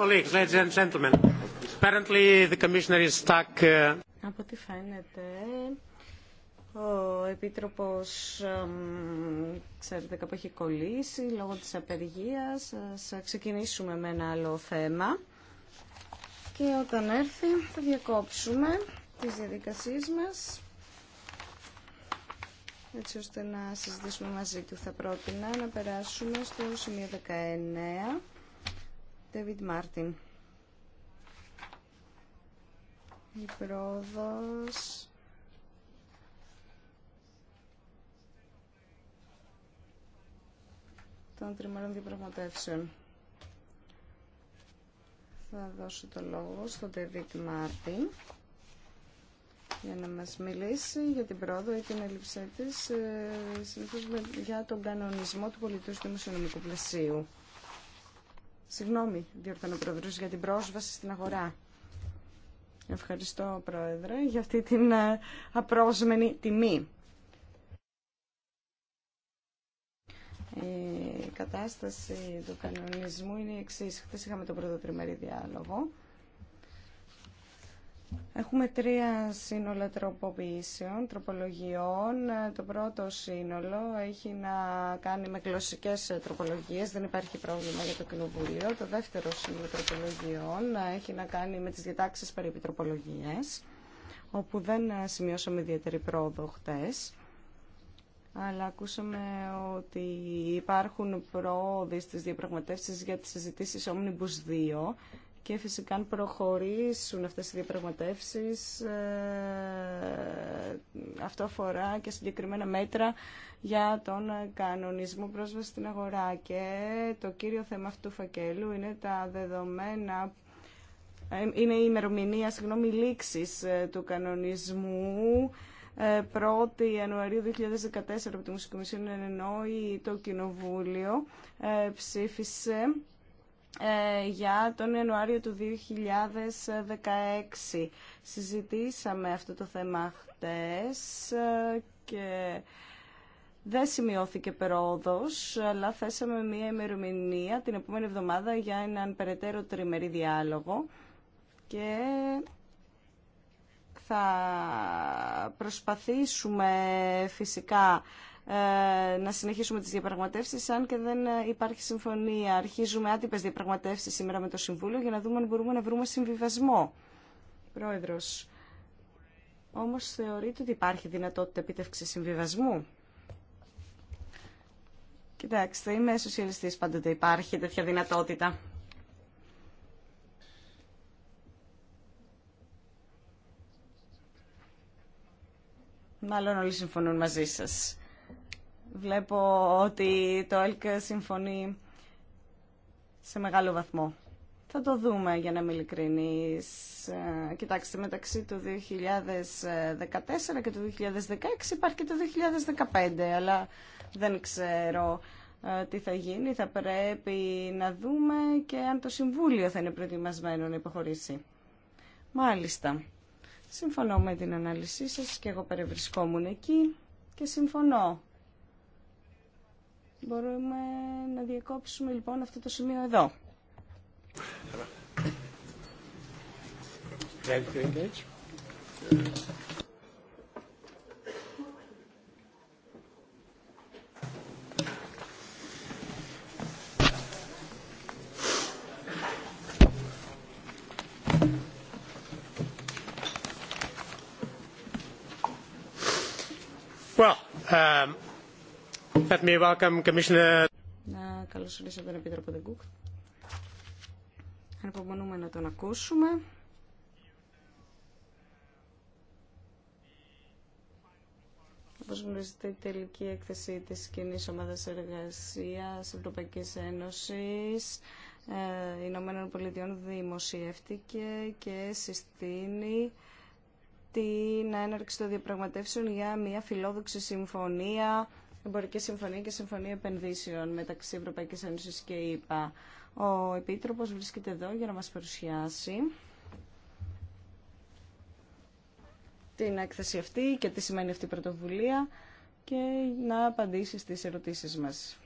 Από τι φαίνεται, ο Επίτροπος ξέρετε κάπου έχει κολλήσει λόγω της απεργίας. Ας ξεκινήσουμε με ένα άλλο θέμα και όταν έρθει θα διακόψουμε τις διαδικασίες μας έτσι ώστε να συζητήσουμε μαζί του θα πρότεινα να περάσουμε στο σημείο 19 David Μάρτιν. Η πρόοδος... των τριμερών διαπραγματεύσεων. Θα δώσω το λόγο στον David Μάρτιν για να μας μιλήσει για την πρόοδο ή την έλλειψή της ε, για τον κανονισμό του πολιτού του δημοσιονομικού πλαισίου. Συγγνώμη, διόρθωνα πρόεδρος, για την πρόσβαση στην αγορά. Ευχαριστώ, Πρόεδρε, για αυτή την ε, απρόσμενη τιμή. Η κατάσταση του κανονισμού είναι η εξή. Χθε είχαμε τον πρώτο τριμερή διάλογο Έχουμε τρία σύνολα τροποποιήσεων, τροπολογιών. Το πρώτο σύνολο έχει να κάνει με γλωσσικέ τροπολογίε, δεν υπάρχει πρόβλημα για το Κοινοβούλιο. Το δεύτερο σύνολο τροπολογιών έχει να κάνει με τι διατάξει περί όπου δεν σημειώσαμε ιδιαίτερη πρόοδο χτες αλλά ακούσαμε ότι υπάρχουν πρόοδοι στις διαπραγματεύσεις για τις συζητήσεις Omnibus 2 και φυσικά αν προχωρήσουν αυτές οι διαπραγματεύσεις ε, αυτό αφορά και συγκεκριμένα μέτρα για τον κανονισμό πρόσβαση στην αγορά και το κύριο θέμα αυτού του φακέλου είναι τα δεδομένα είναι η ημερομηνία, συγγνώμη, λήξης ε, του κανονισμού 1η ε, Ιανουαρίου 2014 από τη Μουσική Κομισιόν εννοεί το Κοινοβούλιο ψήφισε ε, για τον Ιανουάριο του 2016. Συζητήσαμε αυτό το θέμα χτες ε, και δεν σημειώθηκε περόδος, αλλά θέσαμε μία ημερομηνία την επόμενη εβδομάδα για έναν περαιτέρω τριμερή διάλογο και θα προσπαθήσουμε φυσικά ε, να συνεχίσουμε τις διαπραγματεύσεις αν και δεν ε, υπάρχει συμφωνία. Αρχίζουμε άτυπες διαπραγματεύσεις σήμερα με το Συμβούλιο για να δούμε αν μπορούμε να βρούμε συμβιβασμό. Πρόεδρος, όμως θεωρείτε ότι υπάρχει δυνατότητα επίτευξη συμβιβασμού. Κοιτάξτε, είμαι σοσιαλιστής πάντοτε. Υπάρχει τέτοια δυνατότητα. Μάλλον όλοι συμφωνούν μαζί σας. Βλέπω ότι το ΕΛΚ συμφωνεί σε μεγάλο βαθμό. Θα το δούμε για να είμαι ειλικρινής. Ε, κοιτάξτε, μεταξύ του 2014 και του 2016 υπάρχει και το 2015, αλλά δεν ξέρω ε, τι θα γίνει. Θα πρέπει να δούμε και αν το Συμβούλιο θα είναι προετοιμασμένο να υποχωρήσει. Μάλιστα. Συμφωνώ με την ανάλυση σας και εγώ περιβρισκόμουν εκεί και συμφωνώ Μπορούμε να διακόψουμε λοιπόν αυτό το σημείο εδώ. Let me welcome Να καλωσορίσω τον Επίτροπο Δεγκούκ. Ανυπομονούμε να τον ακούσουμε. Όπω γνωρίζετε, η τελική έκθεση τη κοινή ομάδα εργασία Ευρωπαϊκή Ένωση ε, Ηνωμένων Πολιτειών δημοσιεύτηκε και συστήνει την έναρξη των διαπραγματεύσεων για μια φιλόδοξη συμφωνία εμπορική συμφωνία και συμφωνία επενδύσεων μεταξύ Ευρωπαϊκή Ένωση και ΕΠΑ. Ο Επίτροπος βρίσκεται εδώ για να μας παρουσιάσει την έκθεση αυτή και τι σημαίνει αυτή η πρωτοβουλία και να απαντήσει στις ερωτήσεις μας.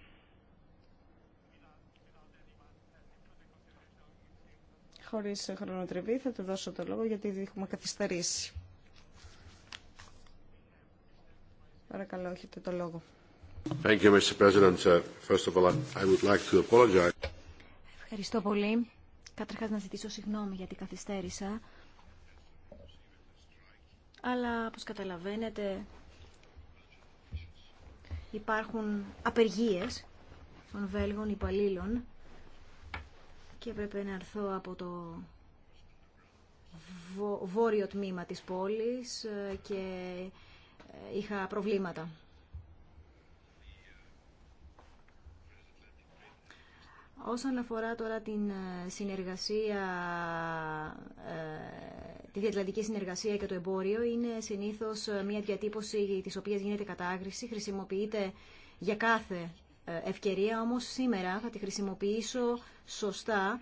Χωρίς χρονοτριβή θα του δώσω το λόγο γιατί έχουμε καθυστερήσει. Παρακαλώ, έχετε το λόγο. Ευχαριστώ πολύ. Καταρχάς να ζητήσω συγγνώμη γιατί καθυστέρησα. Αλλά, όπως καταλαβαίνετε, υπάρχουν απεργίες των Βέλγων υπαλλήλων και έπρεπε να έρθω από το βόρειο τμήμα της πόλης ε, και ε, είχα προβλήματα. Όσον αφορά τώρα την ε, συνεργασία, ε, τη διατλαντική συνεργασία και το εμπόριο, είναι συνήθως ε, μια διατύπωση της οποίας γίνεται κατάγριση, χρησιμοποιείται για κάθε ευκαιρία, όμως σήμερα θα τη χρησιμοποιήσω σωστά.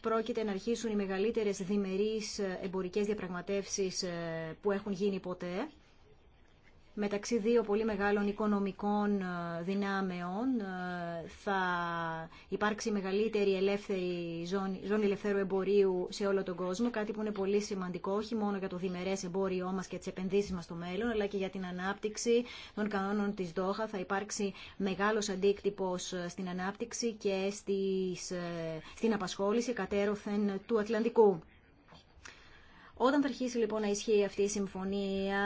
Πρόκειται να αρχίσουν οι μεγαλύτερες διμερείς εμπορικές διαπραγματεύσεις που έχουν γίνει ποτέ μεταξύ δύο πολύ μεγάλων οικονομικών ε, δυνάμεων. Ε, θα υπάρξει μεγαλύτερη ελεύθερη ζώνη, ζώνη ελευθέρου εμπορίου σε όλο τον κόσμο, κάτι που είναι πολύ σημαντικό όχι μόνο για το διμερές εμπόριό μας και τις επενδύσεις μας στο μέλλον, αλλά και για την ανάπτυξη των κανόνων της Δόχα. Θα υπάρξει μεγάλος αντίκτυπος ε, στην ανάπτυξη και στις, στην απασχόληση κατέρωθεν του Ατλαντικού. Όταν θα αρχίσει λοιπόν να ισχύει αυτή η συμφωνία,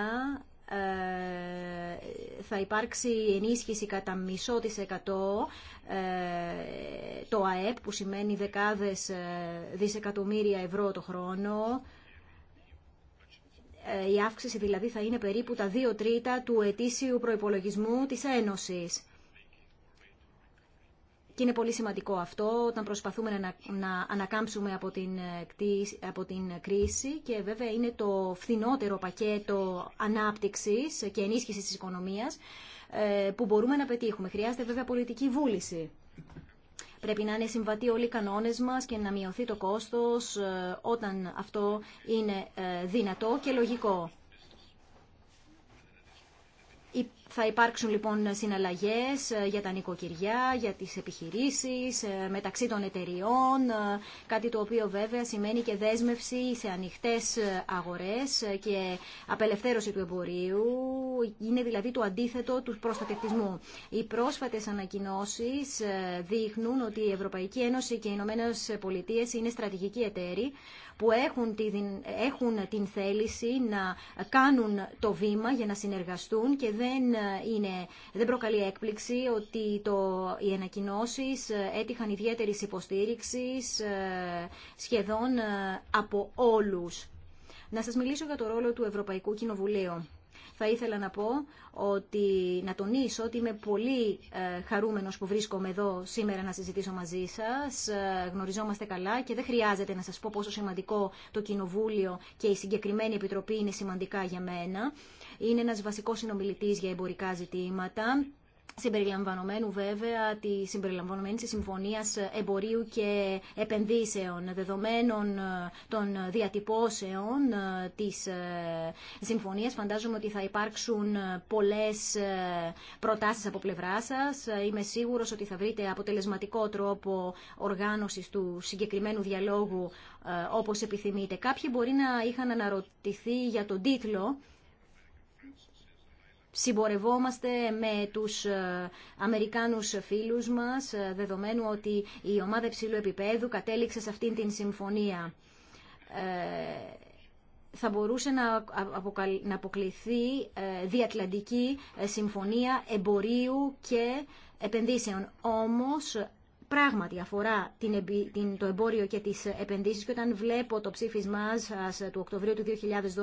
ε, θα υπάρξει ενίσχυση κατά μισό της εκατό ε, το ΑΕΠ που σημαίνει δεκάδες ε, δισεκατομμύρια ευρώ το χρόνο. Η αύξηση δηλαδή θα είναι περίπου τα δύο τρίτα του ετήσιου προϋπολογισμού της Ένωσης. Και είναι πολύ σημαντικό αυτό όταν προσπαθούμε να, να ανακάμψουμε από την, ε, από την κρίση και βέβαια είναι το φθηνότερο πακέτο ανάπτυξης και ενίσχυσης της οικονομίας ε, που μπορούμε να πετύχουμε. Χρειάζεται βέβαια πολιτική βούληση. Πρέπει να είναι συμβατοί όλοι οι κανόνες μας και να μειωθεί το κόστος ε, όταν αυτό είναι δυνατό και λογικό θα υπάρξουν λοιπόν συναλλαγές ε, για τα νοικοκυριά, για τις επιχειρήσεις, ε, μεταξύ των εταιριών, ε, κάτι το οποίο βέβαια σημαίνει και δέσμευση σε ανοιχτές αγορές και απελευθέρωση του εμπορίου, είναι δηλαδή το αντίθετο του προστατευτισμού. Οι πρόσφατες ανακοινώσεις δείχνουν ότι η Ευρωπαϊκή Ένωση και οι Ηνωμένε Πολιτείε είναι στρατηγικοί εταίροι που έχουν, έχουν την θέληση να κάνουν το βήμα για να συνεργαστούν και δεν είναι, δεν προκαλεί έκπληξη ότι το, οι ανακοινώσει ε, έτυχαν ιδιαίτερη υποστήριξη ε, σχεδόν ε, από όλους. Να σας μιλήσω για το ρόλο του Ευρωπαϊκού Κοινοβουλίου. Θα ήθελα να πω ότι να τονίσω ότι είμαι πολύ χαρούμενος που βρίσκομαι εδώ σήμερα να συζητήσω μαζί σας. Γνωριζόμαστε καλά και δεν χρειάζεται να σας πω πόσο σημαντικό το Κοινοβούλιο και η συγκεκριμένη Επιτροπή είναι σημαντικά για μένα είναι ένας βασικός συνομιλητής για εμπορικά ζητήματα συμπεριλαμβανομένου βέβαια τη συμπεριλαμβανομένης συμφωνίας εμπορίου και επενδύσεων δεδομένων ε, των διατυπώσεων ε, της ε, συμφωνίας φαντάζομαι ότι θα υπάρξουν πολλές προτάσεις από πλευρά σας είμαι σίγουρος ότι θα βρείτε αποτελεσματικό τρόπο οργάνωσης του συγκεκριμένου διαλόγου όπως επιθυμείτε κάποιοι μπορεί να είχαν αναρωτηθεί για τον τίτλο συμπορευόμαστε με τους ε, Αμερικάνους φίλους μας, ε, δεδομένου ότι η ομάδα υψηλού επίπεδου κατέληξε σε αυτήν την συμφωνία. Ε, θα μπορούσε να αποκληθεί διατλαντική συμφωνία εμπορίου και επενδύσεων. Όμως πράγματι αφορά την, το εμπόριο και τις επενδύσεις και όταν βλέπω το ψήφισμά σας ε, του Οκτωβρίου του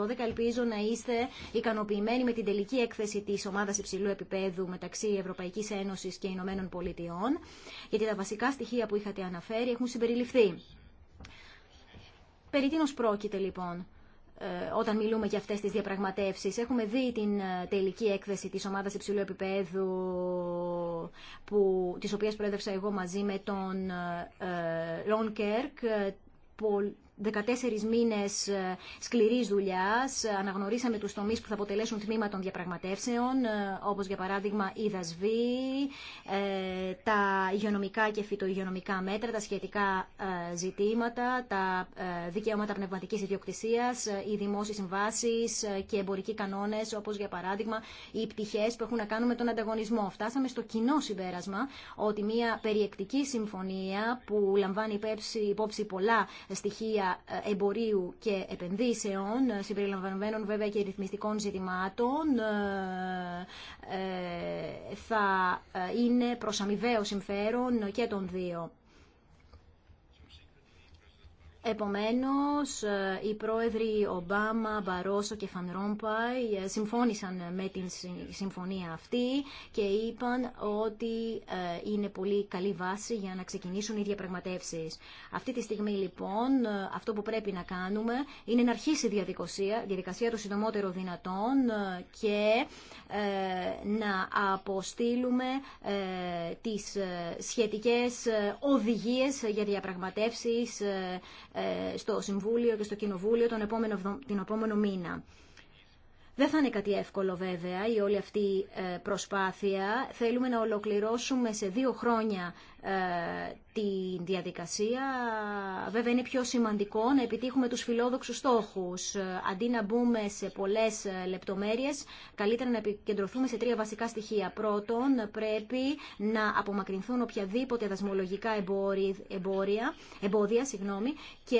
2012 ελπίζω να είστε ικανοποιημένοι με την τελική έκθεση της ομάδας υψηλού επίπεδου μεταξύ Ευρωπαϊκής Ένωσης και Ηνωμένων Πολιτειών γιατί τα βασικά στοιχεία που είχατε αναφέρει έχουν συμπεριληφθεί. Περί τίνος πρόκειται λοιπόν. Ε, όταν μιλούμε για αυτές τις διαπραγματεύσεις. Έχουμε δει την ε, τελική έκθεση της ομάδας υψηλού επίπεδου που, της οποίας προέδευσα εγώ μαζί με τον ε, Λον Κέρκ 14 μήνε σκληρή δουλειά. Αναγνωρίσαμε του τομεί που θα αποτελέσουν τμήμα των διαπραγματεύσεων, ε, όπω για παράδειγμα η δασβή, ε, τα υγειονομικά και φυτοϊγειονομικά μέτρα, τα σχετικά ε, ζητήματα, τα δικαιώματα πνευματική ιδιοκτησία, οι δημόσιε συμβάσει και εμπορικοί κανόνε, όπω για παράδειγμα οι πτυχέ που έχουν να κάνουν με τον ανταγωνισμό. Φτάσαμε στο κοινό συμπέρασμα ότι μια περιεκτική συμφωνία που λαμβάνει υπόψη πολλά στοιχεία ε, εμπορίου και επενδύσεων, ε, συμπεριλαμβανομένων βέβαια και ρυθμιστικών ζητημάτων, ε, θα είναι προς αμοιβαίο συμφέρον και των δύο. Επομένως, ε, οι πρόεδροι Ομπάμα, Μπαρόσο και Φανρόμπα ε, συμφώνησαν με την συμφωνία αυτή και είπαν ότι ε, είναι πολύ καλή βάση για να ξεκινήσουν οι διαπραγματεύσεις. Αυτή τη στιγμή, λοιπόν, αυτό που πρέπει να κάνουμε είναι να αρχίσει η διαδικασία, διαδικασία το συντομότερο δυνατόν και να αποστείλουμε τις σχετικές οδηγίες για διαπραγματεύσεις ε, στο Συμβούλιο και στο Κοινοβούλιο τον επόμενο, την επόμενο μήνα. Δεν θα είναι κάτι εύκολο βέβαια η όλη αυτή ε, προσπάθεια. Θέλουμε να ολοκληρώσουμε σε δύο χρόνια ε, την διαδικασία. Βέβαια είναι πιο σημαντικό να επιτύχουμε τους φιλόδοξους στόχους. Ε, αντί να μπούμε σε πολλές ε, λεπτομέρειες, καλύτερα να επικεντρωθούμε σε τρία βασικά στοιχεία. Πρώτον, πρέπει να απομακρυνθούν οποιαδήποτε δασμολογικά εμπόρια, εμπόδια συγγνώμη, και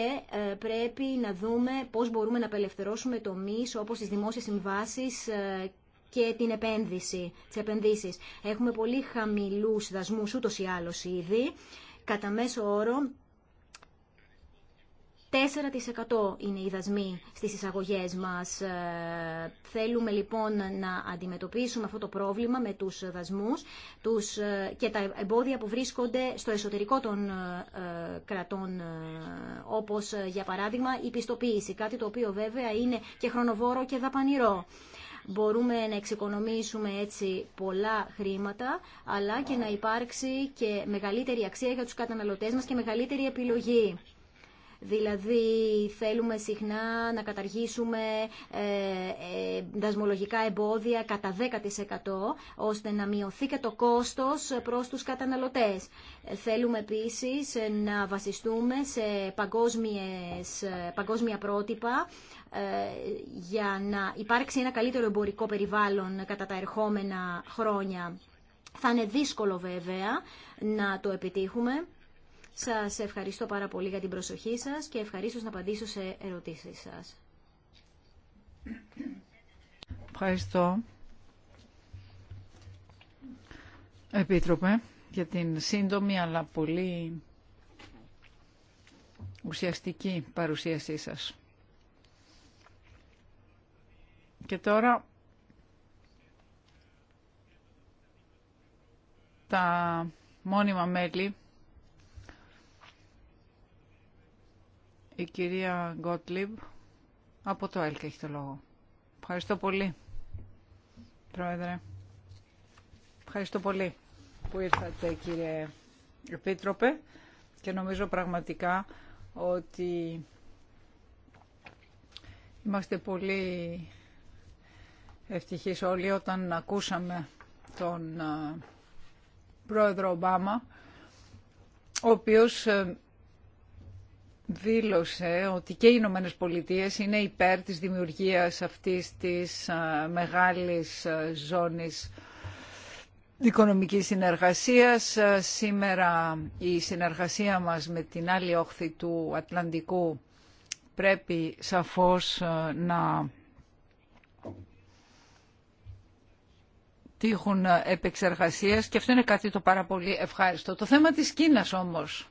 πρέπει να δούμε πώς μπορούμε να απελευθερώσουμε τομείς όπως τις δημόσιες συμβάσεις και την επένδυση, τις επενδύσεις. Έχουμε πολύ χαμηλούς δασμούς ούτως ή άλλως ήδη, κατά μέσο όρο 4% είναι οι δασμοί στις εισαγωγές μας. Ε, θέλουμε λοιπόν να αντιμετωπίσουμε αυτό το πρόβλημα με τους δασμούς τους, ε, και τα εμπόδια που βρίσκονται στο εσωτερικό των ε, κρατών, όπως για παράδειγμα η πιστοποίηση, κάτι το οποίο βέβαια είναι και χρονοβόρο και δαπανηρό. Μπορούμε να εξοικονομήσουμε έτσι πολλά χρήματα, αλλά και να υπάρξει και μεγαλύτερη αξία για τους καταναλωτές μας και μεγαλύτερη επιλογή. Δηλαδή θέλουμε συχνά να καταργήσουμε ε, ε, δασμολογικά εμπόδια κατά 10% ώστε να μειωθεί και το κόστος προς τους καταναλωτές. Θέλουμε επίσης να βασιστούμε σε ε, παγκόσμια πρότυπα ε, για να υπάρξει ένα καλύτερο εμπορικό περιβάλλον κατά τα ερχόμενα χρόνια. Θα είναι δύσκολο βέβαια να το επιτύχουμε. Σας ευχαριστώ πάρα πολύ για την προσοχή σας και ευχαρίστω να απαντήσω σε ερωτήσεις σας. Ευχαριστώ. Επίτροπε, για την σύντομη αλλά πολύ ουσιαστική παρουσίασή σας. Και τώρα τα μόνιμα μέλη η κυρία Γκότλιμπ από το ΕΛΚ έχει το λόγο. Ευχαριστώ πολύ, Πρόεδρε. Ευχαριστώ πολύ που ήρθατε, κύριε Επίτροπε. Και νομίζω πραγματικά ότι είμαστε πολύ ευτυχείς όλοι όταν ακούσαμε τον ε, πρόεδρο Ομπάμα, ο οποίος ε, δήλωσε ότι και οι Ηνωμένε Πολιτείες είναι υπέρ της δημιουργίας αυτής της ε, μεγάλης ζώνης οικονομικής συνεργασίας. Σήμερα η συνεργασία μας με την άλλη όχθη του Ατλαντικού πρέπει σαφώς να τύχουν επεξεργασίας και αυτό είναι κάτι το πάρα πολύ ευχάριστο. Το θέμα της Κίνας όμως,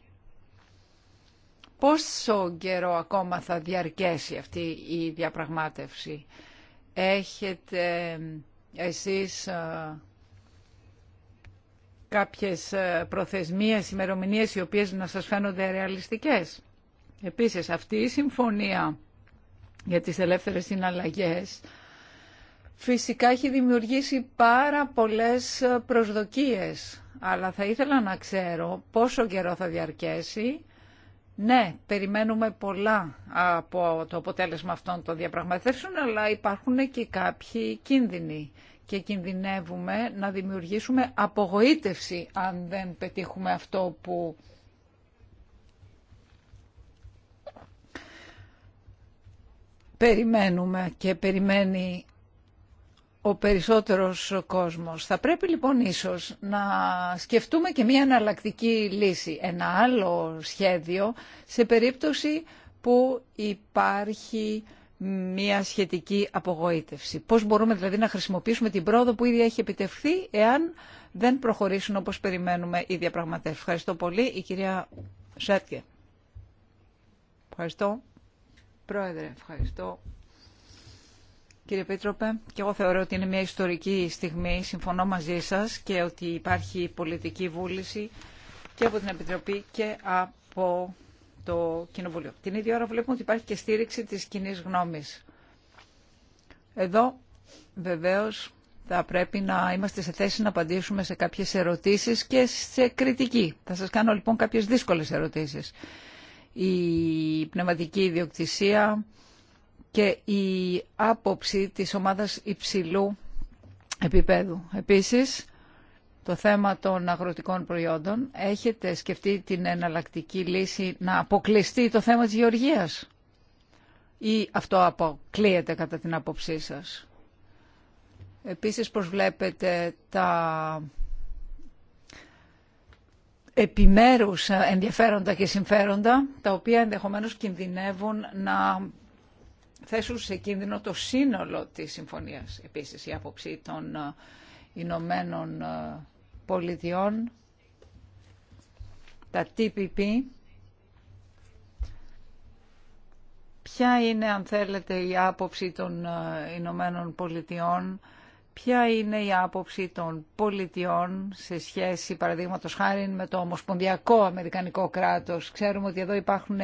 πόσο καιρό ακόμα θα διαρκέσει αυτή η διαπραγμάτευση. Έχετε εσείς ε, κάποιες ε, προθεσμίες, ημερομηνίες οι οποίες να σας φαίνονται ρεαλιστικές. Επίσης αυτή η συμφωνία για τις ελεύθερες συναλλαγές φυσικά έχει δημιουργήσει πάρα πολλές προσδοκίες. Αλλά θα ήθελα να ξέρω πόσο καιρό θα διαρκέσει. Ναι, περιμένουμε πολλά από το αποτέλεσμα αυτών των διαπραγματεύσεων, αλλά υπάρχουν και κάποιοι κίνδυνοι και κινδυνεύουμε να δημιουργήσουμε απογοήτευση αν δεν πετύχουμε αυτό που περιμένουμε και περιμένει ο περισσότερος κόσμος. Θα πρέπει λοιπόν ίσως να σκεφτούμε και μια εναλλακτική λύση, ένα άλλο σχέδιο, σε περίπτωση που υπάρχει μια σχετική απογοήτευση. Πώς μπορούμε δηλαδή να χρησιμοποιήσουμε την πρόοδο που ήδη έχει επιτευχθεί, εάν δεν προχωρήσουν όπως περιμένουμε οι διαπραγματεύσεις. Ευχαριστώ πολύ. Η κυρία Σέτκε. Ευχαριστώ. Πρόεδρε, ευχαριστώ. Κύριε Πίτροπε, και εγώ θεωρώ ότι είναι μια ιστορική στιγμή, συμφωνώ μαζί σας και ότι υπάρχει πολιτική βούληση και από την Επιτροπή και από το Κοινοβουλίο. Την ίδια ώρα βλέπουμε ότι υπάρχει και στήριξη της κοινή γνώμης. Εδώ βεβαίως θα πρέπει να είμαστε σε θέση να απαντήσουμε σε κάποιες ερωτήσεις και σε κριτική. Θα σας κάνω λοιπόν κάποιες δύσκολες ερωτήσεις. Η πνευματική ιδιοκτησία, και η άποψη της ομάδας υψηλού επίπεδου. Επίσης, το θέμα των αγροτικών προϊόντων. Έχετε σκεφτεί την εναλλακτική λύση να αποκλειστεί το θέμα της γεωργίας ή αυτό αποκλείεται κατά την άποψή σας. Επίσης βλέπετε τα επιμέρους ενδιαφέροντα και συμφέροντα, τα οποία ενδεχομένως κινδυνεύουν να θέσουν σε κίνδυνο το σύνολο της συμφωνίας. Επίσης, η άποψη των ε, Ηνωμένων ε, Πολιτειών, τα TPP, ποια είναι, αν θέλετε, η άποψη των ε, Ηνωμένων Πολιτειών ποια είναι η άποψη των πολιτιών σε σχέση παραδείγματος χάρη με το Ομοσπονδιακό Αμερικανικό κράτος. Ξέρουμε ότι εδώ υπάρχουν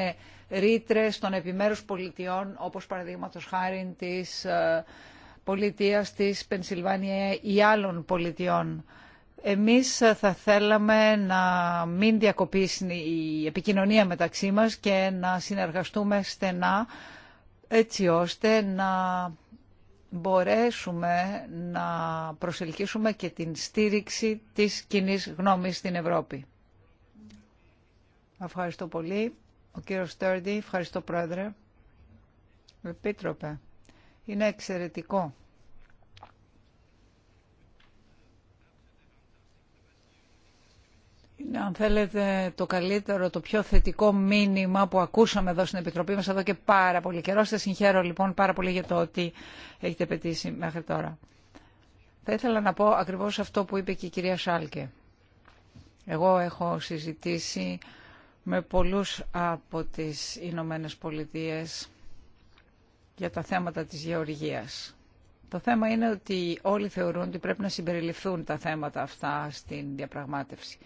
ρήτρε των επιμέρους πολιτιών όπως παραδείγματος χάρη της ε, πολιτείας της Πενσιλβάνια ή άλλων πολιτιών. Εμείς ε, θα θέλαμε να μην διακοπήσει η επικοινωνία μεταξύ μας και να συνεργαστούμε στενά έτσι ώστε να μπορέσουμε να προσελκύσουμε και την στήριξη της κοινή γνώμης στην Ευρώπη. Ευχαριστώ πολύ. Ο κύριος Στέρντι, ευχαριστώ πρόεδρε. Επίτροπε, είναι εξαιρετικό αν θέλετε, το καλύτερο, το πιο θετικό μήνυμα που ακούσαμε εδώ στην Επιτροπή μας εδώ και πάρα πολύ καιρό. Σας συγχαίρω λοιπόν πάρα πολύ για το ότι έχετε πετύσει μέχρι τώρα. Θα ήθελα να πω ακριβώς αυτό που είπε και η κυρία Σάλκε. Εγώ έχω συζητήσει με πολλούς από τις Ηνωμένε Πολιτείε για τα θέματα της γεωργίας. Το θέμα είναι ότι όλοι θεωρούν ότι πρέπει να συμπεριληφθούν τα θέματα αυτά στην διαπραγμάτευση.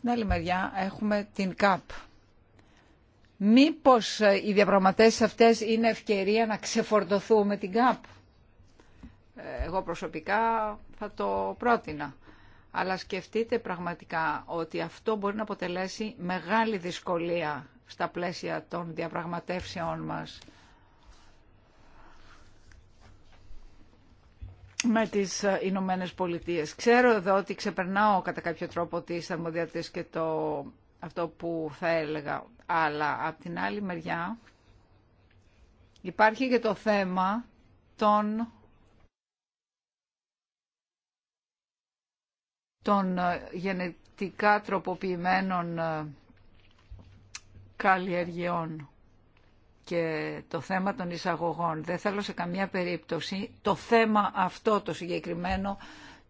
Την άλλη μεριά έχουμε την ΚΑΠ. Μήπως ε, οι διαπραγματεύσεις αυτές είναι ευκαιρία να ξεφορτωθούμε την ΚΑΠ. Ε, εγώ προσωπικά θα το πρότεινα. Αλλά σκεφτείτε πραγματικά ότι αυτό μπορεί να αποτελέσει μεγάλη δυσκολία στα πλαίσια των διαπραγματεύσεών μας. με τις ε, Ηνωμένε Πολιτείε. Ξέρω εδώ ότι ξεπερνάω κατά κάποιο τρόπο τις θερμοδιατές και το, αυτό που θα έλεγα, αλλά από την άλλη μεριά υπάρχει και το θέμα των των ε, γενετικά τροποποιημένων ε, καλλιεργειών και το θέμα των εισαγωγών. Δεν θέλω σε καμία περίπτωση το θέμα αυτό το συγκεκριμένο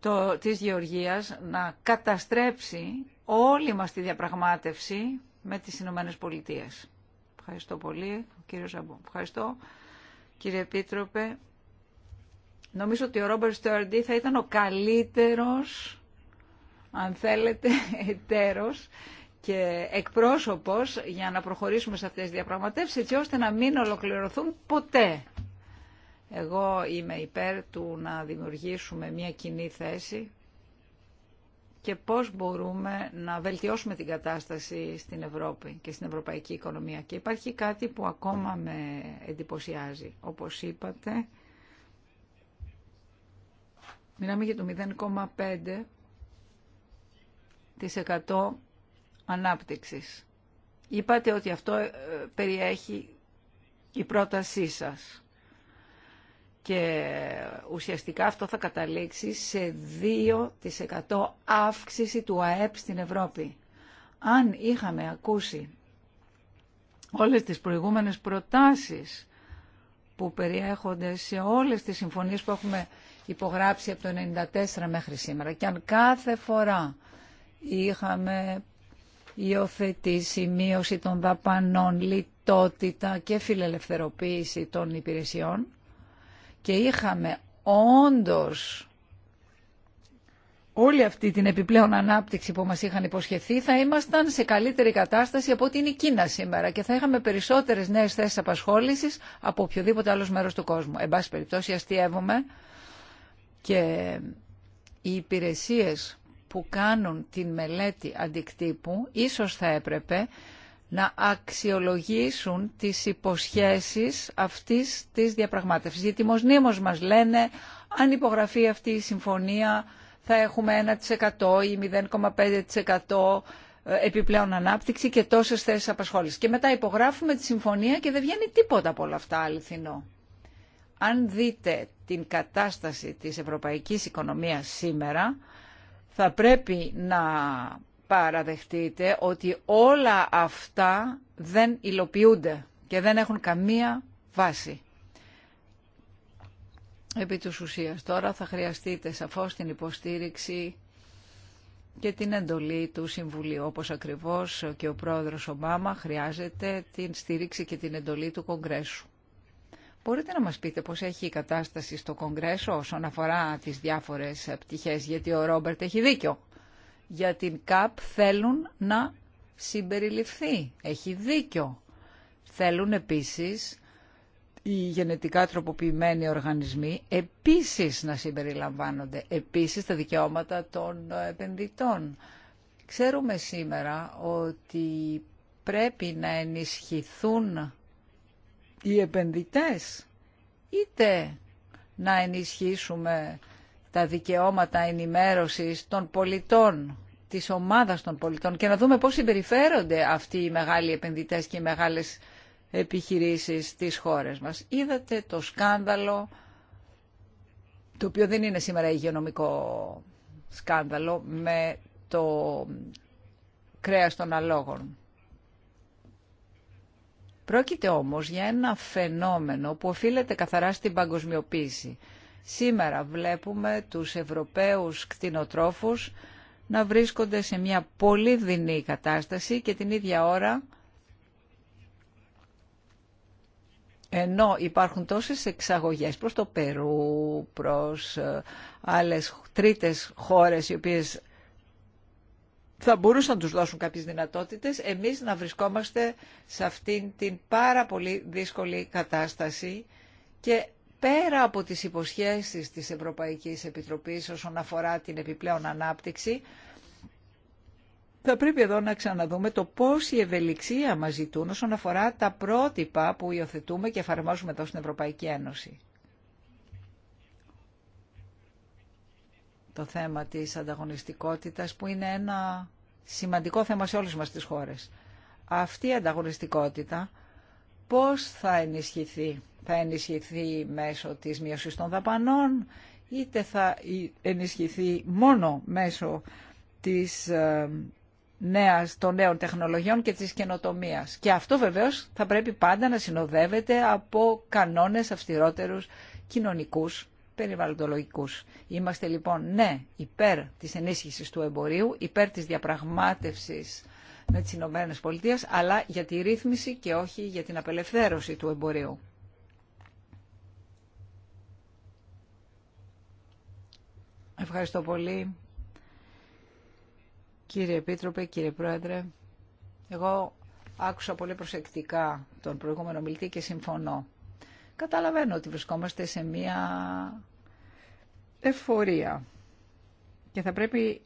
το, της Γεωργίας να καταστρέψει όλη μας τη διαπραγμάτευση με τις Ηνωμένε Πολιτείε. Ευχαριστώ πολύ, κύριο Ζαμπού. Ευχαριστώ, κύριε Επίτροπε. Νομίζω ότι ο Ρόμπερ Στουαρντή θα ήταν ο καλύτερος, αν θέλετε, εταίρος και εκπρόσωπος για να προχωρήσουμε σε αυτές τις διαπραγματεύσεις έτσι ώστε να μην ολοκληρωθούν ποτέ. Εγώ είμαι υπέρ του να δημιουργήσουμε μια κοινή θέση και πώς μπορούμε να βελτιώσουμε την κατάσταση στην Ευρώπη και στην ευρωπαϊκή οικονομία. Και υπάρχει κάτι που ακόμα με εντυπωσιάζει. Όπως είπατε, μιλάμε για το 0,5% ανάπτυξης. Είπατε ότι αυτό ε, περιέχει η πρότασή σας. Και ουσιαστικά αυτό θα καταλήξει σε 2% αύξηση του ΑΕΠ στην Ευρώπη. Αν είχαμε ακούσει όλες τις προηγούμενες προτάσεις που περιέχονται σε όλες τις συμφωνίες που έχουμε υπογράψει από το 1994 μέχρι σήμερα και αν κάθε φορά είχαμε υιοθετήσει μείωση των δαπανών, λιτότητα και φιλελευθεροποίηση των υπηρεσιών και είχαμε όντως όλη αυτή την επιπλέον ανάπτυξη που μας είχαν υποσχεθεί θα ήμασταν σε καλύτερη κατάσταση από ότι είναι η Κίνα σήμερα και θα είχαμε περισσότερες νέες θέσεις απασχόλησης από οποιοδήποτε άλλος μέρος του κόσμου. Εν πάση περιπτώσει αστείευομαι και οι υπηρεσίες που κάνουν την μελέτη αντικτύπου ίσως θα έπρεπε να αξιολογήσουν τις υποσχέσεις αυτής της διαπραγμάτευσης. Γιατί μοσνήμως μας λένε αν υπογραφεί αυτή η συμφωνία θα έχουμε 1% ή 0,5% ε, επιπλέον ανάπτυξη και τόσες θέσεις απασχόλησης. Και μετά υπογράφουμε τη συμφωνία και δεν βγαίνει τίποτα από όλα αυτά αληθινό. Αν δείτε την κατάσταση της ευρωπαϊκής οικονομίας σήμερα, θα πρέπει να παραδεχτείτε ότι όλα αυτά δεν υλοποιούνται και δεν έχουν καμία βάση. Επί τους ουσίας τώρα θα χρειαστείτε σαφώς την υποστήριξη και την εντολή του Συμβουλίου, όπως ακριβώς και ο πρόεδρος Ομπάμα χρειάζεται την στήριξη και την εντολή του Κογκρέσου. Μπορείτε να μας πείτε πώς έχει η κατάσταση στο Κογκρέσο όσον αφορά τις διάφορες πτυχές, γιατί ο Ρόμπερτ έχει δίκιο. Για την ΚΑΠ θέλουν να συμπεριληφθεί. Έχει δίκιο. Θέλουν επίσης οι γενετικά τροποποιημένοι οργανισμοί επίσης να συμπεριλαμβάνονται. Επίσης τα δικαιώματα των επενδυτών. Ξέρουμε σήμερα ότι πρέπει να ενισχυθούν οι επενδυτές, είτε να ενισχύσουμε τα δικαιώματα ενημέρωσης των πολιτών, της ομάδας των πολιτών και να δούμε πώς συμπεριφέρονται αυτοί οι μεγάλοι επενδυτές και οι μεγάλες επιχειρήσεις της χώρας μας. Είδατε το σκάνδαλο, το οποίο δεν είναι σήμερα υγειονομικό σκάνδαλο, με το κρέας των αλόγων. Πρόκειται όμως για ένα φαινόμενο που οφείλεται καθαρά στην παγκοσμιοποίηση. Σήμερα βλέπουμε τους Ευρωπαίους κτηνοτρόφους να βρίσκονται σε μια πολύ δεινή κατάσταση και την ίδια ώρα ενώ υπάρχουν τόσες εξαγωγές προς το Περού, προς ε, άλλες τρίτες χώρες οι οποίες θα μπορούσαν να τους δώσουν κάποιες δυνατότητες, εμείς να βρισκόμαστε σε αυτήν την πάρα πολύ δύσκολη κατάσταση και πέρα από τις υποσχέσεις της Ευρωπαϊκής Επιτροπής όσον αφορά την επιπλέον ανάπτυξη, θα πρέπει εδώ να ξαναδούμε το πώς η ευελιξία μας ζητούν όσον αφορά τα πρότυπα που υιοθετούμε και εφαρμόζουμε εδώ στην Ευρωπαϊκή Ένωση. το θέμα της ανταγωνιστικότητας που είναι ένα σημαντικό θέμα σε όλες μας τις χώρες. Αυτή η ανταγωνιστικότητα πώς θα ενισχυθεί. Θα ενισχυθεί μέσω της μείωσης των δαπανών είτε θα ενισχυθεί μόνο μέσω της ε, νέας, των νέων τεχνολογιών και της καινοτομίας. Και αυτό βεβαίως θα πρέπει πάντα να συνοδεύεται από κανόνες αυστηρότερους κοινωνικούς περιβαλλοντολογικούς. Είμαστε λοιπόν ναι υπέρ της ενίσχυσης του εμπορίου, υπέρ της διαπραγμάτευσης με τις Ηνωμένε Πολιτείες, αλλά για τη ρύθμιση και όχι για την απελευθέρωση του εμπορίου. Ευχαριστώ πολύ. Κύριε Επίτροπε, κύριε Πρόεδρε, εγώ άκουσα πολύ προσεκτικά τον προηγούμενο μιλτή και συμφωνώ. Καταλαβαίνω ότι βρισκόμαστε σε μία εφορία και θα πρέπει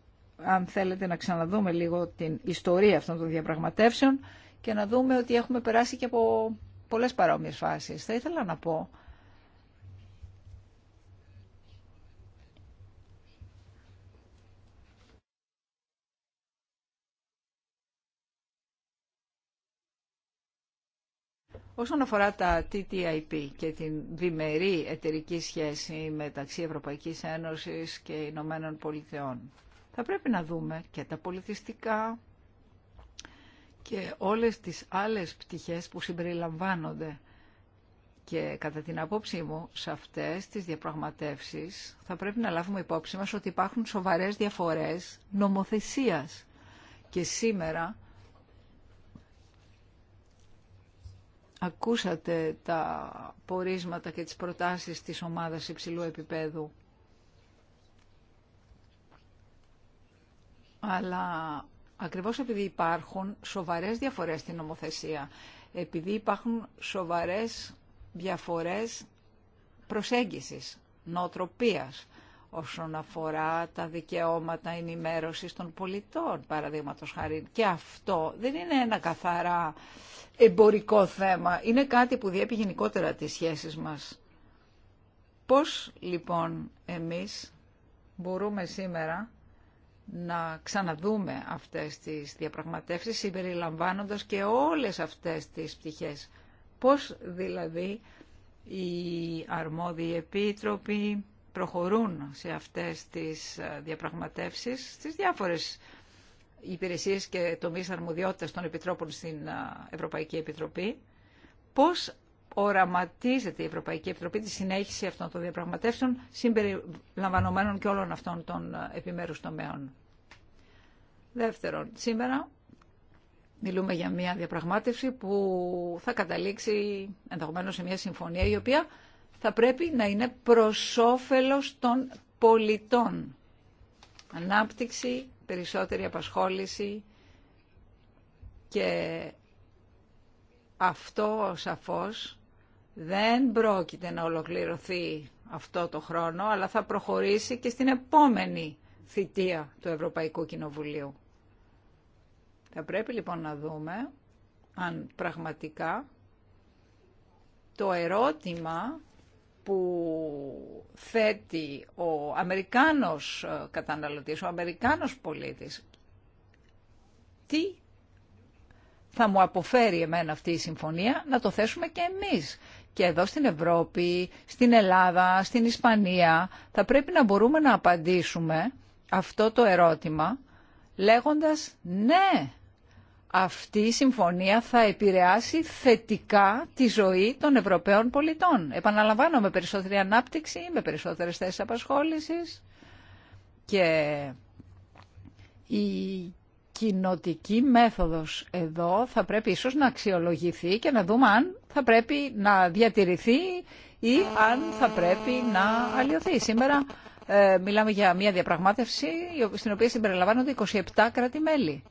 αν θέλετε να ξαναδούμε λίγο την ιστορία αυτών των διαπραγματεύσεων και να δούμε ότι έχουμε περάσει και από πολλές παρόμοιες φάσεις. Θα ήθελα να πω Όσον αφορά τα TTIP και την διμερή εταιρική σχέση μεταξύ Ευρωπαϊκής Ένωσης και Ηνωμένων Πολιτεών θα πρέπει να δούμε και τα πολιτιστικά και όλες τις άλλες πτυχές που συμπεριλαμβάνονται. Και κατά την απόψη μου, σε αυτές τις διαπραγματεύσεις θα πρέπει να λάβουμε υπόψη μας ότι υπάρχουν σοβαρές διαφορές νομοθεσίας. Και σήμερα Ακούσατε τα πορίσματα και τις προτάσεις της ομάδας υψηλού επίπεδου. Αλλά ακριβώς επειδή υπάρχουν σοβαρές διαφορές στην νομοθεσία, επειδή υπάρχουν σοβαρές διαφορές προσέγγισης, νοοτροπίας, όσον αφορά τα δικαιώματα ενημέρωσης των πολιτών, παραδείγματο χάρη. Και αυτό δεν είναι ένα καθαρά εμπορικό θέμα, είναι κάτι που διέπει γενικότερα τις σχέσεις μας. Πώς λοιπόν εμείς μπορούμε σήμερα να ξαναδούμε αυτές τις διαπραγματεύσεις συμπεριλαμβάνοντας και όλες αυτές τις πτυχές. Πώς δηλαδή οι αρμόδιοι επίτροποι, προχωρούν σε αυτές τις ε, διαπραγματεύσεις στις διάφορες υπηρεσίες και τομείς αρμοδιότητας των Επιτρόπων στην ε, Ευρωπαϊκή Επιτροπή. Πώς οραματίζεται η Ευρωπαϊκή Επιτροπή τη συνέχιση αυτών των διαπραγματεύσεων συμπεριλαμβανομένων και όλων αυτών των ε, επιμέρους τομέων. Δεύτερον, σήμερα μιλούμε για μια διαπραγμάτευση που θα καταλήξει ενδεχομένως σε μια συμφωνία η οποία θα πρέπει να είναι προς όφελος των πολιτών. Ανάπτυξη, περισσότερη απασχόληση και αυτό σαφώς δεν πρόκειται να ολοκληρωθεί αυτό το χρόνο, αλλά θα προχωρήσει και στην επόμενη θητεία του Ευρωπαϊκού Κοινοβουλίου. Θα πρέπει λοιπόν να δούμε αν πραγματικά το ερώτημα που θέτει ο Αμερικάνος ε, καταναλωτής, ο Αμερικάνος πολίτης. Τι θα μου αποφέρει εμένα αυτή η συμφωνία, να το θέσουμε και εμείς. Και εδώ στην Ευρώπη, στην Ελλάδα, στην Ισπανία, θα πρέπει να μπορούμε να απαντήσουμε αυτό το ερώτημα λέγοντας ναι αυτή η συμφωνία θα επηρεάσει θετικά τη ζωή των Ευρωπαίων πολιτών. Επαναλαμβάνω, με περισσότερη ανάπτυξη, με περισσότερες θέσεις απασχόλησης και η κοινοτική μέθοδος εδώ θα πρέπει ίσως να αξιολογηθεί και να δούμε αν θα πρέπει να διατηρηθεί ή αν θα πρέπει να αλλοιωθεί. Σήμερα ε, μιλάμε για μια διαπραγμάτευση στην οποία συμπεριλαμβάνονται 27 κράτη-μέλη.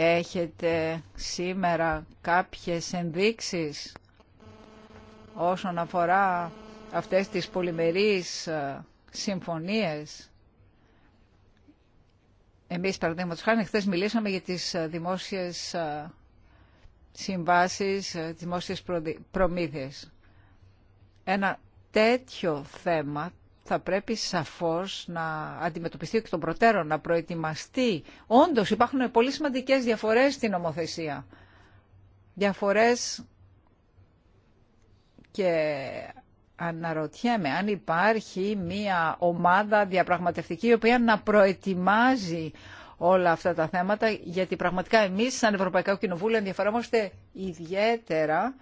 Έχετε σήμερα κάποιες ενδείξεις όσον αφορά αυτές τις πολυμερείς ε, συμφωνίες. Εμείς, παραδείγματος χάρη, χθες μιλήσαμε για τις ε, δημόσιες ε, συμβάσεις, δημόσιες προμήθειες. Ένα τέτοιο θέμα θα πρέπει σαφώς να αντιμετωπιστεί και τον προτέρων, να προετοιμαστεί. Όντως υπάρχουν πολύ σημαντικές διαφορές στην νομοθεσία. Διαφορές και αναρωτιέμαι αν υπάρχει μία ομάδα διαπραγματευτική η οποία να προετοιμάζει όλα αυτά τα θέματα γιατί πραγματικά εμείς σαν Ευρωπαϊκό Κοινοβούλιο ενδιαφερόμαστε ιδιαίτερα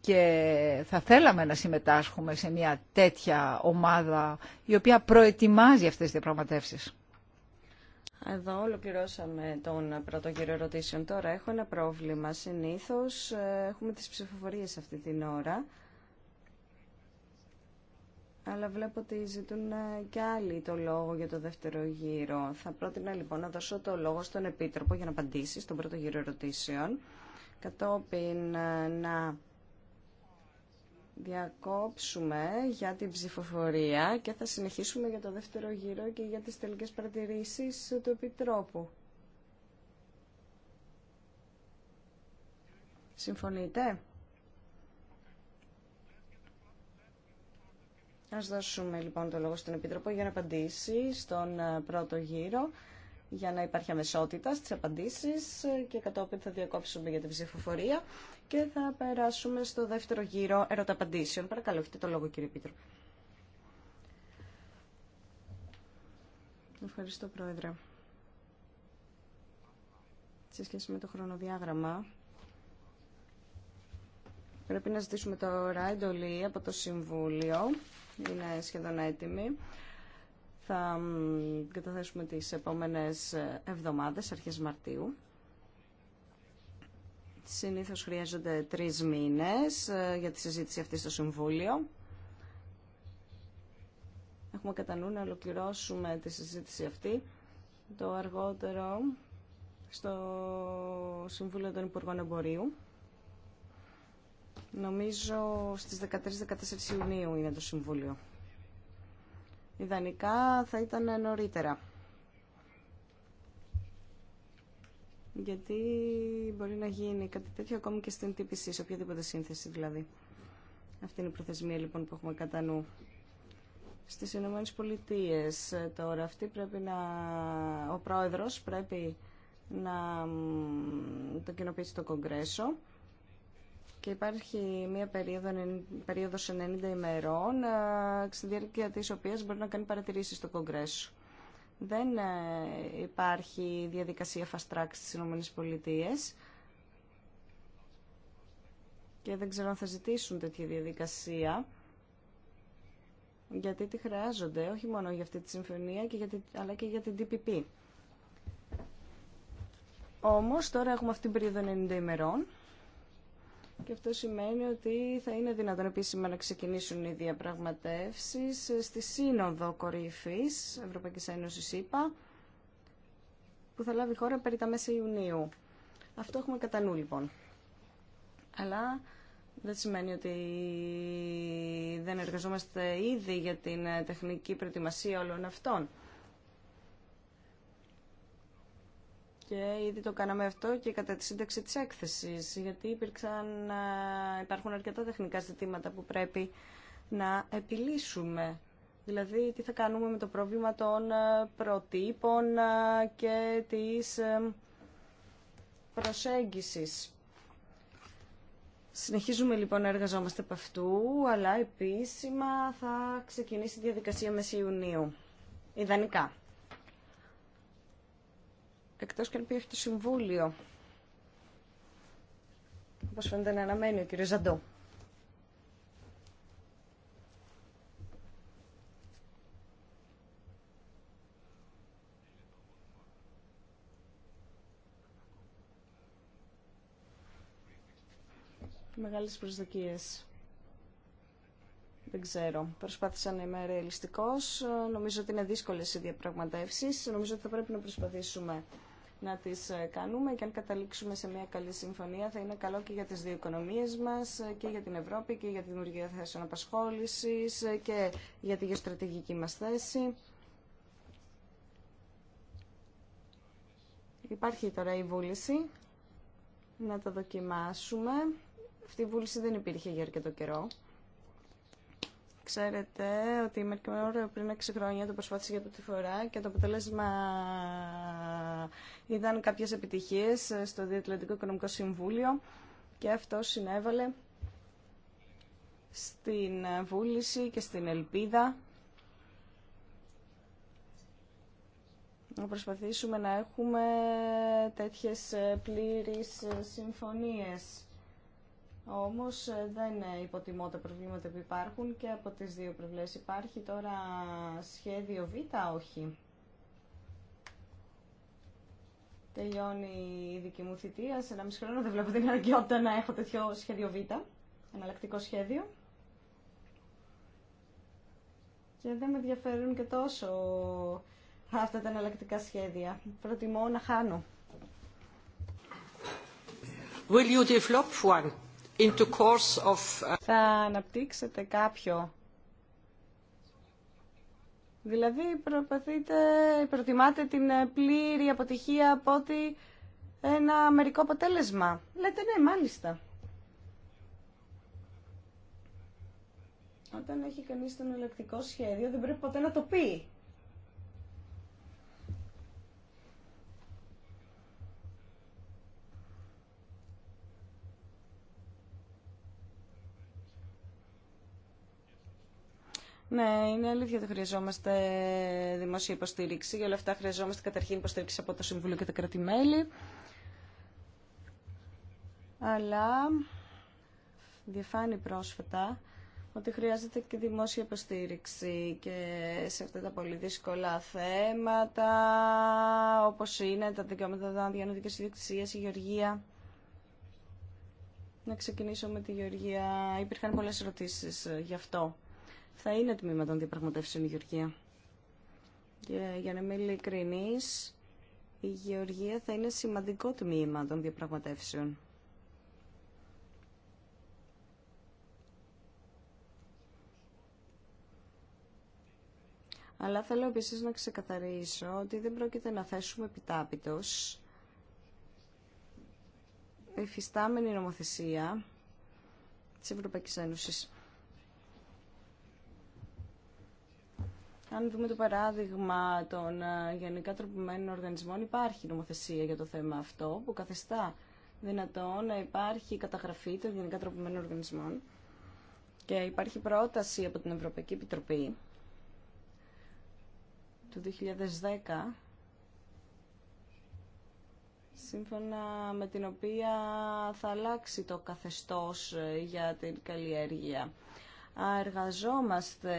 και θα θέλαμε να συμμετάσχουμε σε μια τέτοια ομάδα η οποία προετοιμάζει αυτές τις διαπραγματεύσεις. Εδώ ολοκληρώσαμε τον πρώτο κύριο ερωτήσεων. Τώρα έχω ένα πρόβλημα. Συνήθως ε, έχουμε τις ψηφοφορίες αυτή την ώρα. Αλλά βλέπω ότι ζητούν ε, και άλλοι το λόγο για το δεύτερο γύρο. Θα πρότεινα λοιπόν να δώσω το λόγο στον Επίτροπο για να απαντήσει στον πρώτο γύρο ερωτήσεων. Κατόπιν ε, να διακόψουμε για την ψηφοφορία και θα συνεχίσουμε για το δεύτερο γύρο και για τις τελικές παρατηρήσεις του Επιτρόπου. Συμφωνείτε? Ας δώσουμε λοιπόν το λόγο στον Επιτρόπο για να απαντήσει στον ε, πρώτο γύρο για να υπάρχει αμεσότητα στις απαντήσεις και κατόπιν θα διακόψουμε για την ψηφοφορία και θα περάσουμε στο δεύτερο γύρο ερωταπαντήσεων. Παρακαλώ, έχετε το λόγο κύριε Πίτρο. Ευχαριστώ Πρόεδρε. Σε σχέση με το χρονοδιάγραμμα, πρέπει να ζητήσουμε τώρα εντολή από το Συμβούλιο. Είναι σχεδόν έτοιμη θα καταθέσουμε τις επόμενες ε, εβδομάδες, αρχές Μαρτίου. Συνήθως χρειάζονται τρεις μήνες ε, για τη συζήτηση αυτή στο Συμβούλιο. Έχουμε κατά νου να ολοκληρώσουμε τη συζήτηση αυτή το αργότερο στο Συμβούλιο των Υπουργών Εμπορίου. Νομίζω στις 13-14 Ιουνίου είναι το Συμβούλιο. Ιδανικά θα ήταν νωρίτερα. Γιατί μπορεί να γίνει κάτι τέτοιο ακόμη και στην TPC, σε οποιαδήποτε σύνθεση δηλαδή. Αυτή είναι η προθεσμία λοιπόν που έχουμε κατά νου. Στις Ηνωμένες Πολιτείες ε, τώρα αυτή πρέπει να... Ο πρόεδρος πρέπει να το κοινοποιήσει το Κογκρέσο και υπάρχει μια περίοδο, περίοδος 90 ημερών, στη διάρκεια της οποίας μπορεί να κάνει παρατηρήσεις στο Κογκρέσο. Δεν ε, υπάρχει διαδικασία fast track στις ΗΠΑ και δεν ξέρω αν θα ζητήσουν τέτοια διαδικασία γιατί τη χρειάζονται όχι μόνο για αυτή τη συμφωνία και για αλλά και για την TPP. Όμως τώρα έχουμε αυτή την περίοδο 90 ημερών και αυτό σημαίνει ότι θα είναι δυνατόν επίσημα να ξεκινήσουν οι διαπραγματεύσεις στη Σύνοδο Κορυφής Ευρωπαϊκής Ένωσης είπα, που θα λάβει χώρα περί τα μέσα Ιουνίου. Αυτό έχουμε κατά νου λοιπόν. Αλλά δεν σημαίνει ότι δεν εργαζόμαστε ήδη για την τεχνική προετοιμασία όλων αυτών. και ήδη το κάναμε αυτό και κατά τη σύνταξη της έκθεσης, γιατί υπήρξαν, υπάρχουν αρκετά τεχνικά ζητήματα που πρέπει να επιλύσουμε. Δηλαδή, τι θα κάνουμε με το πρόβλημα των προτύπων και της προσέγγισης. Συνεχίζουμε λοιπόν να εργαζόμαστε από αυτού, αλλά επίσημα θα ξεκινήσει η διαδικασία μέση Ιουνίου. Ιδανικά εκτός και αν πει έχει το Συμβούλιο. Όπως φαίνεται να αναμένει ο κύριο Ζαντό. Μεγάλες προσδοκίες. Δεν ξέρω. Προσπάθησα να είμαι ρεαλιστικός. Νομίζω ότι είναι δύσκολες οι διαπραγματεύσεις. Νομίζω ότι θα πρέπει να προσπαθήσουμε να τις ε, κάνουμε και αν καταλήξουμε σε μια καλή συμφωνία θα είναι καλό και για τις δύο οικονομίες μας ε, και για την Ευρώπη και για τη δημιουργία θέσεων απασχόλησης ε, και για τη γεωστρατηγική μας θέση. Υπάρχει τώρα η βούληση να τα δοκιμάσουμε. Αυτή η βούληση δεν υπήρχε για αρκετό καιρό. Ξέρετε ότι η Μερκεμόρ πριν 6 χρόνια το προσπάθησε για πρώτη φορά και το αποτέλεσμα ήταν κάποιες επιτυχίες στο Διατλαντικό Οικονομικό Συμβούλιο και αυτό συνέβαλε στην βούληση και στην ελπίδα να προσπαθήσουμε να έχουμε τέτοιες πλήρεις συμφωνίες όμως ε, δεν ε, υποτιμώ τα προβλήματα που υπάρχουν και από τις δύο προβλές υπάρχει τώρα σχέδιο Β, όχι. Τελειώνει η δική μου θητεία, σε ένα μισό χρόνο δεν βλέπω την αναγκαιότητα να έχω τέτοιο σχέδιο Β, εναλλακτικό σχέδιο. Και δεν με ενδιαφέρουν και τόσο αυτά τα εναλλακτικά σχέδια. Προτιμώ να χάνω. Will you develop Uh, Θα αναπτύξετε κάποιο. Δηλαδή προπαθείτε, προτιμάτε την ε, πλήρη αποτυχία από ότι ένα μερικό αποτέλεσμα. Λέτε ναι, μάλιστα. Όταν έχει κανείς τον ελεκτικό σχέδιο δεν πρέπει ποτέ να το πει. Ναι, είναι αλήθεια ότι χρειαζόμαστε δημόσια υποστήριξη. Για όλα αυτά χρειαζόμαστε καταρχήν υποστήριξη από το Συμβούλιο και τα κράτη-μέλη. Αλλά διαφάνει πρόσφατα ότι χρειάζεται και δημόσια υποστήριξη και σε αυτά τα πολύ δύσκολα θέματα, όπως είναι τα δικαιώματα των διανοητικής η Γεωργία. Να ξεκινήσω με τη Γεωργία. Υπήρχαν πολλές ερωτήσεις ε, γι' αυτό θα είναι τμήμα των διαπραγματεύσεων η Γεωργία. Και για να είμαι ειλικρινή, η Γεωργία θα είναι σημαντικό τμήμα των διαπραγματεύσεων. Αλλά θέλω επίση να ξεκαθαρίσω ότι δεν πρόκειται να θέσουμε επιτάπητος εφιστάμενη νομοθεσία της Ευρωπαϊκής Ένωσης. Αν δούμε το παράδειγμα των ε, γενικά τροπημένων οργανισμών, υπάρχει νομοθεσία για το θέμα αυτό που καθεστά δυνατόν να υπάρχει καταγραφή των γενικά τροπημένων οργανισμών και υπάρχει πρόταση από την Ευρωπαϊκή Επιτροπή του 2010 σύμφωνα με την οποία θα αλλάξει το καθεστώς ε, για την καλλιέργεια. Αργαζόμαστε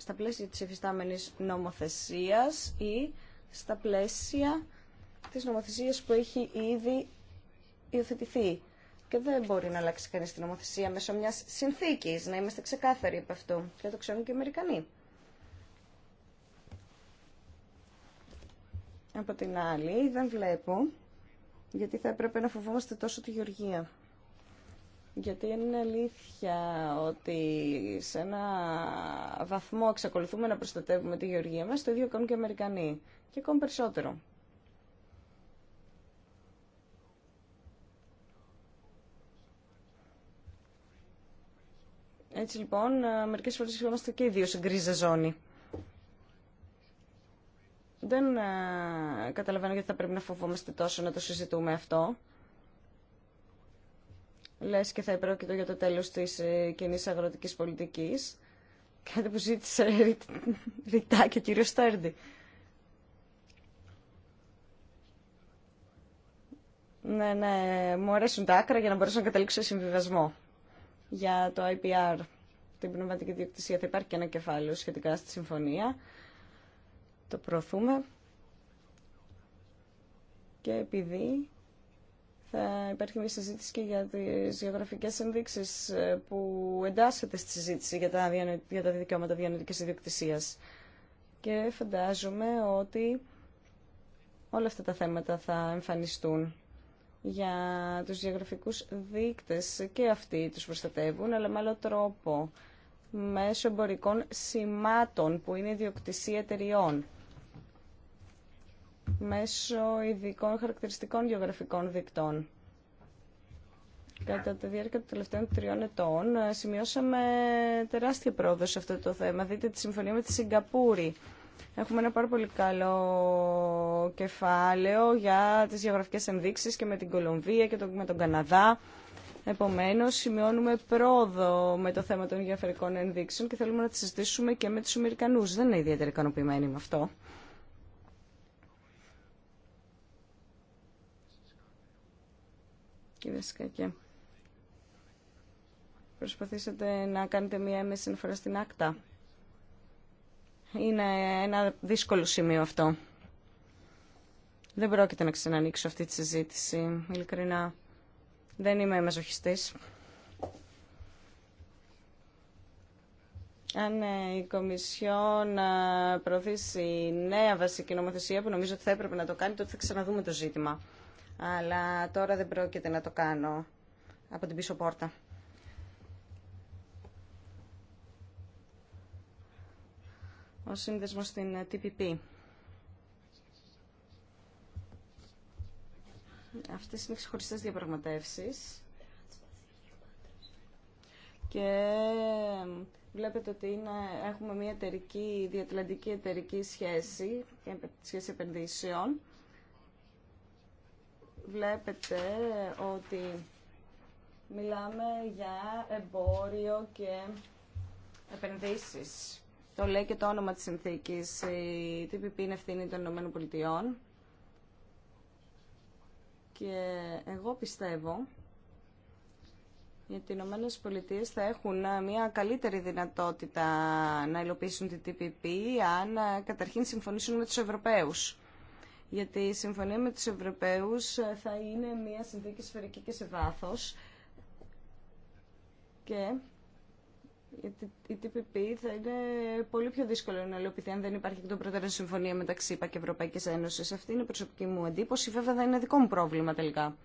στα πλαίσια της εφιστάμενης νομοθεσίας ή στα πλαίσια της νομοθεσίας που έχει ήδη υιοθετηθεί. Και δεν μπορεί να αλλάξει κανείς τη νομοθεσία μέσω μια συνθήκη, να είμαστε ξεκάθαροι από αυτό. Και το ξέρουν και οι Αμερικανοί. Από την άλλη, δεν βλέπω γιατί θα έπρεπε να φοβόμαστε τόσο τη Γεωργία. Γιατί είναι αλήθεια ότι σε ένα βαθμό εξακολουθούμε να προστατεύουμε τη γεωργία μας, το ίδιο κάνουν και οι Αμερικανοί. Και ακόμη περισσότερο. Έτσι λοιπόν, μερικές φορές είμαστε και οι δύο σε γκρίζα ζώνη. Δεν ε, καταλαβαίνω γιατί θα πρέπει να φοβόμαστε τόσο να το συζητούμε αυτό λες και θα επρόκειτο για το τέλος της ε, κοινή αγροτικής πολιτικής. Κάτι που ζήτησε ρητά και ο κύριος Στέρντι. Ναι, ναι, μου αρέσουν τα άκρα για να μπορέσω να καταλήξω σε συμβιβασμό για το IPR, την πνευματική διοκτησία. Θα υπάρχει και ένα κεφάλαιο σχετικά στη συμφωνία. Το προωθούμε. Και επειδή θα υπάρχει μια συζήτηση και για τι γεωγραφικέ ενδείξεις ε, που εντάσσεται στη συζήτηση για τα, για τα δικαιώματα διανοητική ιδιοκτησία. Και φαντάζομαι ότι όλα αυτά τα θέματα θα εμφανιστούν για τους γεωγραφικούς δείκτες και αυτοί τους προστατεύουν, αλλά με άλλο τρόπο, μέσω εμπορικών σημάτων που είναι ιδιοκτησία εταιριών μέσω ειδικών χαρακτηριστικών γεωγραφικών δικτών. Κατά τη διάρκεια των τελευταίων τριών ετών ε, σημειώσαμε τεράστια πρόοδο σε αυτό το θέμα. Δείτε τη συμφωνία με τη Σιγκαπούρη. Έχουμε ένα πάρα πολύ καλό κεφάλαιο για τις γεωγραφικές ενδείξεις και με την Κολομβία και με τον Καναδά. Επομένως, σημειώνουμε πρόοδο με το θέμα των γεωγραφικών ενδείξεων και θέλουμε να τη συζητήσουμε και με τους Αμερικανούς. Δεν είναι ιδιαίτερα ικανοποιημένοι με αυτό. Προσπαθήσατε να κάνετε μία έμεση αναφορά στην άκτα. Είναι ένα δύσκολο σημείο αυτό. Δεν πρόκειται να ξανανοίξω αυτή τη συζήτηση, ειλικρινά. Δεν είμαι μεζοχιστής Αν ε, η Κομισιόν ε, προωθήσει νέα βασική νομοθεσία που νομίζω ότι θα έπρεπε να το κάνει, τότε θα ξαναδούμε το ζήτημα αλλά τώρα δεν πρόκειται να το κάνω από την πίσω πόρτα. Ο σύνδεσμος στην TPP. Αυτές είναι ξεχωριστές διαπραγματεύσεις και βλέπετε ότι είναι, έχουμε μια εταιρική, διατλαντική εταιρική σχέση, σχέση επενδύσεων βλέπετε ότι μιλάμε για εμπόριο και επενδύσεις. Το λέει και το όνομα της συνθήκης. Η TPP είναι ευθύνη των Ηνωμένων Πολιτειών. Και εγώ πιστεύω ότι οι Ηνωμένε Πολιτείε θα έχουν μια καλύτερη δυνατότητα να υλοποιήσουν την TPP αν καταρχήν συμφωνήσουν με τους Ευρωπαίους γιατί η συμφωνία με τους Ευρωπαίους θα είναι μια συνθήκη σφαιρική και σε βάθος και η TPP θα είναι πολύ πιο δύσκολο να υλοποιηθεί αν δεν υπάρχει και το πρώτερο συμφωνία μεταξύ ΙΠΑ και Ευρωπαϊκής Ένωσης. Αυτή είναι η προσωπική μου εντύπωση. Βέβαια θα είναι δικό μου πρόβλημα τελικά.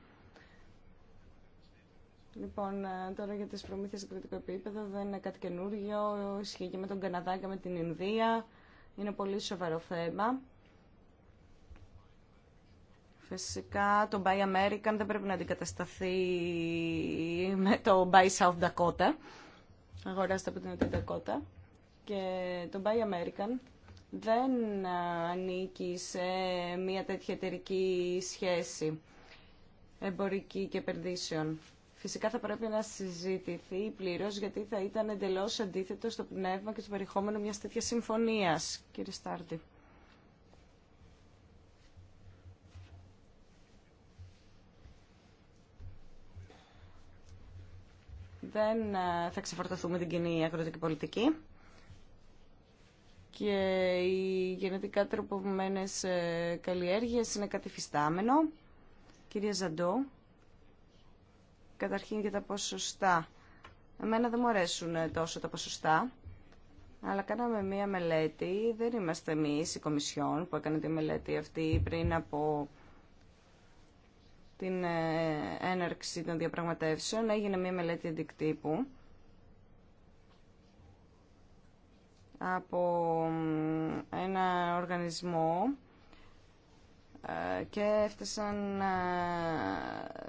Λοιπόν, ε, τώρα για τις προμήθειες σε κρατικό επίπεδο δεν είναι κάτι καινούργιο. Ισχύει και με τον Καναδά και με την Ινδία. Είναι πολύ σοβαρό θέμα. Φυσικά το Buy American δεν πρέπει να αντικατασταθεί με το Buy South Dakota. Αγοράστε από την Νότια Dakota. Και το Buy American δεν ανήκει σε μια τέτοια εταιρική σχέση εμπορική και επενδύσεων. Φυσικά θα πρέπει να συζητηθεί πλήρω γιατί θα ήταν εντελώ αντίθετο στο πνεύμα και στο περιεχόμενο μια τέτοια συμφωνία, κύριε Στάρτη. δεν ε, θα ξεφορτωθούμε την κοινή αγροτική πολιτική και οι γενετικά τροποποιημένες ε, καλλιέργειες είναι κάτι φυστάμενο. Κυρία Ζαντό, καταρχήν για τα ποσοστά. Εμένα δεν μου αρέσουν ε, τόσο τα ποσοστά, αλλά κάναμε μία μελέτη, δεν είμαστε εμείς η Κομισιόν που έκανε τη μελέτη αυτή πριν από την ε, έναρξη των διαπραγματεύσεων έγινε μια μελέτη αντικτύπου από ένα οργανισμό ε, και έφτασαν ε,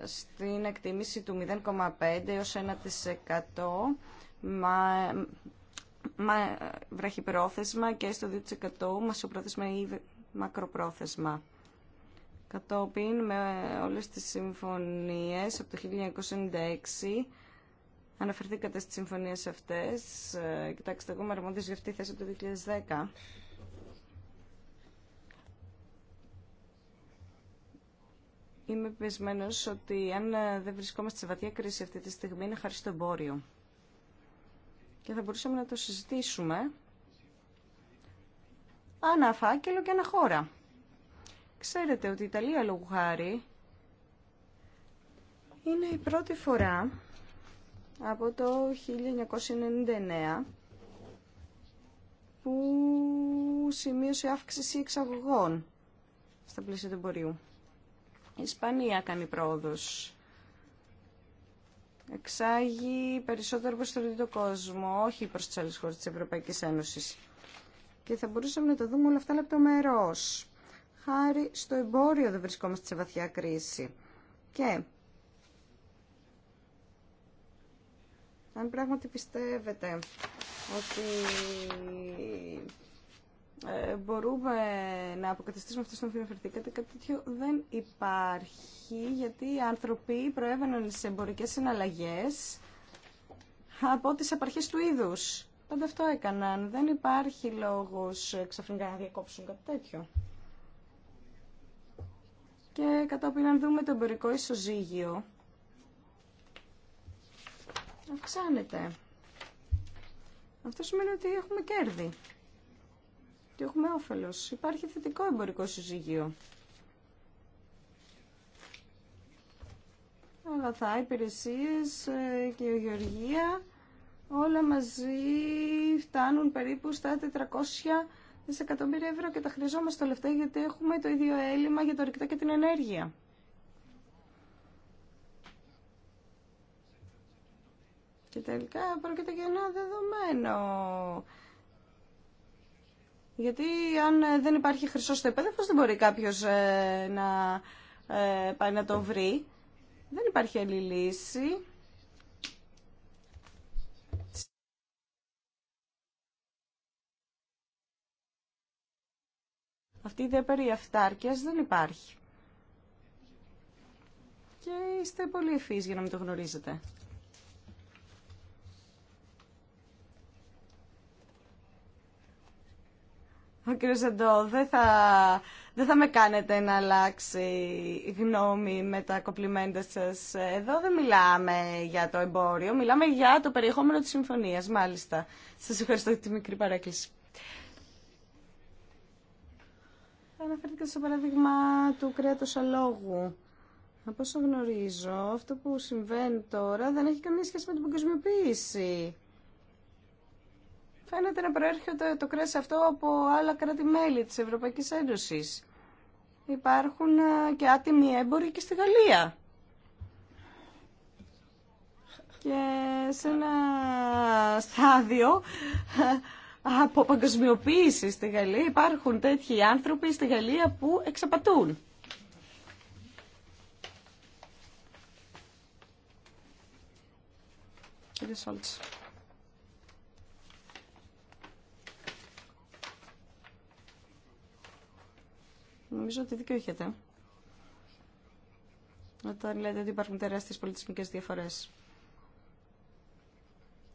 στην εκτίμηση του 0,5 έως 1% μα, μα, βραχυπρόθεσμα και στο 2% μασοπρόθεσμα ή μακροπρόθεσμα. Κατόπιν με όλες τις συμφωνίες από το 1996 αναφερθήκατε στις συμφωνίες αυτές. Ε, κοιτάξτε, εγώ είμαι αρμόδιος για αυτή τη θέση από το 2010. Είμαι πεσμένο ότι αν ε, δεν βρισκόμαστε σε βαθιά κρίση αυτή τη στιγμή είναι χάρη στο εμπόριο. Και θα μπορούσαμε να το συζητήσουμε ανά φάκελο και ανά χώρα. Ξέρετε ότι η Ιταλία λόγου χάρη είναι η πρώτη φορά από το 1999 που σημείωσε αύξηση εξαγωγών στα πλαίσια του εμπορίου. Η Ισπανία κάνει πρόοδος. Εξάγει περισσότερο προς τον ίδιο κόσμο, όχι προς τις άλλες χώρες της Ευρωπαϊκής Ένωσης. Και θα μπορούσαμε να το δούμε όλα αυτά λεπτομερώς χάρη στο εμπόριο δεν βρισκόμαστε σε βαθιά κρίση. Και αν πράγματι πιστεύετε ότι ε, μπορούμε να αποκαταστήσουμε αυτό στον φιλοφερθήκατε, κάτι τέτοιο δεν υπάρχει, γιατί οι άνθρωποι προέβαιναν σε εμπορικές συναλλαγές από τις απαρχές του είδους. Πάντα αυτό έκαναν. Δεν υπάρχει λόγος ξαφνικά να διακόψουν κάτι τέτοιο. Και κατόπιν αν δούμε το εμπορικό ισοζύγιο, αυξάνεται. Αυτό σημαίνει ότι έχουμε κέρδη. και έχουμε όφελος. Υπάρχει θετικό εμπορικό ισοζύγιο. αγαθά, υπηρεσίες ε, και η γεωργία όλα μαζί φτάνουν περίπου στα 400 δισεκατομμύρια ευρώ και τα χρειαζόμαστε όλα γιατί έχουμε το ίδιο έλλειμμα για το ρηκτό και την ενέργεια. Και τελικά πρόκειται για ένα δεδομένο. Γιατί αν ε, δεν υπάρχει χρυσό στο επέδαφο, δεν μπορεί κάποιο ε, να ε, πάει να το βρει. Δεν υπάρχει άλλη λύση. Αυτή η ιδέα περί αυτάρκειας δεν υπάρχει. Και είστε πολύ ευφύς για να μην το γνωρίζετε. Ο κ. Ζαντώ, δεν θα, θα με κάνετε να αλλάξει γνώμη με τα κοπλιμέντα σας. Εδώ δεν μιλάμε για το εμπόριο, μιλάμε για το περιεχόμενο της συμφωνίας, μάλιστα. Σας ευχαριστώ για τη μικρή παρέκκληση. Αναφέρθηκε στο παράδειγμα του κρέατος αλόγου. Από όσο γνωρίζω, αυτό που συμβαίνει τώρα δεν έχει καμία σχέση με την παγκοσμιοποίηση. Φαίνεται να προέρχεται το κρέας αυτό από άλλα κράτη-μέλη της Ευρωπαϊκής Ένωσης. Υπάρχουν ε, και άτιμοι έμποροι και στη Γαλλία. Και σε ένα στάδιο από παγκοσμιοποίηση στη Γαλλία. Υπάρχουν τέτοιοι άνθρωποι στη Γαλλία που εξαπατούν. Κύριε Σόλτς. Νομίζω ότι δίκιο έχετε. Όταν λέτε ότι υπάρχουν τεράστιες πολιτισμικές διαφορές.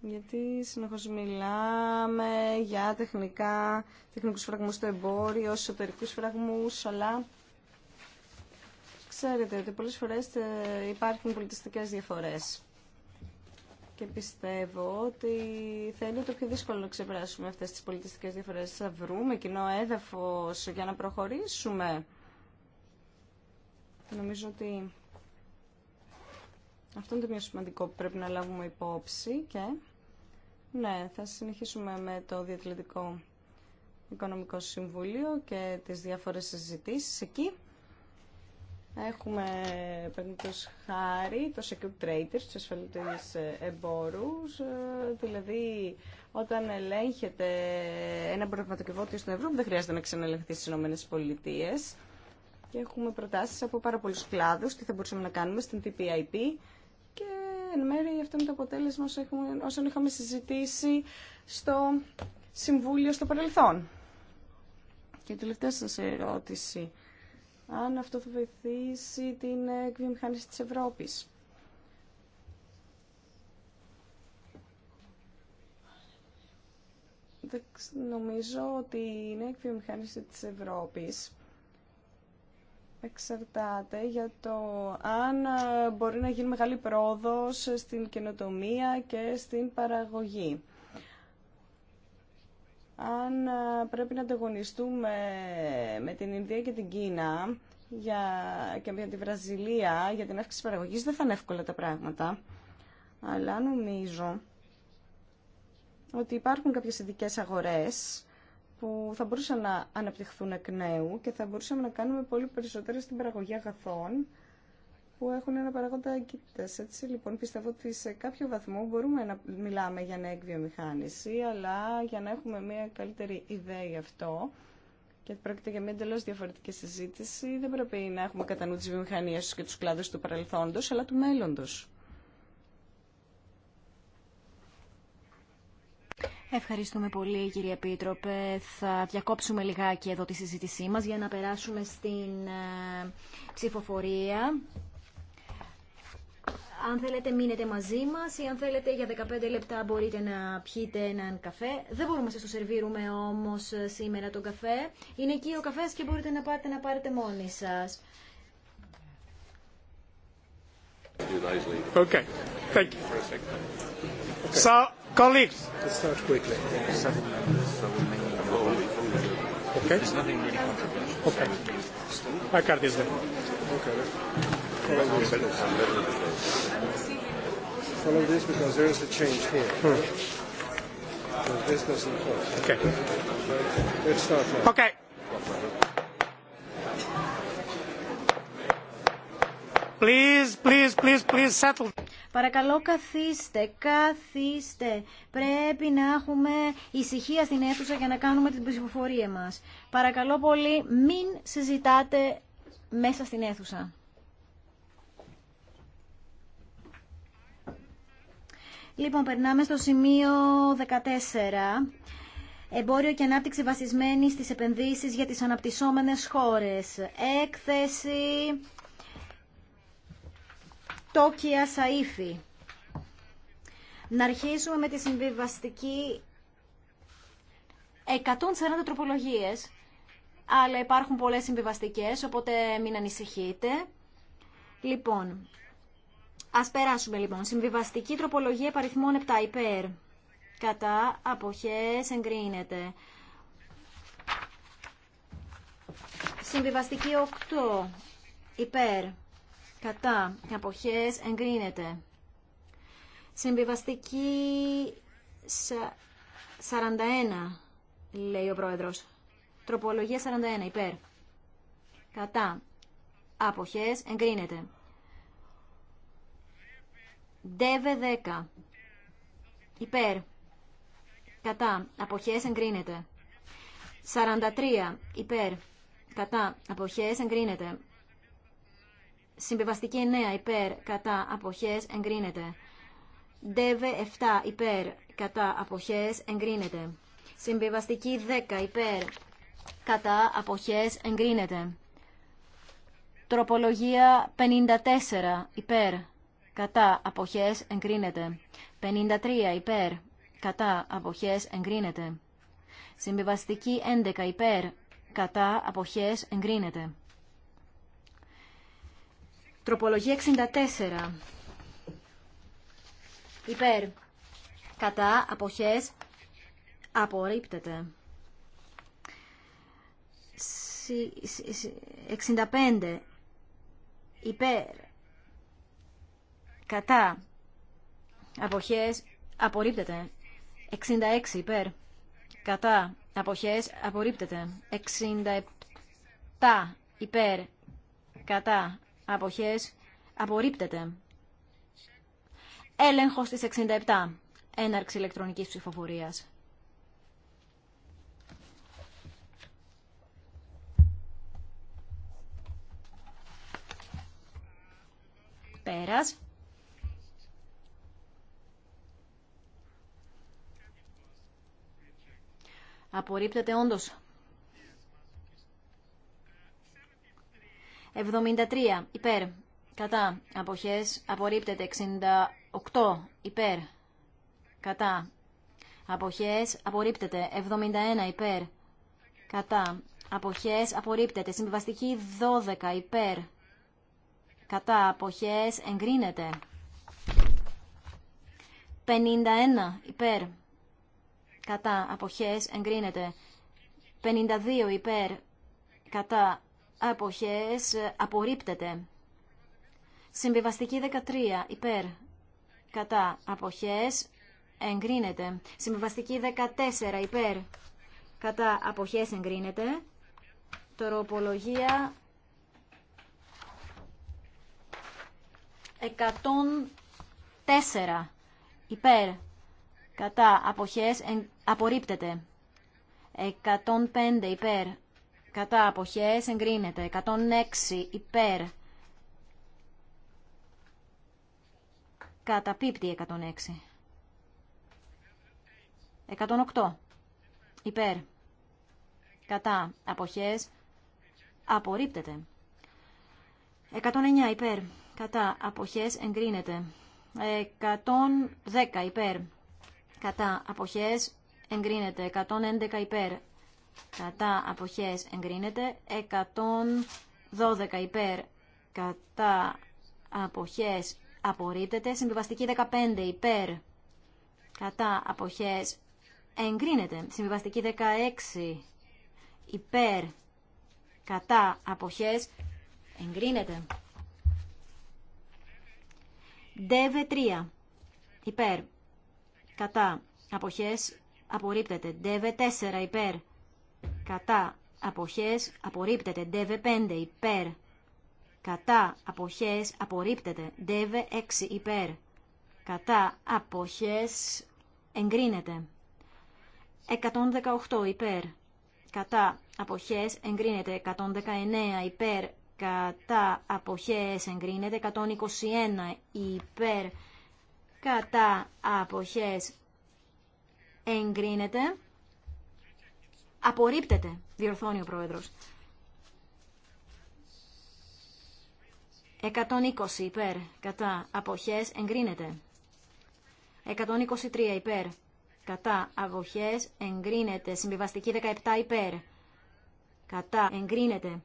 Γιατί συνεχώ μιλάμε για τεχνικά, τεχνικούς φραγμούς στο εμπόριο, εσωτερικού φραγμούς, αλλά ξέρετε ότι πολλέ φορέ ε, υπάρχουν πολιτιστικέ διαφορές. Και πιστεύω ότι θα είναι το πιο δύσκολο να ξεπεράσουμε αυτές τις πολιτιστικέ διαφορές. Θα βρούμε κοινό έδαφο για να προχωρήσουμε. Νομίζω ότι αυτό είναι το πιο σημαντικό που πρέπει να λάβουμε υπόψη και ναι, θα συνεχίσουμε με το Διατλητικό Οικονομικό Συμβούλιο και τις διάφορες συζητήσεις εκεί. Έχουμε, τους χάρη, το Secure Traders, τους ασφαλίτες εμπόρους, ε, δηλαδή όταν ελέγχεται ένα εμπορευματοκιβώτιο στην Ευρώπη δεν χρειάζεται να ξαναελεγχθεί στις ΗΠΑ Και έχουμε προτάσεις από πάρα πολλούς κλάδους, τι θα μπορούσαμε να κάνουμε στην TPIP και εν μέρει αυτό είναι το αποτέλεσμα όσων είχαμε συζητήσει στο Συμβούλιο στο παρελθόν. Και η τελευταία σας ερώτηση. Αν αυτό θα βοηθήσει την εκβιομηχάνηση της Ευρώπης. Νομίζω ότι η εκβιομηχάνηση της Ευρώπης εξαρτάται για το αν ε, μπορεί να γίνει μεγάλη πρόοδος στην καινοτομία και στην παραγωγή. Αν ε, πρέπει να ανταγωνιστούμε με την Ινδία και την Κίνα για, και με τη Βραζιλία για την αύξηση παραγωγής, δεν θα είναι εύκολα τα πράγματα. Αλλά νομίζω ότι υπάρχουν κάποιες ειδικέ αγορές που θα μπορούσαν να αναπτυχθούν εκ νέου και θα μπορούσαμε να κάνουμε πολύ περισσότερα στην παραγωγή αγαθών που έχουν ένα παράγοντα εγκύτητας. Έτσι λοιπόν πιστεύω ότι σε κάποιο βαθμό μπορούμε να μιλάμε για νέα εκβιομηχάνηση, αλλά για να έχουμε μια καλύτερη ιδέα γι' αυτό και πρόκειται για μια εντελώ διαφορετική συζήτηση, δεν πρέπει να έχουμε κατά νου τι βιομηχανίε και του κλάδου του παρελθόντο, αλλά του μέλλοντος. Ευχαριστούμε πολύ κύριε πίτροπε. Θα διακόψουμε λιγάκι εδώ τη συζήτησή μας για να περάσουμε στην ε, ψηφοφορία. Αν θέλετε μείνετε μαζί μας ή αν θέλετε για 15 λεπτά μπορείτε να πιείτε έναν καφέ. Δεν μπορούμε να σας το σερβίρουμε όμως ε, σήμερα τον καφέ. Είναι εκεί ο καφές και μπορείτε να πάτε να πάρετε μόνοι σας. Okay. Thank you. Colleagues. Let's start quickly. Okay. Okay. My card is there. Okay. Follow this because there is a change here. Hmm. This doesn't work. Okay. Let's start Okay. Please, please, please, please settle. Παρακαλώ καθίστε, καθίστε. Πρέπει να έχουμε ησυχία στην αίθουσα για να κάνουμε την ψηφοφορία μας. Παρακαλώ πολύ μην συζητάτε μέσα στην αίθουσα. Λοιπόν, περνάμε στο σημείο 14. Εμπόριο και ανάπτυξη βασισμένη στις επενδύσεις για τις αναπτυσσόμενες χώρες. Έκθεση Τόκια Σαΐφη. Να αρχίσουμε με τη συμβιβαστική 140 τροπολογίες, αλλά υπάρχουν πολλές συμβιβαστικές, οπότε μην ανησυχείτε. Λοιπόν, ας περάσουμε λοιπόν. Συμβιβαστική τροπολογία παριθμών 7 υπέρ. Κατά αποχές εγκρίνεται. Συμβιβαστική 8 υπέρ κατά αποχές εγκρίνεται. Συμβιβαστική 41 λέει ο πρόεδρος. Τροπολογία 41 υπέρ. Κατά αποχές εγκρίνεται. Δεβε 10 υπέρ. Κατά αποχές εγκρίνεται. 43 υπέρ. Κατά αποχές εγκρίνεται. Συμπεβαστική 9 υπέρ κατά αποχές εγκρίνεται. ΔΕΒΕ 7 υπέρ κατά αποχές εγκρίνεται. Συμπεβαστική 10 υπέρ κατά αποχές εγκρίνεται. Τροπολογία 54 υπέρ κατά αποχές εγκρίνεται. 53 υπέρ κατά αποχές εγκρίνεται. Συμπεβαστική 11 υπέρ κατά αποχές εγκρίνεται. Τροπολογία 64. Υπέρ. Κατά αποχές απορρίπτεται. 65. Υπέρ. Κατά αποχές απορρίπτεται. 66. Υπέρ. Κατά αποχές απορρίπτεται. 67. Υπέρ. Κατά αποχές απορρίπτεται. Έλεγχος της 67. Έναρξη ηλεκτρονικής ψηφοφορίας. Πέρας. Απορρίπτεται όντως. 73 υπέρ. Κατά. Αποχές. Απορρίπτεται. 68 υπέρ. Κατά. Αποχές. Απορρίπτεται. 71 υπέρ. Κατά. Αποχές. Απορρίπτεται. Συμβιβαστική 12 υπέρ. Κατά. Αποχές. Εγκρίνεται. 51 υπέρ. Κατά. Αποχές. Εγκρίνεται. 52 υπέρ. Κατά αποχές ε, απορρίπτεται. Συμβιβαστική 13 υπέρ κατά αποχές εγκρίνεται. Συμβιβαστική 14 υπέρ κατά αποχές εγκρίνεται. Τροπολογία 104 υπέρ κατά αποχές απορρίπτεται. 105 υπέρ κατά αποχές εγκρίνεται 106 υπέρ καταπίπτει 106 108 υπέρ κατά αποχές απορρίπτεται 109 υπέρ κατά αποχές εγκρίνεται 110 υπέρ κατά αποχές εγκρίνεται 111 υπέρ κατά αποχές εγκρίνεται 112 υπέρ κατά αποχές απορρίπτεται συμβιβαστική 15 υπέρ κατά αποχές εγκρίνεται συμβιβαστική 16 υπέρ κατά αποχές εγκρίνεται ΔΕΒΕ 3 υπέρ κατά αποχές απορρίπτεται ΔΕΒΕ 4 υπέρ κατά αποχές απορρίπτεται. Ντεβε 5 υπέρ κατά αποχές απορρίπτεται. Ντεβε 6 υπέρ κατά αποχές εγκρίνεται. 118 υπέρ κατά αποχές εγκρίνεται. 119 υπέρ κατά αποχές εγκρίνεται. 121 υπέρ κατά αποχές εγκρίνεται. Απορρίπτεται, διορθώνει ο πρόεδρος. 120 υπέρ, κατά, αποχές, εγκρίνεται. 123 υπέρ, κατά, απόχέ. εγκρίνεται. Συμβιβαστική 17 υπέρ, κατά, εγκρίνεται.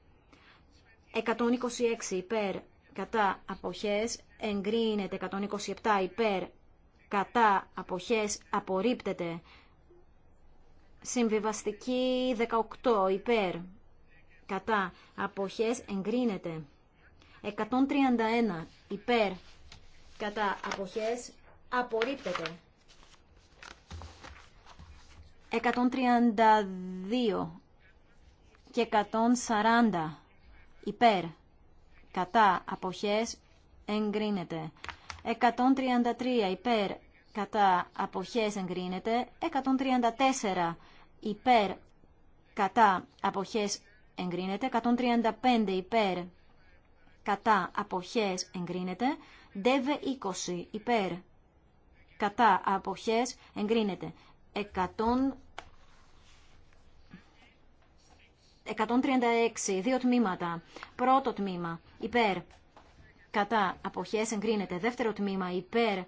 126 υπέρ, κατά, αποχές, εγκρίνεται. 127 υπέρ, κατά, αποχές, απορρίπτεται. Συμβιβαστική 18 υπέρ. Κατά. Αποχές εγκρίνεται. 131 υπέρ. Κατά. Αποχές απορρίπτεται. 132 και 140 υπέρ. Κατά. Αποχές εγκρίνεται. 133 υπέρ. Κατά. Αποχές εγκρίνεται. 134 υπέρ κατά αποχές εγκρίνεται, 135 υπέρ κατά αποχές εγκρίνεται, δεβε 20 υπέρ κατά αποχές εγκρίνεται, 100... 136, δύο τμήματα. Πρώτο τμήμα, υπέρ, κατά, αποχές, εγκρίνεται. Δεύτερο τμήμα, υπέρ,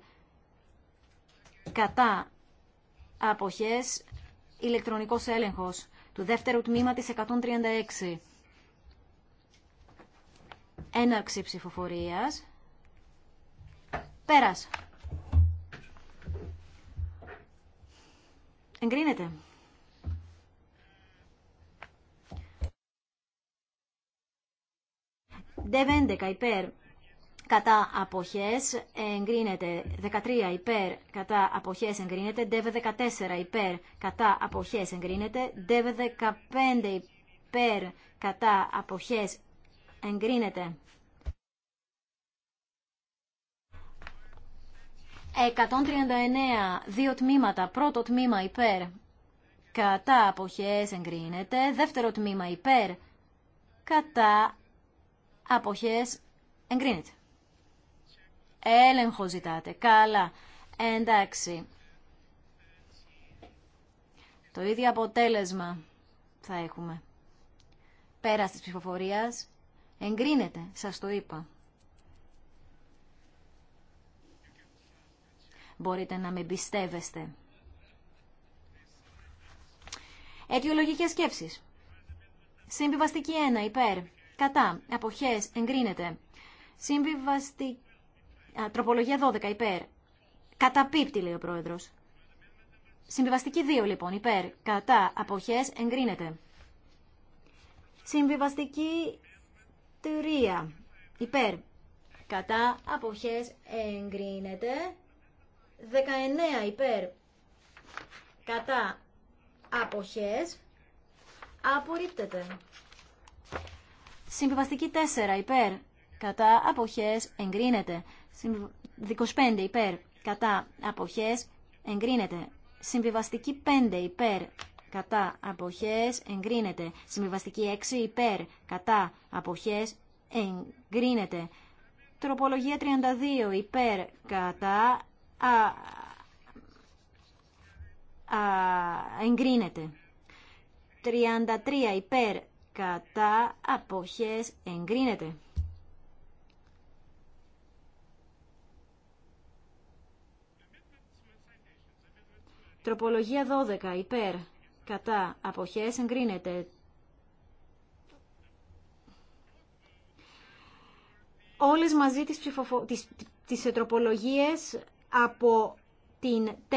κατά, αποχές, ηλεκτρονικός έλεγχος του δεύτερου τμήμα της 136. Έναρξη ψηφοφορίας. Πέρας. Εγκρίνεται. Δε 11 υπέρ κατά αποχές εγκρίνεται 13 υπέρ κατά αποχές εγκρίνεται ΔΕΒΕ 14 υπέρ κατά αποχές εγκρίνεται 15 υπέρ κατά αποχές εγκρίνεται 139 δύο τμήματα πρώτο τμήμα υπέρ κατά αποχές εγκρίνεται δεύτερο τμήμα υπέρ κατά αποχές εγκρίνεται Έλεγχο ζητάτε. Καλά. Εντάξει. Το ίδιο αποτέλεσμα θα έχουμε. Πέρα της ψηφοφορίας. Εγκρίνεται. Σας το είπα. Μπορείτε να με πιστεύεστε. Αιτιολογικές σκέψεις. Συμβιβαστική 1. Υπέρ. Κατά. Αποχές. Εγκρίνεται. Συμβιβαστική Τροπολογία 12 υπέρ. Καταπίπτει, λέει ο πρόεδρο. Συμβιβαστική 2 λοιπόν υπέρ. Κατά απόχέ εγκρίνεται. Συμβιβαστική 3 υπέρ. Κατά απόχέ εγκρίνεται. 19 υπέρ. Κατά απόχέ. απορρίπτεται. Συμβιβαστική 4 υπέρ. Κατά απόχέ, εγκρίνεται. 25 υπέρ κατά αποχές εγκρίνεται. Συμβιβαστική 5 υπέρ κατά αποχές εγκρίνεται. Συμβιβαστική 6 υπέρ κατά αποχές εγκρίνεται. Τροπολογία 32 υπέρ κατά α, α, εγκρίνεται. 33 υπέρ κατά αποχές εγκρίνεται. Τροπολογία 12 υπέρ κατά αποχές εγκρίνεται. Όλες μαζί τις, ψηφοφο... τις... τις τροπολογίες από την 4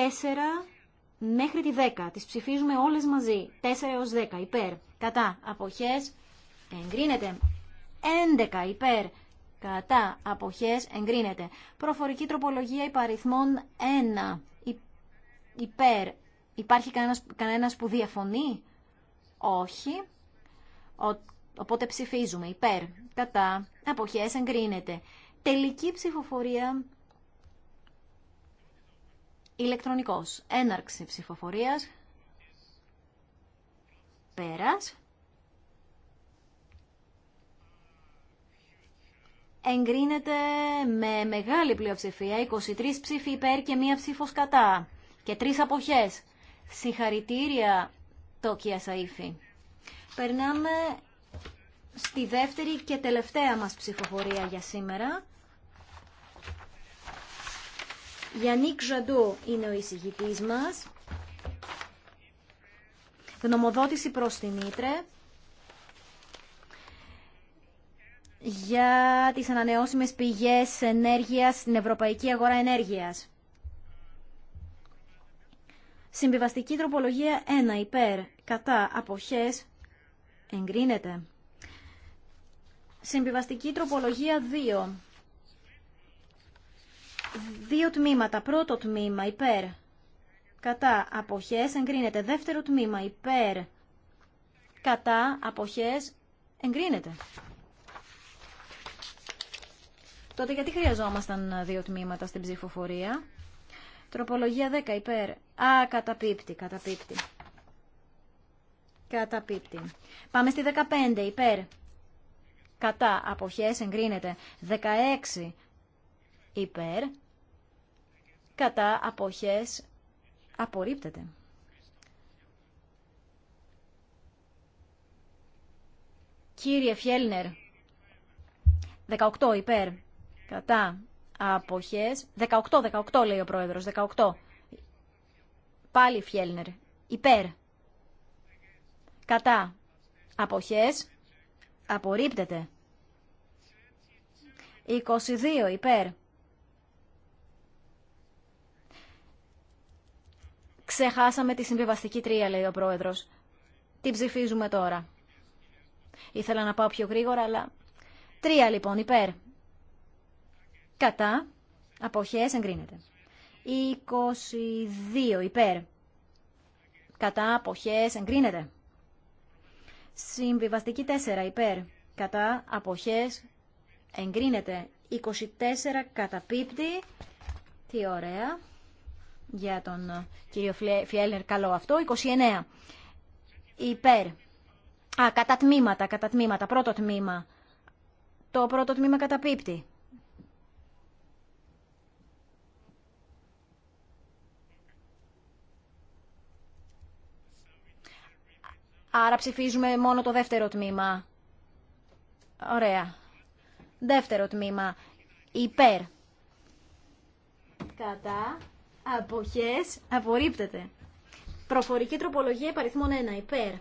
μέχρι τη 10. Τις ψηφίζουμε όλες μαζί. 4 έως 10 υπέρ κατά αποχές εγκρίνεται. 11 υπέρ κατά αποχές εγκρίνεται. Προφορική τροπολογία υπαριθμών 1 υπέρ υπέρ. Υπάρχει κανένας, κανένας που διαφωνεί. Όχι. Οπότε ψηφίζουμε υπέρ, κατά, αποχές, εγκρίνεται. Τελική ψηφοφορία ηλεκτρονικός. Έναρξη ψηφοφορίας. Πέρας. Εγκρίνεται με μεγάλη πλειοψηφία, 23 ψήφοι υπέρ και μία ψήφος κατά και τρεις αποχές. Συγχαρητήρια, Τόκια Σαΐφη. Περνάμε στη δεύτερη και τελευταία μας ψηφοφορία για σήμερα. Γιάννικ Ζαντού είναι ο εισηγητής μας. Γνωμοδότηση προς την Ήτρε για τις ανανεώσιμες πηγές ενέργειας στην Ευρωπαϊκή Αγορά Ενέργειας. Συμβιβαστική τροπολογία 1 υπέρ κατά αποχές εγκρίνεται. Συμβιβαστική τροπολογία 2. Δύο τμήματα. Πρώτο τμήμα υπέρ κατά αποχές εγκρίνεται. Δεύτερο τμήμα υπέρ κατά αποχές εγκρίνεται. Τότε γιατί χρειαζόμασταν ε, δύο τμήματα στην ψηφοφορία. Τροπολογία 10 υπέρ Α, καταπίπτει, καταπίπτει. Καταπίπτει. Πάμε στη 15, υπέρ. Κατά, αποχές, εγκρίνεται. 16, υπέρ. Κατά, αποχές, απορρίπτεται. Κύριε Φιέλνερ, 18 υπέρ, κατά, αποχές, 18, 18 λέει ο πρόεδρος, 18. Πάλι Φιέλνερ. Υπέρ. Κατά. Αποχές. Απορρίπτεται. 22 υπέρ. Ξεχάσαμε τη συμβιβαστική τρία, λέει ο πρόεδρος. Τι ψηφίζουμε τώρα. Ήθελα να πάω πιο γρήγορα, αλλά... Τρία λοιπόν, υπέρ. Κατά. Αποχές εγκρίνεται. 22 υπέρ. Κατά αποχές εγκρίνεται. Συμβιβαστική 4 υπέρ. Κατά αποχές εγκρίνεται. 24 καταπίπτει. Τι ωραία. Για τον κύριο Φιέλνερ καλό αυτό. 29 υπέρ. Α, κατά τμήματα, κατά τμήματα. Πρώτο τμήμα. Το πρώτο τμήμα καταπίπτει. Άρα ψηφίζουμε μόνο το δεύτερο τμήμα. Ωραία. Δεύτερο τμήμα. Υπέρ. Κατά. Αποχές. Απορρίπτεται. Προφορική τροπολογία υπαριθμών 1. Υπέρ.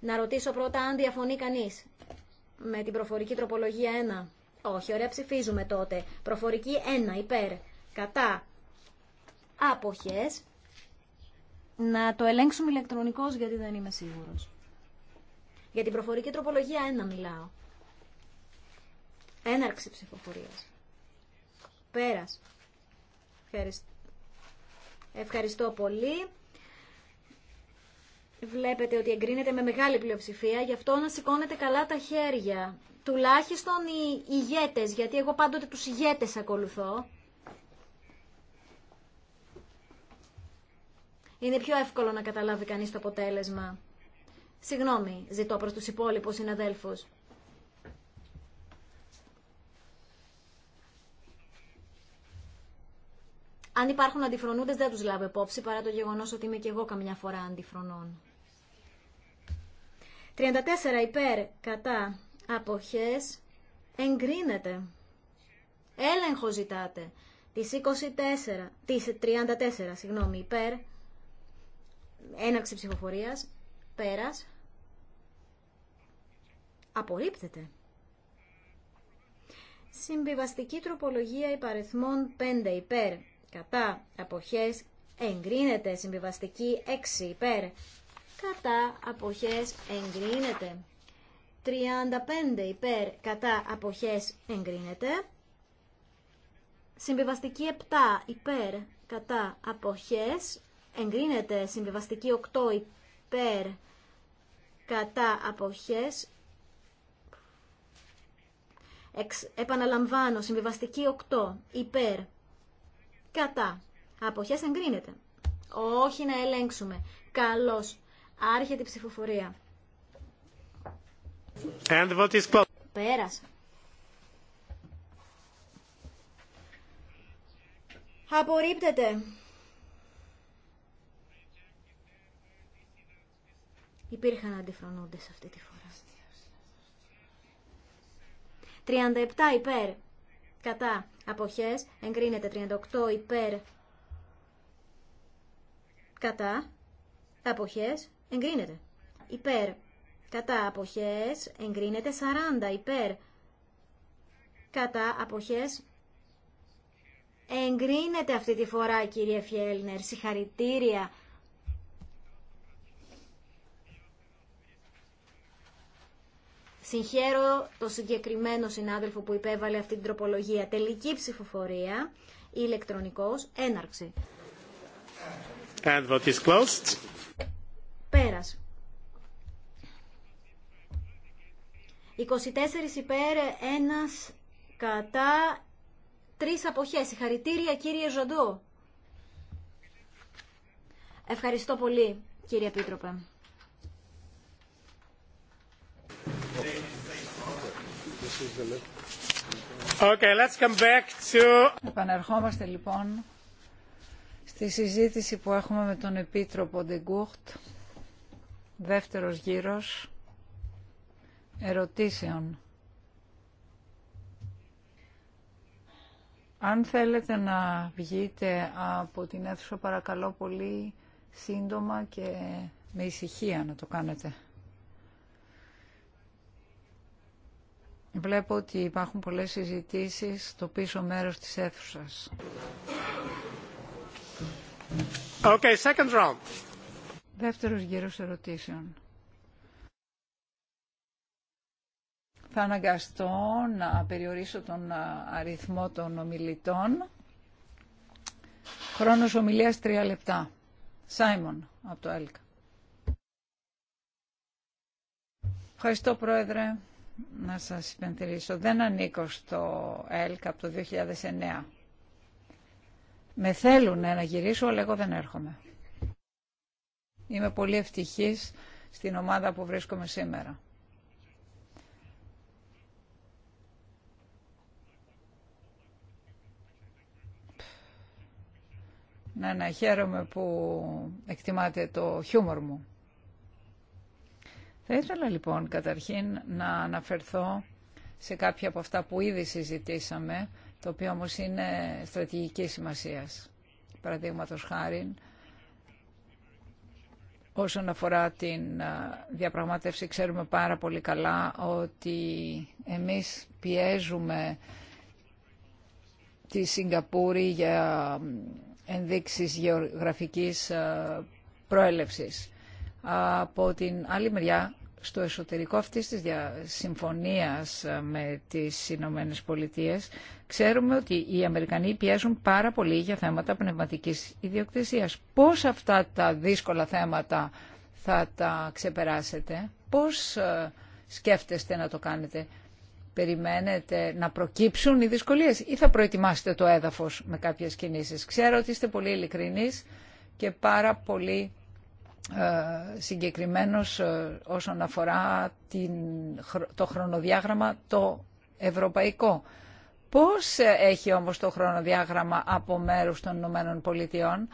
Να ρωτήσω πρώτα αν διαφωνεί κανείς. Με την προφορική τροπολογία 1. Όχι, ωραία, ψηφίζουμε τότε. Προφορική 1. Υπέρ. Κατά. Αποχές να το ελέγξουμε ηλεκτρονικώς γιατί δεν είμαι σίγουρος. Για την προφορική τροπολογία ένα μιλάω. Έναρξη ψηφοφορίας. Πέρας. Ευχαριστώ πολύ. Βλέπετε ότι εγκρίνεται με μεγάλη πλειοψηφία, γι' αυτό να σηκώνετε καλά τα χέρια. Τουλάχιστον οι ηγέτες, γιατί εγώ πάντοτε τους ηγέτες ακολουθώ. είναι πιο εύκολο να καταλάβει κανεί το αποτέλεσμα. Συγγνώμη, ζητώ προς του υπόλοιπους συναδέλφου. Αν υπάρχουν αντιφρονούντες δεν τους λάβω υπόψη, παρά το γεγονός ότι είμαι και εγώ καμιά φορά αντιφρονών. 34 υπέρ κατά αποχές εγκρίνεται. Έλεγχο ζητάτε. Τις 24, τις 34, συγγνώμη, υπέρ Έναρξη ψηφοφορίας. Πέρας. Απορρίπτεται. Συμβιβαστική τροπολογία υπαριθμών 5 υπέρ. Κατά αποχές εγκρίνεται. Συμβιβαστική 6 υπέρ. Κατά αποχές εγκρίνεται. 35 υπέρ. Κατά αποχές εγκρίνεται. Συμβιβαστική 7 υπέρ. Κατά αποχές εγκρίνεται συμβιβαστική 8 υπέρ κατά αποχές επαναλαμβάνω συμβιβαστική 8 υπέρ κατά αποχές εγκρίνεται όχι να ελέγξουμε καλώς άρχεται η ψηφοφορία And what is... πέρασε απορρίπτεται Υπήρχαν αντιφρονούντες αυτή τη φορά. 37 υπέρ κατά αποχές, εγκρίνεται 38 υπέρ κατά αποχές, εγκρίνεται. Υπέρ κατά αποχές, εγκρίνεται 40 υπέρ κατά αποχές, εγκρίνεται αυτή τη φορά κύριε Φιέλνερ, συγχαρητήρια Συγχαίρω το συγκεκριμένο συνάδελφο που υπέβαλε αυτή την τροπολογία. Τελική ψηφοφορία, ηλεκτρονικός, έναρξη. And Πέρας. 24 υπέρ, ένας κατά, τρεις αποχές. Συγχαρητήρια κύριε Ζαντού. Ευχαριστώ πολύ κύριε Επίτροπε. Okay, let's come back to... Επανερχόμαστε λοιπόν στη συζήτηση που έχουμε με τον Επίτροπο Ντεγκούχτ, δεύτερος γύρος ερωτήσεων. Αν θέλετε να βγείτε από την αίθουσα παρακαλώ πολύ σύντομα και με ησυχία να το κάνετε. Βλέπω ότι υπάρχουν πολλές συζητήσεις στο πίσω μέρος της αίθουσας. Okay, second round. Δεύτερος γύρος ερωτήσεων. Θα αναγκαστώ να περιορίσω τον αριθμό των ομιλητών. Χρόνος ομιλίας τρία λεπτά. Σάιμον από το ΕΛΚ. Ευχαριστώ Πρόεδρε να σας υπενθυμίσω, δεν ανήκω στο ΕΛΚ από το 2009. Με θέλουν να γυρίσω, αλλά εγώ δεν έρχομαι. Είμαι πολύ ευτυχής στην ομάδα που βρίσκομαι σήμερα. Να να χαίρομαι που εκτιμάτε το χιούμορ μου. Θα ήθελα λοιπόν καταρχήν να αναφερθώ σε κάποια από αυτά που ήδη συζητήσαμε, το οποίο όμως είναι στρατηγική σημασίας. Παραδείγματο χάρη, όσον αφορά την διαπραγμάτευση, ξέρουμε πάρα πολύ καλά ότι εμείς πιέζουμε τη Σιγκαπούρη για ενδείξεις γεωγραφικής προέλευσης. Από την άλλη μεριά στο εσωτερικό αυτής της συμφωνίας ε, με τις Ηνωμένε Πολιτείε, ξέρουμε ότι οι Αμερικανοί πιέζουν πάρα πολύ για θέματα πνευματικής ιδιοκτησίας. Πώς αυτά τα δύσκολα θέματα θα τα ξεπεράσετε, πώς ε, σκέφτεστε να το κάνετε, περιμένετε να προκύψουν οι δυσκολίες ή θα προετοιμάσετε το έδαφος με κάποιες κινήσεις. Ξέρω ότι είστε πολύ ειλικρινείς και πάρα πολύ ε, συγκεκριμένως ε, όσον αφορά την, το χρονοδιάγραμμα το ευρωπαϊκό. Πώς ε, έχει όμως το χρονοδιάγραμμα από μέρους των Ηνωμένων Πολιτειών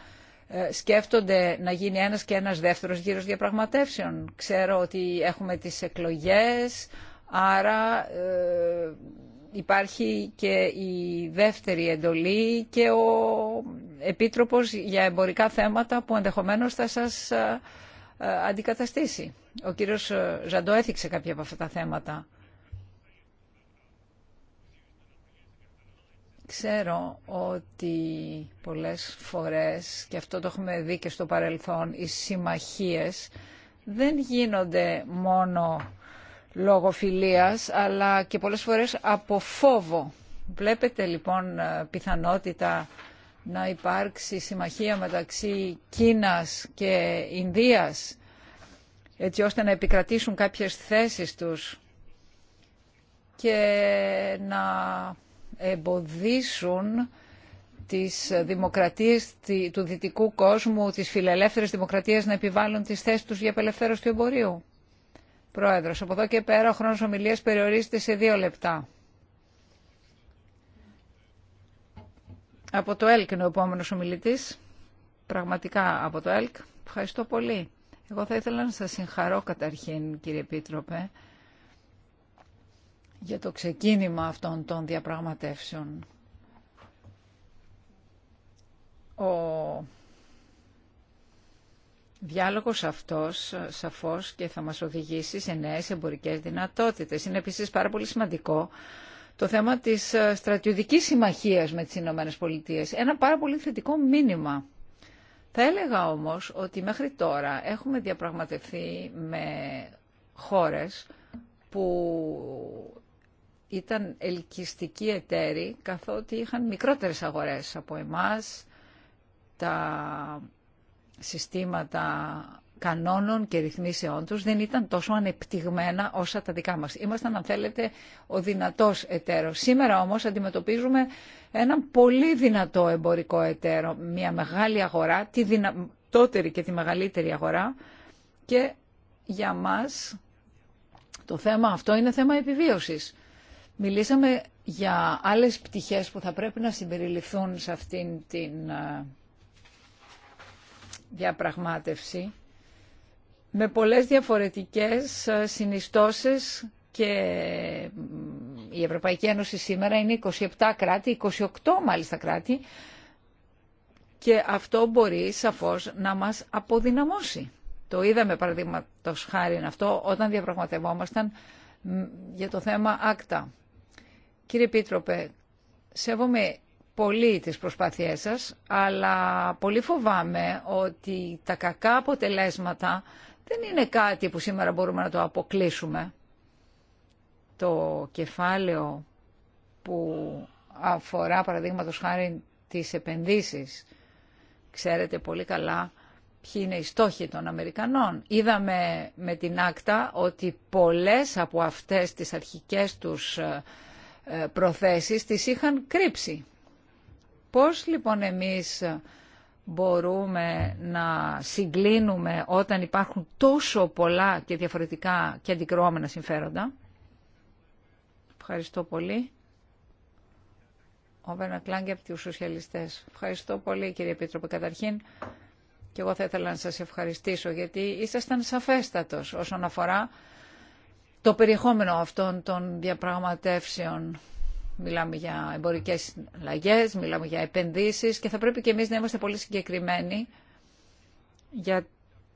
σκέφτονται να γίνει ένας και ένας δεύτερος γύρος διαπραγματεύσεων. Ξέρω ότι έχουμε τις εκλογές, άρα υπάρχει και η δεύτερη εντολή και ο επίτροπος για εμπορικά θέματα που ενδεχομένως θα σας ε, ε, αντικαταστήσει. Ο κύριος ε, Ζαντό έθιξε κάποια από αυτά τα θέματα. Ξέρω ότι πολλές φορές, και αυτό το έχουμε δει και στο παρελθόν, οι συμμαχίες δεν γίνονται μόνο λόγω φιλίας, αλλά και πολλές φορές από φόβο. Βλέπετε λοιπόν πιθανότητα να υπάρξει συμμαχία μεταξύ Κίνας και Ινδίας έτσι ώστε να επικρατήσουν κάποιες θέσεις τους και να εμποδίσουν τις δημοκρατίες του δυτικού κόσμου, τις φιλελεύθερες δημοκρατίες να επιβάλλουν τις θέσεις τους για απελευθέρωση του εμπορίου. Πρόεδρος, από εδώ και πέρα ο χρόνος ομιλίας περιορίζεται σε δύο λεπτά. Από το ΕΛΚ είναι ο επόμενο ομιλητή. Πραγματικά από το ΕΛΚ. Ευχαριστώ πολύ. Εγώ θα ήθελα να σας συγχαρώ καταρχήν κύριε Επίτροπε για το ξεκίνημα αυτών των διαπραγματεύσεων. Ο διάλογος αυτός σαφώς και θα μας οδηγήσει σε νέες εμπορικές δυνατότητες. Είναι επίσης πάρα πολύ σημαντικό το θέμα της ε, στρατιωτικής συμμαχίας με τις Ηνωμένε Πολιτείες. Ένα πάρα πολύ θετικό μήνυμα. Θα έλεγα όμως ότι μέχρι τώρα έχουμε διαπραγματευτεί με χώρες που ήταν ελκυστικοί εταίροι καθότι είχαν μικρότερες αγορές από εμάς, τα συστήματα κανόνων και ρυθμίσεών τους δεν ήταν τόσο ανεπτυγμένα όσα τα δικά μας. Ήμασταν, αν θέλετε, ο δυνατός εταίρος. Σήμερα όμως αντιμετωπίζουμε έναν πολύ δυνατό εμπορικό εταίρο, μια μεγάλη αγορά, τη δυνατότερη και τη μεγαλύτερη αγορά και για μας το θέμα αυτό είναι θέμα επιβίωσης. Μιλήσαμε για άλλες πτυχές που θα πρέπει να συμπεριληφθούν σε αυτήν την ε, διαπραγμάτευση με πολλές διαφορετικές ε, συνιστώσεις και η Ευρωπαϊκή Ένωση σήμερα είναι 27 κράτη, 28 μάλιστα κράτη και αυτό μπορεί σαφώς να μας αποδυναμώσει. Το είδαμε παραδείγματο χάρη αυτό όταν διαπραγματευόμασταν για το θέμα άκτα. Κύριε Πίτροπε, σέβομαι πολύ τις προσπάθειές σας, αλλά πολύ φοβάμαι ότι τα κακά αποτελέσματα δεν είναι κάτι που σήμερα μπορούμε να το αποκλείσουμε. Το κεφάλαιο που αφορά παραδείγματο χάρη τις επενδύσεις. Ξέρετε πολύ καλά ποιοι είναι οι στόχοι των Αμερικανών. Είδαμε με την άκτα ότι πολλές από αυτές τις αρχικές τους ε, ε, προθέσεις τις είχαν κρύψει. Πώς λοιπόν εμείς μπορούμε να συγκλίνουμε όταν υπάρχουν τόσο πολλά και διαφορετικά και αντικρώμενα συμφέροντα. Ευχαριστώ πολύ. Ο Βέρνα από τους Σοσιαλιστές. Ευχαριστώ πολύ κύριε Επίτροπε. Καταρχήν και εγώ θα ήθελα να σας ευχαριστήσω γιατί ήσασταν σαφέστατος όσον αφορά το περιεχόμενο αυτών των διαπραγματεύσεων Μιλάμε για εμπορικέ αλλαγέ, μιλάμε για επενδύσεις και θα πρέπει και εμείς να είμαστε πολύ συγκεκριμένοι για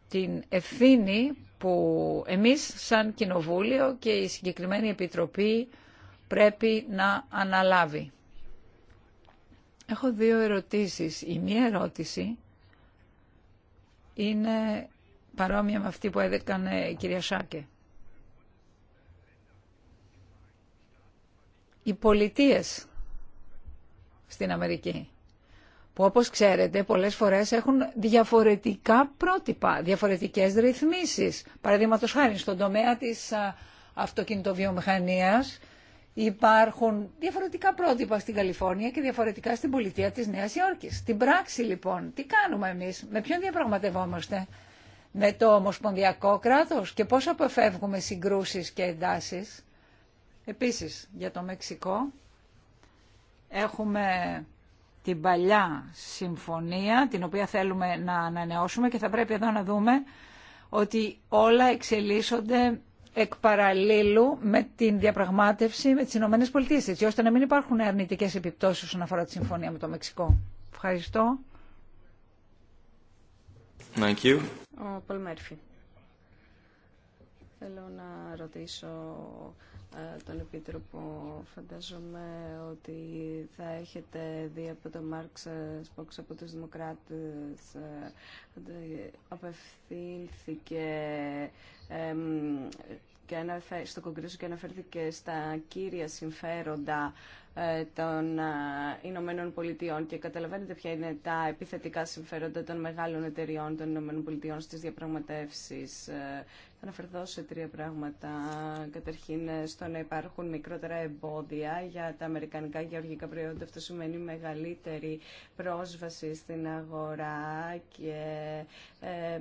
την ευθύνη που εμείς σαν Κοινοβούλιο και η συγκεκριμένη Επιτροπή πρέπει να αναλάβει. Έχω δύο ερωτήσεις. Η μία ερώτηση είναι παρόμοια με αυτή που έδεκανε η κυρία Σάκε. οι πολιτείες στην Αμερική που όπως ξέρετε πολλές φορές έχουν διαφορετικά πρότυπα, διαφορετικές ρυθμίσεις. Παραδείγματο χάρη στον τομέα της αυτοκινητοβιομηχανίας υπάρχουν διαφορετικά πρότυπα στην Καλιφόρνια και διαφορετικά στην πολιτεία της Νέας Υόρκης. Την πράξη λοιπόν, τι κάνουμε εμείς, με ποιον διαπραγματευόμαστε, με το ομοσπονδιακό κράτος και πώς αποφεύγουμε συγκρούσεις και εντάσεις. Επίσης, για το Μεξικό έχουμε την παλιά συμφωνία, την οποία θέλουμε να ανανεώσουμε και θα πρέπει εδώ να δούμε ότι όλα εξελίσσονται εκ παραλίλου με την διαπραγμάτευση με τις Ηνωμένε Πολιτείες, έτσι ώστε να μην υπάρχουν αρνητικές επιπτώσεις όσον αφορά τη συμφωνία με το Μεξικό. Ευχαριστώ. Thank you. Ο Πολ Θέλω να ρωτήσω ε, τον Επίτροπο. Φαντάζομαι ότι θα έχετε δει από τον Μάρξ Σπόξ από τους Δημοκράτες ε, απευθύνθηκε και στο Κογκρέσο και αναφέρθηκε στα κύρια συμφέροντα ε, των ε, Ηνωμένων Πολιτειών και καταλαβαίνετε ποια είναι τα επιθετικά συμφέροντα των μεγάλων εταιριών των Ηνωμένων Πολιτειών στις διαπραγματεύσεις. Ε, θα αναφερθώ σε τρία πράγματα. Καταρχήν, στο να υπάρχουν μικρότερα εμπόδια για τα αμερικανικά γεωργικά προϊόντα. Αυτό σημαίνει μεγαλύτερη πρόσβαση στην αγορά και ε,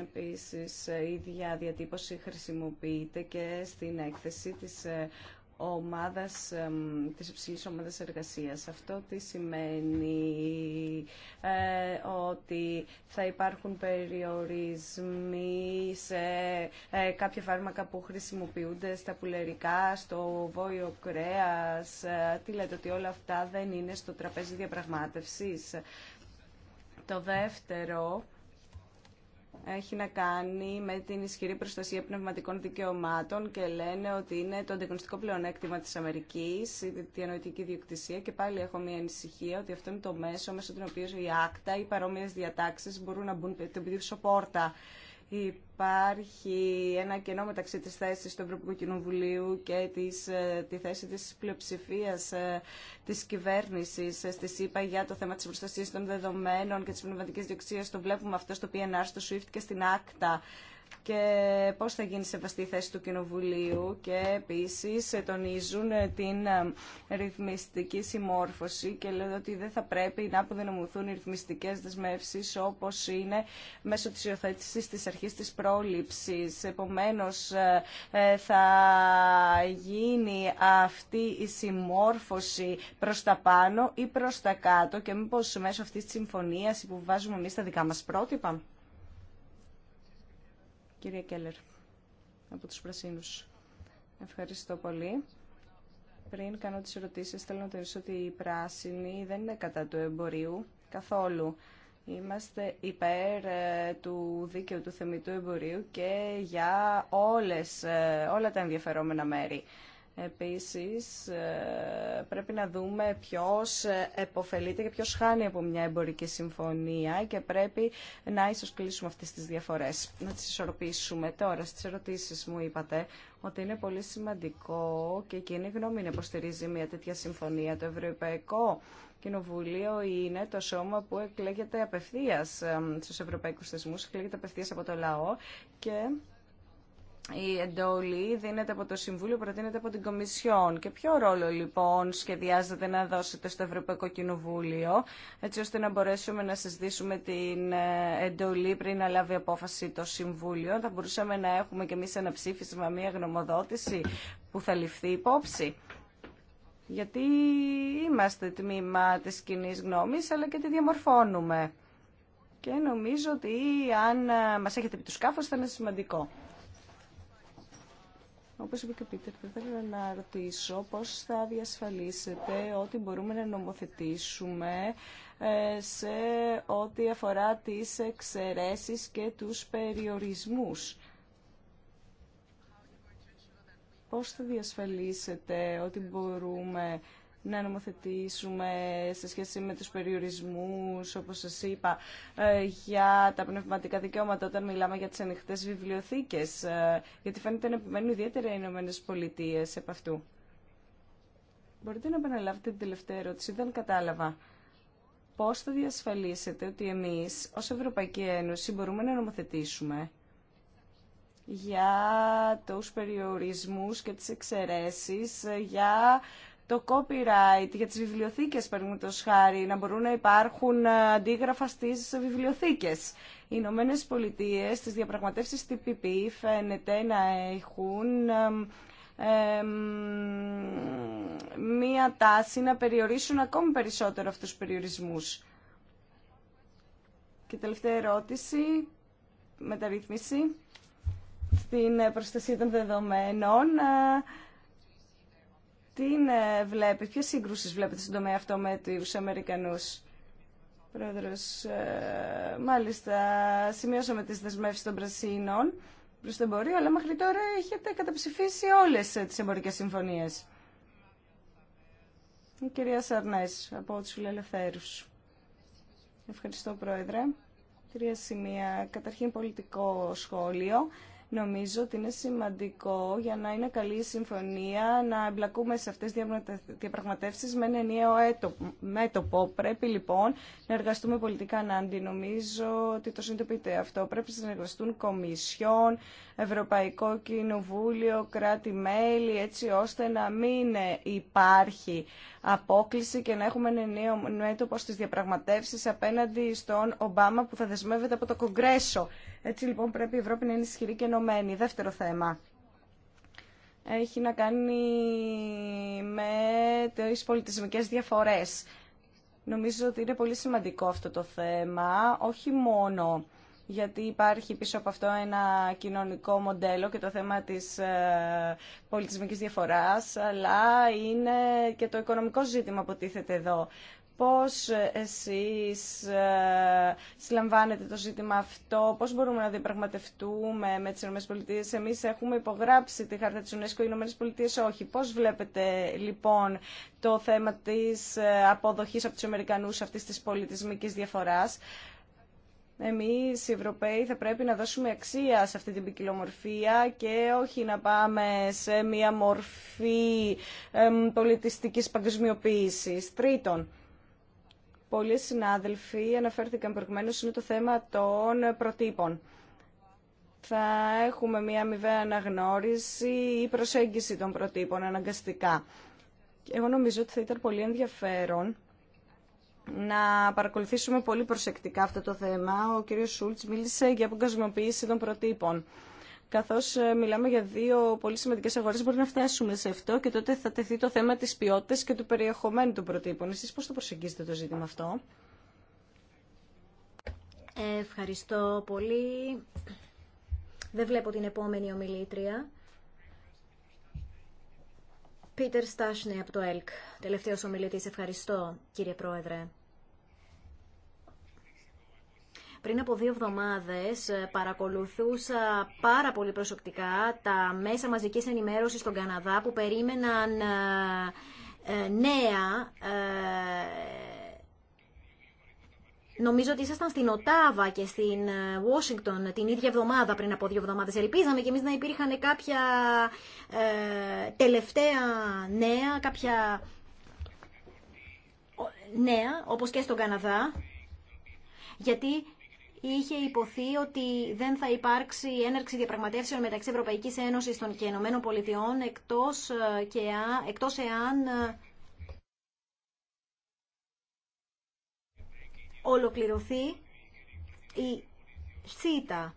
επίσης η ίδια διατύπωση χρησιμοποιείται και στην έκθεση της ομάδας, της υψηλής ομάδας εργασίας. Αυτό τι σημαίνει ε, ότι θα υπάρχουν περιορισμοί σε ε, κάποια φάρμακα που χρησιμοποιούνται στα πουλερικά, στο βόλιο κρέας. Ε, τι λέτε ότι όλα αυτά δεν είναι στο τραπέζι διαπραγμάτευσης. Το δεύτερο έχει να κάνει με την ισχυρή προστασία πνευματικών δικαιωμάτων και λένε ότι είναι το αντιγνωστικό πλεονέκτημα της Αμερικής, η διανοητική διοκτησία και πάλι έχω μια ανησυχία ότι αυτό είναι το μέσο μέσω του οποίου η άκτα ή παρόμοιες διατάξεις μπορούν να μπουν την πίσω πόρτα υπάρχει ένα κενό μεταξύ της θέσης του Ευρωπαϊκού Κοινοβουλίου και της, ε, τη θέση της πλειοψηφία ε, της κυβέρνησης ε, στη ΣΥΠΑ για το θέμα της προστασίας των δεδομένων και της πνευματικής διοξίας. Το βλέπουμε αυτό στο PNR, στο SWIFT και στην ACTA και πώς θα γίνει σεβαστή η θέση του Κοινοβουλίου και επίσης τονίζουν την ε, ρυθμιστική συμμόρφωση και λένε ότι δεν θα πρέπει να αποδυναμωθούν οι ρυθμιστικές δεσμεύσεις όπως είναι μέσω της υιοθέτηση της αρχής της πρόληψης. Επομένως ε, ε, θα γίνει αυτή η συμμόρφωση προς τα πάνω ή προς τα κάτω και μήπως μέσω αυτής της συμφωνίας που βάζουμε εμείς τα δικά μας πρότυπα. Κύριε Κέλλερ, από τους Πρασίνους. Ευχαριστώ πολύ. Πριν κάνω τις ερωτήσεις, θέλω να τονίσω ότι οι πράσινοι δεν είναι κατά του εμπορίου καθόλου. Είμαστε υπέρ ε, του δίκαιου του θεμητού εμπορίου και για όλες, ε, όλα τα ενδιαφερόμενα μέρη. Επίσης, ε, πρέπει να δούμε ποιος επωφελείται και ποιος χάνει από μια εμπορική συμφωνία και πρέπει να ίσως κλείσουμε αυτές τις διαφορές, να τις ισορροπήσουμε. Τώρα, στις ερωτήσεις μου είπατε ότι είναι πολύ σημαντικό και εκείνη η γνώμη να υποστηρίζει μια τέτοια συμφωνία. Το Ευρωπαϊκό Κοινοβουλίο είναι το σώμα που εκλέγεται απευθείας ε, στους ευρωπαϊκούς θεσμούς, εκλέγεται απευθείας από το λαό και η εντολή δίνεται από το Συμβούλιο, προτείνεται από την Κομισιόν. Και ποιο ρόλο λοιπόν σχεδιάζεται να δώσετε στο Ευρωπαϊκό Κοινοβούλιο, έτσι ώστε να μπορέσουμε να συζητήσουμε την ε, εντολή πριν να λάβει απόφαση το Συμβούλιο. Θα μπορούσαμε να έχουμε και εμεί ένα ψήφισμα, μια γνωμοδότηση που θα ληφθεί υπόψη. Γιατί είμαστε τμήμα της κοινή γνώμης, αλλά και τη διαμορφώνουμε. Και νομίζω ότι αν ε, μας έχετε πει του σκάφους θα είναι σημαντικό. Όπως είπε και ο Πίτερ, θα ήθελα να ρωτήσω πώς θα διασφαλίσετε ότι μπορούμε να νομοθετήσουμε ε, σε ό,τι αφορά τις εξαιρέσεις και τους περιορισμούς. Πώς θα διασφαλίσετε ότι μπορούμε να νομοθετήσουμε σε σχέση με τους περιορισμούς, όπως σας είπα, ε, για τα πνευματικά δικαιώματα όταν μιλάμε για τις ανοιχτέ βιβλιοθήκες, ε, γιατί φαίνεται να επιμένουν ιδιαίτερα οι Ηνωμένες Πολιτείες επ' αυτού. Μπορείτε να επαναλάβετε την τελευταία ερώτηση, δεν κατάλαβα. Πώς θα διασφαλίσετε ότι εμείς ως Ευρωπαϊκή Ένωση μπορούμε να νομοθετήσουμε για τους περιορισμούς και τις εξαιρέσεις ε, για το copyright για τις βιβλιοθήκες, το χάρη, να μπορούν να υπάρχουν ε, αντίγραφα στις βιβλιοθήκες. Οι Ηνωμένε Πολιτείε στις διαπραγματεύσεις TPP φαίνεται να έχουν μία τάση να περιορίσουν ακόμη περισσότερο αυτούς τους περιορισμούς. Και τελευταία ερώτηση, μεταρρύθμιση στην προστασία των δεδομένων. Ε, είναι, βλέπετε, ποιες σύγκρουσεις βλέπετε στον τομέα αυτό με τους Αμερικανούς. Πρόεδρος, ε, μάλιστα σημειώσαμε τις δεσμεύσεις των Πρασίνων προς το εμπορίο, αλλά μέχρι τώρα έχετε καταψηφίσει όλες ε, τις εμπορικές συμφωνίες. Η κυρία Σαρνές από τους Φιλελευθέρους. Ευχαριστώ, Πρόεδρε. Κυρία Σημεία, καταρχήν πολιτικό σχόλιο. Νομίζω ότι είναι σημαντικό για να είναι καλή η συμφωνία να εμπλακούμε σε αυτές τις διαπραγματεύσεις με ένα ενιαίο μέτωπο. Πρέπει λοιπόν να εργαστούμε πολιτικά ανάντι. Νομίζω ότι το συνειδητοποιείται αυτό. Πρέπει να συνεργαστούν κομισιόν, Ευρωπαϊκό Κοινοβούλιο, κράτη-μέλη, έτσι ώστε να μην υπάρχει απόκληση και να έχουμε ένα νέο μέτωπο στις διαπραγματεύσεις απέναντι στον Ομπάμα που θα δεσμεύεται από το Κογκρέσο. Έτσι λοιπόν πρέπει η Ευρώπη να είναι ισχυρή και ενωμένη. Δεύτερο θέμα έχει να κάνει με τις πολιτισμικές διαφορές. Νομίζω ότι είναι πολύ σημαντικό αυτό το θέμα, όχι μόνο γιατί υπάρχει πίσω από αυτό ένα κοινωνικό μοντέλο και το θέμα της ε, πολιτισμικής διαφοράς, αλλά είναι και το οικονομικό ζήτημα που τίθεται εδώ. Πώς εσείς ε, συλλαμβάνετε το ζήτημα αυτό, πώς μπορούμε να διαπραγματευτούμε με τις ΗΠΑ. Εμείς έχουμε υπογράψει τη χάρτα της UNESCO, οι ΗΠΑ όχι. Πώς βλέπετε λοιπόν το θέμα της ε, αποδοχής από τους Αμερικανούς αυτής της πολιτισμικής διαφοράς εμείς οι Ευρωπαίοι θα πρέπει να δώσουμε αξία σε αυτή την ποικιλομορφία και όχι να πάμε σε μια μορφή πολιτιστικής παγκοσμιοποίησης. Τρίτον, πολλοί συνάδελφοι αναφέρθηκαν προηγουμένως είναι το θέμα των προτύπων. Θα έχουμε μια αμοιβαία αναγνώριση ή προσέγγιση των προτύπων αναγκαστικά. Εγώ νομίζω ότι θα ήταν πολύ ενδιαφέρον να παρακολουθήσουμε πολύ προσεκτικά αυτό το θέμα. Ο κ. Σούλτς μίλησε για απογκασμοποίηση των προτύπων. Καθώς ε, μιλάμε για δύο πολύ σημαντικέ αγορές, μπορεί να φτάσουμε σε αυτό και τότε θα τεθεί το θέμα της ποιότητα και του περιεχομένου των προτύπων. Εσεί πώς το προσεγγίζετε το ζήτημα αυτό. Ευχαριστώ πολύ. Δεν βλέπω την επόμενη ομιλήτρια. Πίτερ Στάσνε από το ΕΛΚ. Τελευταίος ομιλητής. Ευχαριστώ, κύριε Πρόεδρε. Πριν από δύο εβδομάδες ε, παρακολουθούσα πάρα πολύ προσεκτικά τα μέσα μαζικής ενημέρωσης στον Καναδά που περίμεναν ε, ε, νέα Νομίζω ότι ήσασταν στην Οτάβα και στην Ουάσιγκτον ε, την ίδια εβδομάδα πριν από δύο εβδομάδες. Ελπίζαμε και εμεί να υπήρχαν κάποια ε, τελευταία νέα, κάποια νέα, όπως και στον Καναδά, γιατί είχε υποθεί ότι δεν θα υπάρξει έναρξη διαπραγματεύσεων μεταξύ Ευρωπαϊκής Ένωσης των και Ενωμένων Πολιτειών εκτός, ε, και, εκτός εάν ολοκληρωθεί η ΣΥΤΑ.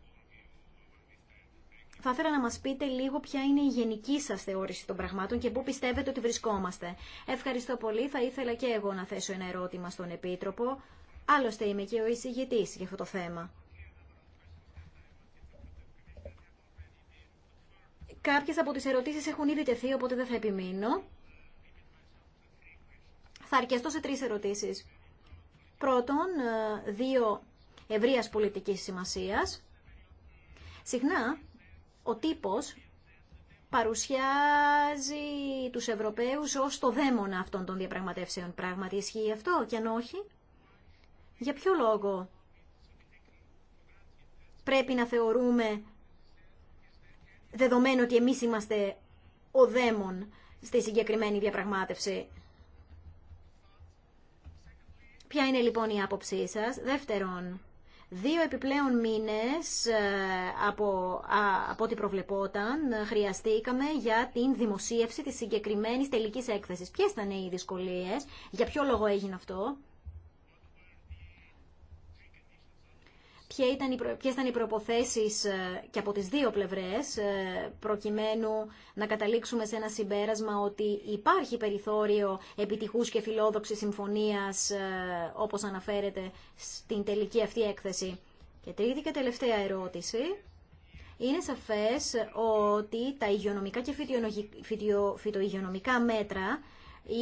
Θα ήθελα να μας πείτε λίγο ποια είναι η γενική σας θεώρηση των πραγμάτων και πού πιστεύετε ότι βρισκόμαστε. Ευχαριστώ πολύ. Θα ήθελα και εγώ να θέσω ένα ερώτημα στον Επίτροπο. Άλλωστε είμαι και ο εισηγητής για αυτό το θέμα. Κάποιες από τις ερωτήσεις έχουν ήδη τεθεί, οπότε δεν θα επιμείνω. Θα αρκεστώ σε τρεις ερωτήσεις. Πρώτον, ε, δύο ευρείας πολιτικής σημασίας. Συχνά, ο τύπος παρουσιάζει τους Ευρωπαίους ως το δαίμονα αυτών των διαπραγματεύσεων. Πράγματι ισχύει αυτό και αν όχι, για ποιο λόγο πρέπει να θεωρούμε δεδομένο ότι εμείς είμαστε ο δαίμον στη συγκεκριμένη διαπραγμάτευση. Ποια είναι λοιπόν η άποψή σας. Δεύτερον, δύο επιπλέον μήνες ε, από, από ό,τι προβλεπόταν ε, χρειαστήκαμε για την δημοσίευση της συγκεκριμένης τελικής έκθεσης. Ποιες ήταν οι δυσκολίες, για ποιο λόγο έγινε αυτό. ποιες ήταν οι προϋποθέσεις ε, και από τις δύο πλευρές ε, προκειμένου να καταλήξουμε σε ένα συμπέρασμα ότι υπάρχει περιθώριο επιτυχούς και φιλόδοξης συμφωνίας ε, όπως αναφέρεται στην τελική αυτή έκθεση. Και τρίτη και τελευταία ερώτηση. Είναι σαφές ότι τα υγειονομικά και φυτοϊγειονομικά μέτρα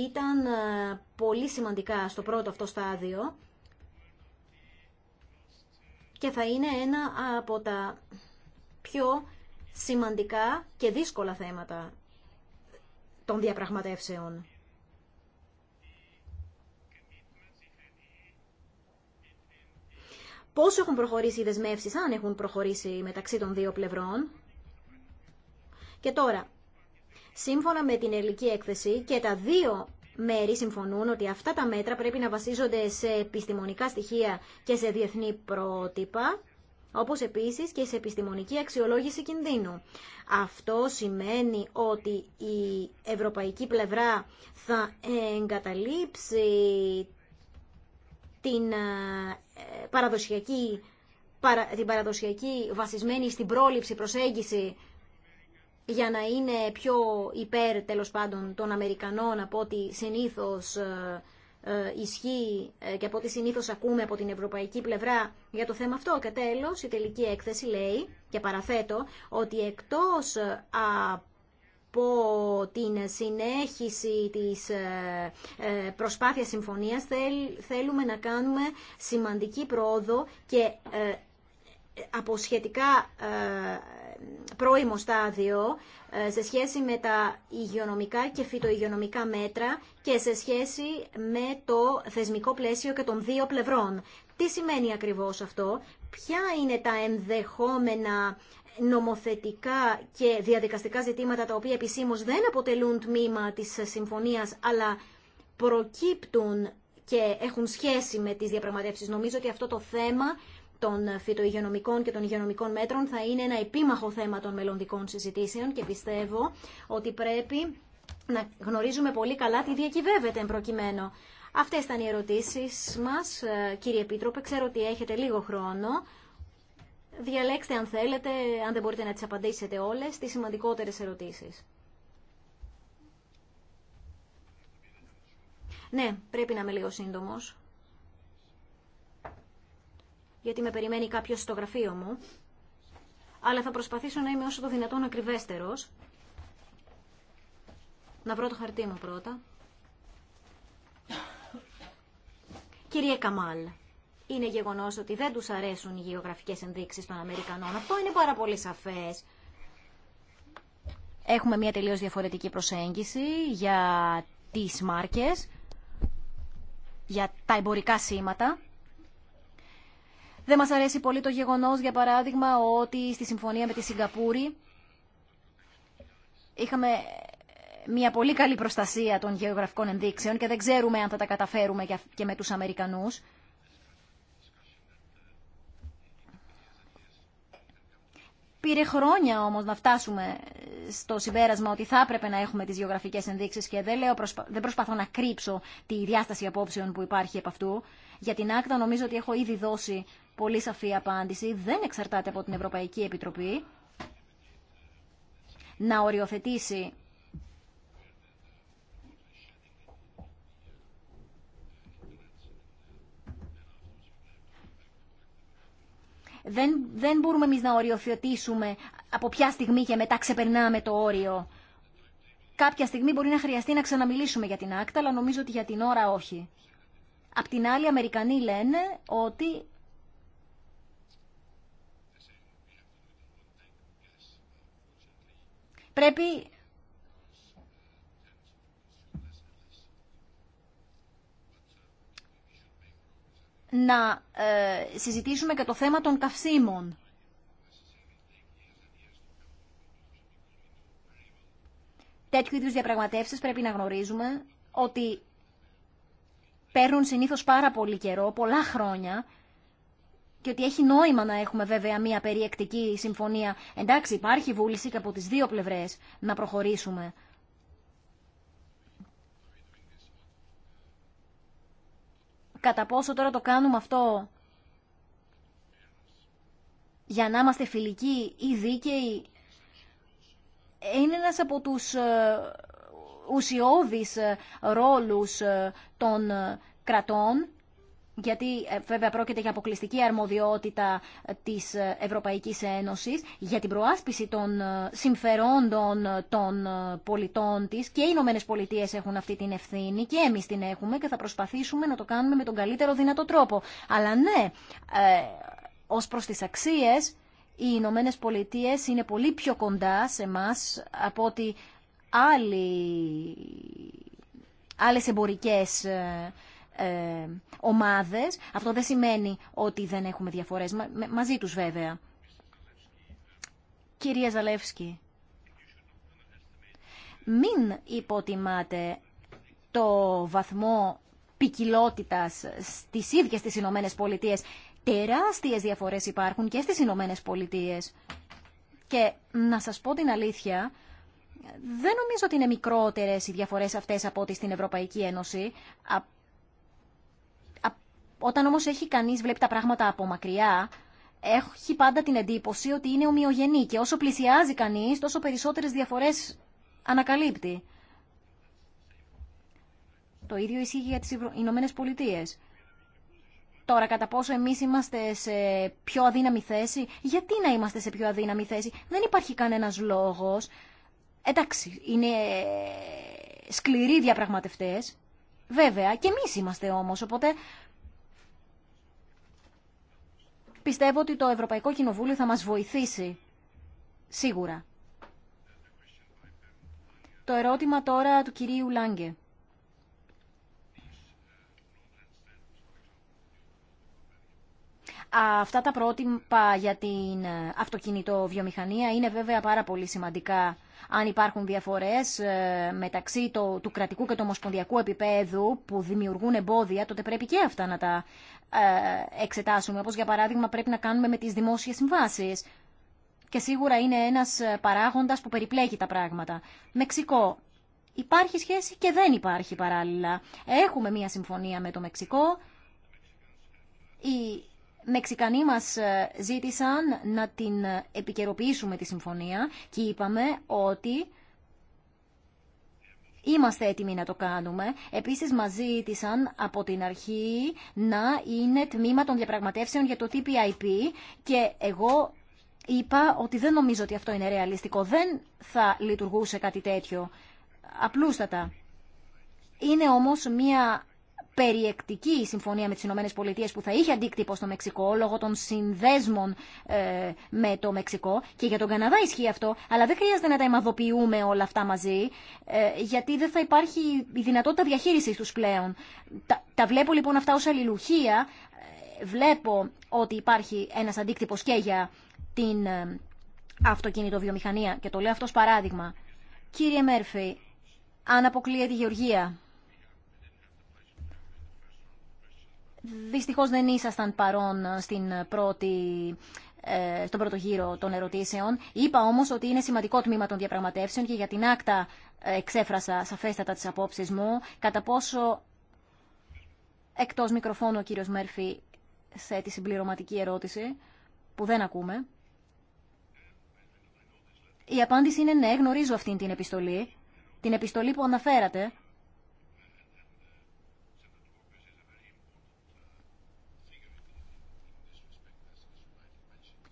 ήταν πολύ σημαντικά στο πρώτο αυτό στάδιο και θα είναι ένα από τα πιο σημαντικά και δύσκολα θέματα των διαπραγματεύσεων. Πώς έχουν προχωρήσει οι δεσμεύσεις, αν έχουν προχωρήσει μεταξύ των δύο πλευρών. Και τώρα, σύμφωνα με την ελληνική έκθεση και τα δύο μέρη συμφωνούν ότι αυτά τα μέτρα πρέπει να βασίζονται σε επιστημονικά στοιχεία και σε διεθνή πρότυπα, όπως επίσης και σε επιστημονική αξιολόγηση κινδύνου. Αυτό σημαίνει ότι η ευρωπαϊκή πλευρά θα εγκαταλείψει την ε, παραδοσιακή, την παραδοσιακή βασισμένη στην πρόληψη προσέγγιση για να είναι πιο υπέρ τέλος πάντων των Αμερικανών από ό,τι συνήθως ε, ε, ισχύει ε, και από ό,τι συνήθως ακούμε από την ευρωπαϊκή πλευρά για το θέμα αυτό. Και τέλος η τελική έκθεση λέει και παραθέτω ότι εκτός από την συνέχιση της προσπάθειας συμφωνίας θέλουμε να κάνουμε σημαντική πρόοδο και από σχετικά πρώιμο στάδιο ε, σε σχέση με τα υγειονομικά και φυτοϊγειονομικά μέτρα και σε σχέση με το θεσμικό πλαίσιο και των δύο πλευρών. Τι σημαίνει ακριβώς αυτό, ποια είναι τα ενδεχόμενα νομοθετικά και διαδικαστικά ζητήματα τα οποία επισήμως δεν αποτελούν τμήμα της συμφωνίας αλλά προκύπτουν και έχουν σχέση με τις διαπραγματεύσεις. Νομίζω ότι αυτό το θέμα των φυτοϊγειονομικών και των υγειονομικών μέτρων θα είναι ένα επίμαχο θέμα των μελλοντικών συζητήσεων και πιστεύω ότι πρέπει να γνωρίζουμε πολύ καλά τι διακυβεύεται εν προκειμένου. Αυτές ήταν οι ερωτήσεις μας. Ε, κύριε Επίτροπε, ξέρω ότι έχετε λίγο χρόνο. Διαλέξτε αν θέλετε, αν δεν μπορείτε να τις απαντήσετε όλες, τις σημαντικότερες ερωτήσεις. Ναι, πρέπει να είμαι λίγο σύντομος γιατί με περιμένει κάποιο στο γραφείο μου. Αλλά θα προσπαθήσω να είμαι όσο το δυνατόν ακριβέστερος. Να βρω το χαρτί μου πρώτα. Κύριε Καμάλ, είναι γεγονός ότι δεν του αρέσουν οι γεωγραφικές ενδείξεις των Αμερικανών. Αυτό είναι πάρα πολύ σαφέ. Έχουμε μια τελείως διαφορετική προσέγγιση για τις μάρκε για τα εμπορικά σήματα. Δεν μας αρέσει πολύ το γεγονός, για παράδειγμα, ότι στη συμφωνία με τη Σιγκαπούρη είχαμε μια πολύ καλή προστασία των γεωγραφικών ενδείξεων και δεν ξέρουμε αν θα τα καταφέρουμε και με τους Αμερικανούς. Πήρε χρόνια όμως να φτάσουμε στο συμπέρασμα ότι θα έπρεπε να έχουμε τις γεωγραφικές ενδείξεις και δεν, δεν προσπαθώ να κρύψω τη διάσταση απόψεων που υπάρχει από αυτού. Για την άκτα νομίζω ότι έχω ήδη δώσει πολύ σαφή απάντηση. Δεν εξαρτάται από την Ευρωπαϊκή Επιτροπή να οριοθετήσει Δεν, δεν μπορούμε εμεί να οριοθετήσουμε από ποια στιγμή και μετά ξεπερνάμε το όριο. Κάποια στιγμή μπορεί να χρειαστεί να ξαναμιλήσουμε για την άκτα, αλλά νομίζω ότι για την ώρα όχι. Απ' την άλλη, οι Αμερικανοί λένε ότι πρέπει να ε, συζητήσουμε και το θέμα των καυσίμων. Τέτοιου είδους διαπραγματεύσεις πρέπει να γνωρίζουμε ότι παίρνουν συνήθως πάρα πολύ καιρό, πολλά χρόνια και ότι έχει νόημα να έχουμε βέβαια μια περιεκτική συμφωνία. Εντάξει, υπάρχει βούληση και από τις δύο πλευρές να προχωρήσουμε. Κατά πόσο τώρα το κάνουμε αυτό για να είμαστε φιλικοί ή δίκαιοι, είναι ένας από τους ε, ουσιώδεις ε, ρόλους ε, των κρατών γιατί ε, βέβαια πρόκειται για αποκλειστική αρμοδιότητα ε, της ε, Ευρωπαϊκής Ένωσης για την προάσπιση των συμφερόντων των πολιτών της και οι Ηνωμένε Πολιτείε έχουν αυτή την ευθύνη και εμείς την έχουμε και θα προσπαθήσουμε να το κάνουμε με τον καλύτερο δυνατό τρόπο. Αλλά ναι, ως προς τις αξίες οι Ηνωμένε Πολιτείε είναι πολύ πιο κοντά σε εμά από ότι άλλοι, άλλες εμπορικές ε, ομάδες. Αυτό δεν σημαίνει ότι δεν έχουμε διαφορές. Μαζί τους βέβαια. Κυρία Ζαλεύσκη, μην υποτιμάτε το βαθμό ποικιλότητα στις ίδιες τις Ηνωμένε Πολιτείες. Τεράστιες διαφορές υπάρχουν και στις Ηνωμένε Πολιτείες. Και να σας πω την αλήθεια, δεν νομίζω ότι είναι μικρότερες οι διαφορές αυτές από ό,τι στην Ευρωπαϊκή Ένωση. Όταν όμως έχει κανείς βλέπει τα πράγματα από μακριά, έχει πάντα την εντύπωση ότι είναι ομοιογενή και όσο πλησιάζει κανείς, τόσο περισσότερες διαφορές ανακαλύπτει. Το ίδιο ισχύει για τις Ηνωμένε Πολιτείε. Τώρα, κατά πόσο εμείς είμαστε σε πιο αδύναμη θέση, γιατί να είμαστε σε πιο αδύναμη θέση. Δεν υπάρχει κανένας λόγος. Εντάξει, είναι ε, σκληροί διαπραγματευτές, βέβαια, και εμείς είμαστε όμως, οπότε πιστεύω ότι το Ευρωπαϊκό Κοινοβούλιο θα μας βοηθήσει σίγουρα. Το ερώτημα τώρα του κυρίου Λάγκε. Αυτά τα πρότυπα για την αυτοκινητοβιομηχανία είναι βέβαια πάρα πολύ σημαντικά αν υπάρχουν διαφορές ε, μεταξύ του κρατικού και του ομοσπονδιακού επίπεδου που δημιουργούν εμπόδια, τότε πρέπει και αυτά να τα ε, εξετάσουμε. Όπως για παράδειγμα πρέπει να κάνουμε με τις δημόσιες συμβάσεις. Και σίγουρα είναι ένας ε, παράγοντας που περιπλέκει τα πράγματα. Μεξικό. Υπάρχει σχέση και δεν υπάρχει παράλληλα. Έχουμε μία συμφωνία με το Μεξικό. Μεξικανοί μας ε, ζήτησαν να την ε, επικαιροποιήσουμε τη συμφωνία και είπαμε ότι Είμαστε έτοιμοι να το κάνουμε. Επίσης μας ζήτησαν από την αρχή να είναι τμήμα των διαπραγματεύσεων για το TPIP και εγώ είπα ότι δεν νομίζω ότι αυτό είναι ρεαλιστικό. Δεν θα λειτουργούσε κάτι τέτοιο. Απλούστατα. Είναι όμως μια περιεκτική η συμφωνία με τι Ηνωμένες Πολιτείες που θα είχε αντίκτυπο στο Μεξικό λόγω των συνδέσμων ε, με το Μεξικό και για τον Καναδά ισχύει αυτό, αλλά δεν χρειάζεται να τα αιμαδοποιούμε όλα αυτά μαζί ε, γιατί δεν θα υπάρχει η δυνατότητα διαχείριση του πλέον. Τα, βλέπω λοιπόν αυτά ω αλληλουχία, ε, βλέπω ότι υπάρχει ένα αντίκτυπο και για την ε, αυτοκίνητο βιομηχανία και το λέω αυτό παράδειγμα. Κύριε Μέρφυ, αν αποκλείεται η Γεωργία, Δυστυχώς δεν ήσασταν παρόν ε, στην πρώτη ε, στον πρώτο γύρο των ερωτήσεων. Είπα όμω ότι είναι σημαντικό τμήμα των διαπραγματεύσεων και για την άκτα ε, εξέφρασα σαφέστατα τις απόψει μου. Κατά πόσο εκτό μικροφώνου ο κύριο Μέρφυ τη συμπληρωματική ερώτηση που δεν ακούμε. Η απάντηση είναι ναι, γνωρίζω αυτή την επιστολή. Την επιστολή που αναφέρατε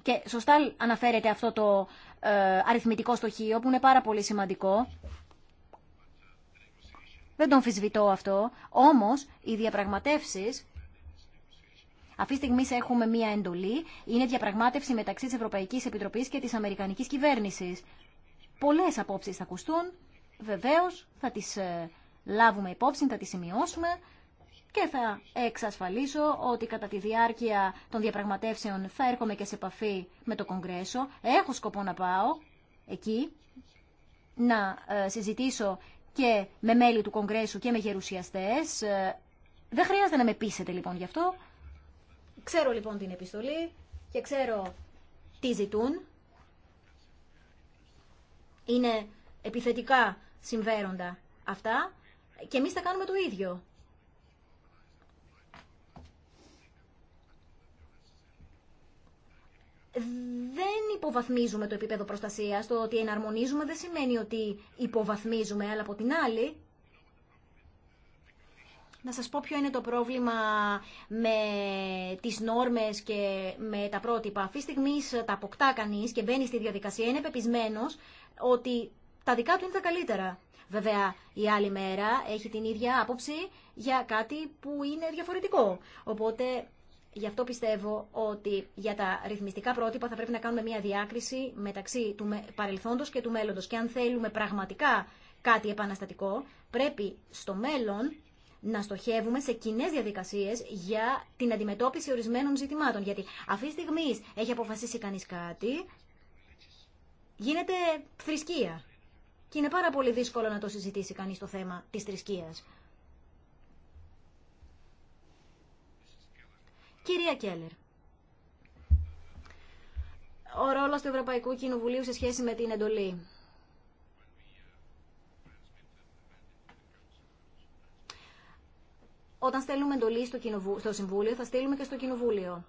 Και σωστά αναφέρεται αυτό το ε, αριθμητικό στοχείο που είναι πάρα πολύ σημαντικό. Δεν τον φυσβητώ αυτό. Όμως, οι διαπραγματεύσεις αυτή τη στιγμή έχουμε μία εντολή. Είναι διαπραγμάτευση μεταξύ της Ευρωπαϊκής Επιτροπής και της Αμερικανικής Κυβέρνησης. Πολλές απόψεις θα ακουστούν. Βεβαίως θα τι ε, λάβουμε υπόψη, θα τις σημειώσουμε και θα εξασφαλίσω ότι κατά τη διάρκεια των διαπραγματεύσεων θα έρχομαι και σε επαφή με το Κογκρέσο. Έχω σκοπό να πάω εκεί, να ε, συζητήσω και με μέλη του Κογκρέσου και με γερουσιαστές. Ε, δεν χρειάζεται να με πείσετε λοιπόν γι' αυτό. Ξέρω λοιπόν την επιστολή και ξέρω τι ζητούν. Είναι επιθετικά συμβαίροντα αυτά και εμείς θα κάνουμε το ίδιο. δεν υποβαθμίζουμε το επίπεδο προστασίας. Το ότι εναρμονίζουμε δεν σημαίνει ότι υποβαθμίζουμε, αλλά από την άλλη... Να σας πω ποιο είναι το πρόβλημα με τις νόρμες και με τα πρότυπα. Αυτή τη στιγμή τα αποκτά κανείς και μπαίνει στη διαδικασία, είναι πεπισμένος ότι τα δικά του είναι τα καλύτερα. Βέβαια, η άλλη μέρα έχει την ίδια άποψη για κάτι που είναι διαφορετικό. Οπότε Γι' αυτό πιστεύω ότι για τα ρυθμιστικά πρότυπα θα πρέπει να κάνουμε μια διάκριση μεταξύ του παρελθόντος και του μέλλοντος. Και αν θέλουμε πραγματικά κάτι επαναστατικό, πρέπει στο μέλλον να στοχεύουμε σε κοινέ διαδικασίε για την αντιμετώπιση ορισμένων ζητημάτων. Γιατί αυτή τη στιγμή έχει αποφασίσει κανεί κάτι, γίνεται θρησκεία. Και είναι πάρα πολύ δύσκολο να το συζητήσει κανεί το θέμα τη θρησκεία. Κυρία Κέλλερ, ο ρόλος του Ευρωπαϊκού Κοινοβουλίου σε σχέση με την εντολή. Όταν στέλνουμε εντολή στο, στο Συμβούλιο, θα στείλουμε και στο Κοινοβούλιο.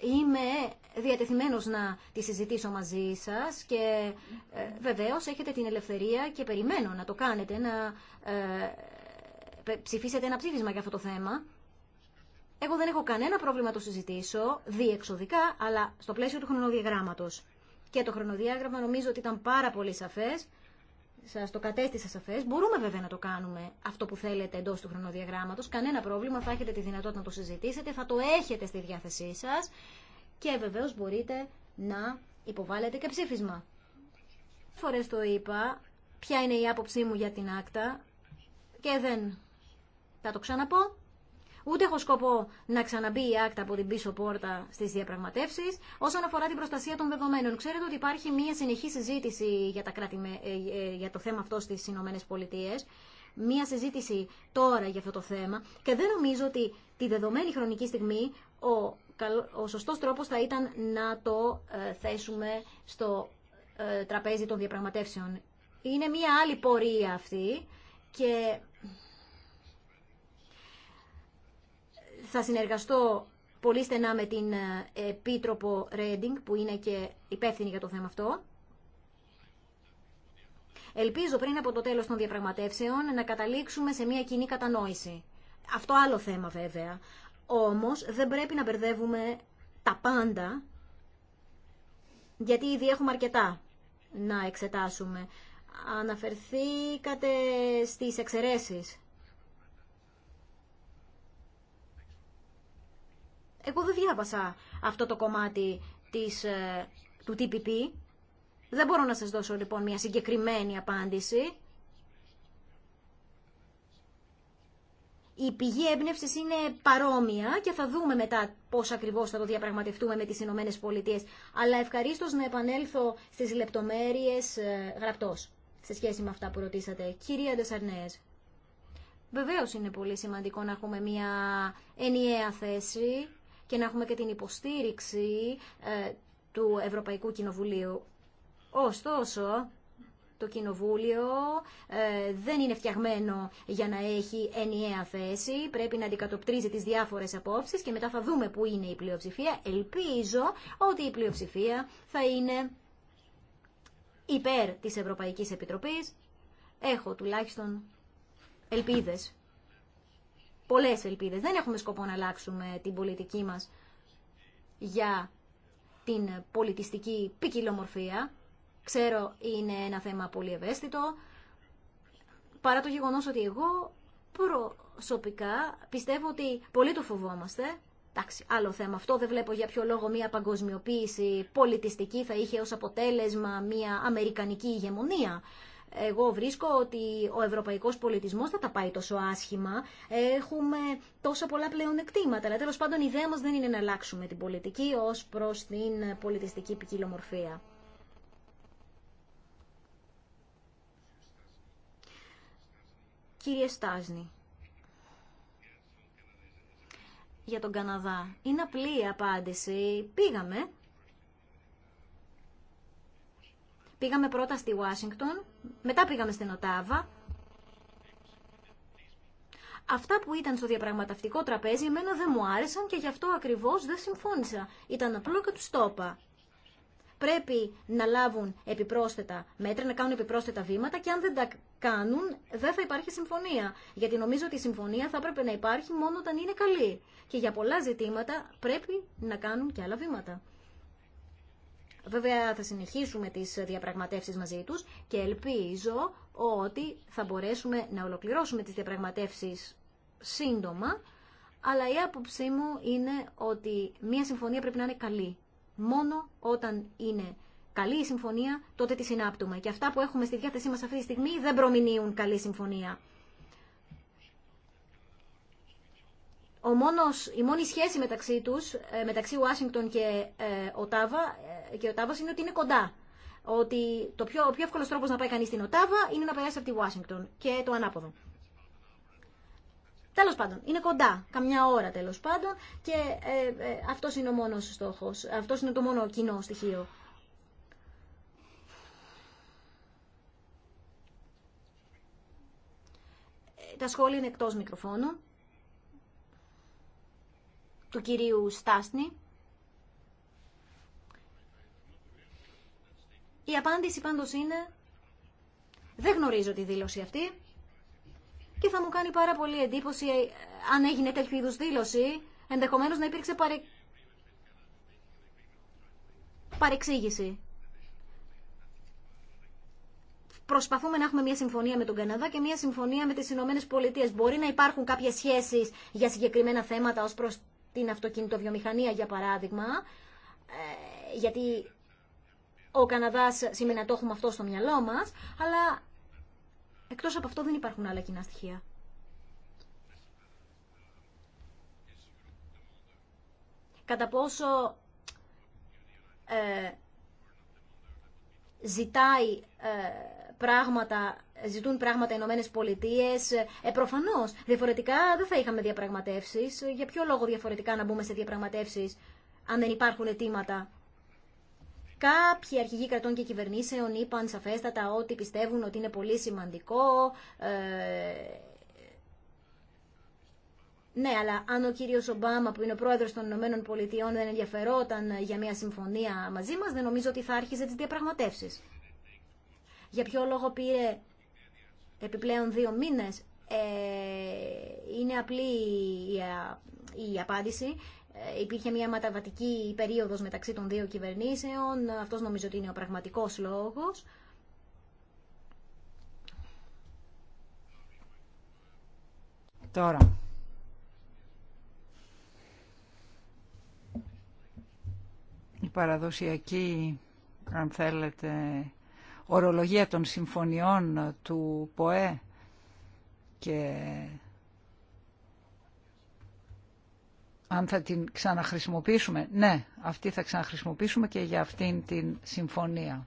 Είμαι διατεθειμένος να τη συζητήσω μαζί σας και ε, βεβαίως έχετε την ελευθερία και περιμένω να το κάνετε, να ε, ε, ψηφίσετε ένα ψήφισμα για αυτό το θέμα. Εγώ δεν έχω κανένα πρόβλημα να το συζητήσω διεξοδικά, αλλά στο πλαίσιο του χρονοδιαγράμματο. Και το χρονοδιάγραμμα νομίζω ότι ήταν πάρα πολύ σαφές. Σα το κατέστησα σαφέ. Μπορούμε βέβαια να το κάνουμε αυτό που θέλετε εντό του χρονοδιαγράμματο. Κανένα πρόβλημα. Θα έχετε τη δυνατότητα να το συζητήσετε. Θα το έχετε στη διάθεσή σα. Και βεβαίω μπορείτε να υποβάλλετε και ψήφισμα. Φορέ το είπα. Ποια είναι η άποψή μου για την άκτα. Και δεν θα το ξαναπώ. Ούτε έχω σκοπό να ξαναμπεί η άκτα από την πίσω πόρτα στι διαπραγματεύσει. Όσον αφορά την προστασία των δεδομένων, ξέρετε ότι υπάρχει μια συνεχή συζήτηση για, τα ε, ε, για το θέμα αυτό στι ΗΠΑ. Μία συζήτηση τώρα για αυτό το θέμα και δεν νομίζω ότι τη δεδομένη χρονική στιγμή ο, ο σωστός τρόπος θα ήταν να το ε, θέσουμε στο τραπέζι των διαπραγματεύσεων. Είναι μία άλλη πορεία αυτή και Θα συνεργαστώ πολύ στενά με την ε, Επίτροπο Ρέντινγκ που είναι και υπεύθυνη για το θέμα αυτό. Ελπίζω πριν από το τέλος των διαπραγματεύσεων να καταλήξουμε σε μια κοινή κατανόηση. Αυτό άλλο θέμα βέβαια. Όμως δεν πρέπει να μπερδεύουμε τα πάντα γιατί ήδη έχουμε αρκετά να εξετάσουμε. Αναφερθήκατε στις εξαιρέσεις Εγώ δεν διάβασα αυτό το κομμάτι της, ε, του TPP. Δεν μπορώ να σας δώσω λοιπόν μια συγκεκριμένη απάντηση. Η πηγή έμπνευση είναι παρόμοια και θα δούμε μετά πώ ακριβώ θα το διαπραγματευτούμε με τι Ηνωμένε Πολιτείε. Αλλά ευχαρίστω να επανέλθω στι λεπτομέρειε ε, γραπτώ σε σχέση με αυτά που ρωτήσατε. Κυρία Ντεσαρνέε. Βεβαίω είναι πολύ σημαντικό να έχουμε μια ενιαία θέση και να έχουμε και την υποστήριξη ε, του Ευρωπαϊκού Κοινοβουλίου. Ωστόσο, το Κοινοβούλιο ε, δεν είναι φτιαγμένο για να έχει ενιαία θέση. Πρέπει να αντικατοπτρίζει τις διάφορες απόψεις και μετά θα δούμε πού είναι η πλειοψηφία. Ελπίζω ότι η πλειοψηφία θα είναι υπέρ της Ευρωπαϊκής Επιτροπής. Έχω τουλάχιστον ελπίδες. Πολλέ ελπίδε. Δεν έχουμε σκοπό να αλλάξουμε την πολιτική μας για την πολιτιστική ποικιλομορφία. Ξέρω είναι ένα θέμα πολύ ευαίσθητο, παρά το γεγονό ότι εγώ προσωπικά πιστεύω ότι πολύ το φοβόμαστε. Εντάξει, άλλο θέμα αυτό, δεν βλέπω για ποιο λόγο μια παγκοσμιοποίηση πολιτιστική θα είχε ως αποτέλεσμα μια αμερικανική ηγεμονία. Εγώ βρίσκω ότι ο ευρωπαϊκός πολιτισμός θα τα πάει τόσο άσχημα. Έχουμε τόσα πολλά πλεονεκτήματα. Αλλά τέλος πάντων η ιδέα μας δεν είναι να αλλάξουμε την πολιτική ως προς την πολιτιστική ποικιλομορφία. Κύριε Στάζνη, για τον Καναδά. Είναι απλή η απάντηση. Πήγαμε, Πήγαμε πρώτα στη Ουάσιγκτον, μετά πήγαμε στην Οτάβα. Αυτά που ήταν στο διαπραγματευτικό τραπέζι εμένα δεν μου άρεσαν και γι' αυτό ακριβώς δεν συμφώνησα. Ήταν απλό και του στόπα. Πρέπει να λάβουν επιπρόσθετα μέτρα, να κάνουν επιπρόσθετα βήματα και αν δεν τα κάνουν δεν θα υπάρχει συμφωνία. Γιατί νομίζω ότι η συμφωνία θα έπρεπε να υπάρχει μόνο όταν είναι καλή. Και για πολλά ζητήματα πρέπει να κάνουν και άλλα βήματα. Βέβαια θα συνεχίσουμε τις διαπραγματεύσεις μαζί τους και ελπίζω ότι θα μπορέσουμε να ολοκληρώσουμε τις διαπραγματεύσεις σύντομα, αλλά η άποψή μου είναι ότι μια συμφωνία πρέπει να είναι καλή. Μόνο όταν είναι καλή η συμφωνία, τότε τη συνάπτουμε. Και αυτά που έχουμε στη διάθεσή μας αυτή τη στιγμή δεν προμηνύουν καλή συμφωνία. ο μόνος, η μόνη σχέση μεταξύ τους, ε, μεταξύ Ουάσιγκτον και ε, Οτάβα, ε, και Οτάβας είναι ότι είναι κοντά. Ότι το πιο, ο πιο εύκολος τρόπος να πάει κανείς στην Οτάβα είναι να περάσει από τη Ουάσιγκτον και το ανάποδο. Τέλο πάντων, είναι κοντά, καμιά ώρα τέλο πάντων και ε, αυτό είναι ο μόνο στόχο. Αυτό είναι το μόνο κοινό στοιχείο. Τα σχόλια είναι εκτό μικροφώνου του κυρίου Στάσνη. Η απάντηση πάντως είναι δεν γνωρίζω τη δήλωση αυτή και θα μου κάνει πάρα πολύ εντύπωση ε, αν έγινε τέτοιου δήλωση ενδεχομένως να υπήρξε παρε... παρεξήγηση. Προσπαθούμε να έχουμε μια συμφωνία με τον Καναδά και μια συμφωνία με τις Ηνωμένε Πολιτείες. Μπορεί να υπάρχουν κάποιες σχέσεις για συγκεκριμένα θέματα ως προς την αυτοκινητοβιομηχανία για παράδειγμα, ε, γιατί ο Καναδάς σημαίνει το έχουμε αυτό στο μυαλό μας, αλλά εκτός από αυτό δεν υπάρχουν άλλα κοινά στοιχεία. Κατά πόσο ε, ζητάει ε, πράγματα, ζητούν πράγματα οι Ηνωμένε Πολιτείε. Ε, Προφανώ. Διαφορετικά δεν θα είχαμε διαπραγματεύσει. Για ποιο λόγο διαφορετικά να μπούμε σε διαπραγματεύσει, αν δεν υπάρχουν αιτήματα. Κάποιοι αρχηγοί κρατών και κυβερνήσεων είπαν σαφέστατα ότι πιστεύουν ότι είναι πολύ σημαντικό. Ε, ναι, αλλά αν ο κύριο Ομπάμα, που είναι ο πρόεδρο των Ηνωμένων Πολιτειών, δεν ενδιαφερόταν για μια συμφωνία μαζί μα, δεν νομίζω ότι θα άρχιζε τι διαπραγματεύσει. Για ποιο λόγο πήρε επιπλέον δύο μήνες. Ε, είναι απλή η, η απάντηση. Ε, υπήρχε μια μεταβατική περίοδος μεταξύ των δύο κυβερνήσεων. Αυτός νομίζω ότι είναι ο πραγματικός λόγος. Τώρα, η παραδοσιακή, αν θέλετε, ορολογία των συμφωνιών ε, του ΠΟΕ και αν θα την ξαναχρησιμοποιήσουμε. Ναι, αυτή θα ξαναχρησιμοποιήσουμε και για αυτήν την συμφωνία.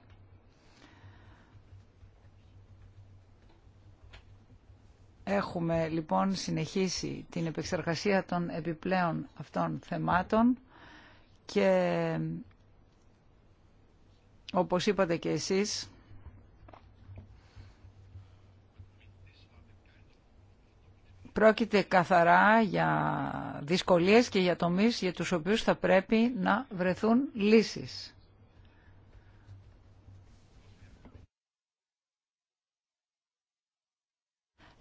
Έχουμε λοιπόν συνεχίσει την επεξεργασία των επιπλέον αυτών θεμάτων και όπως είπατε και εσείς Πρόκειται καθαρά για δυσκολίες και για τομείς για τους οποίους θα πρέπει να βρεθούν λύσεις.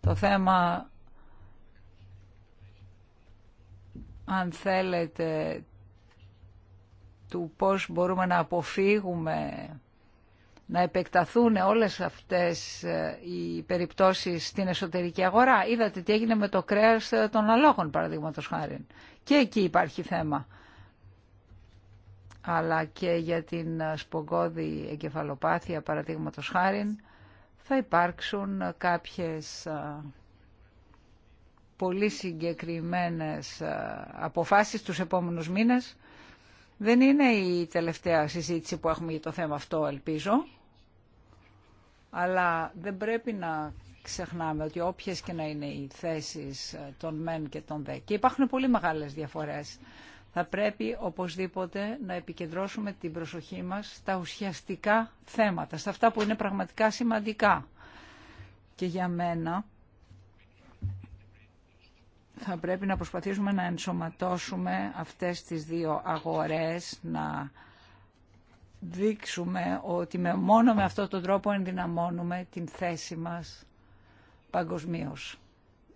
Το θέμα, αν θέλετε, του πώς μπορούμε να αποφύγουμε να επεκταθούν όλες αυτές ε, οι περιπτώσεις στην εσωτερική αγορά. Είδατε τι έγινε με το κρέας ε, των αλόγων, παραδείγματο χάρη. Και εκεί υπάρχει θέμα. Αλλά και για την ε, σπογκώδη εγκεφαλοπάθεια, παραδείγματο χάρη, θα υπάρξουν κάποιες πολύ συγκεκριμένες αποφάσεις τους επόμενους μήνες. Δεν είναι η τελευταία συζήτηση που έχουμε για το θέμα αυτό, ελπίζω. Αλλά δεν πρέπει να ξεχνάμε ότι όποιες και να είναι οι θέσεις ε, των μεν και των δε. Και υπάρχουν πολύ μεγάλες διαφορές. Θα πρέπει οπωσδήποτε να επικεντρώσουμε την προσοχή μας στα ουσιαστικά θέματα, στα αυτά που είναι πραγματικά σημαντικά. Και για μένα θα πρέπει να προσπαθήσουμε να ενσωματώσουμε αυτές τις δύο αγορές, να δείξουμε ότι με, μόνο με αυτόν τον τρόπο ενδυναμώνουμε την θέση μας παγκοσμίω.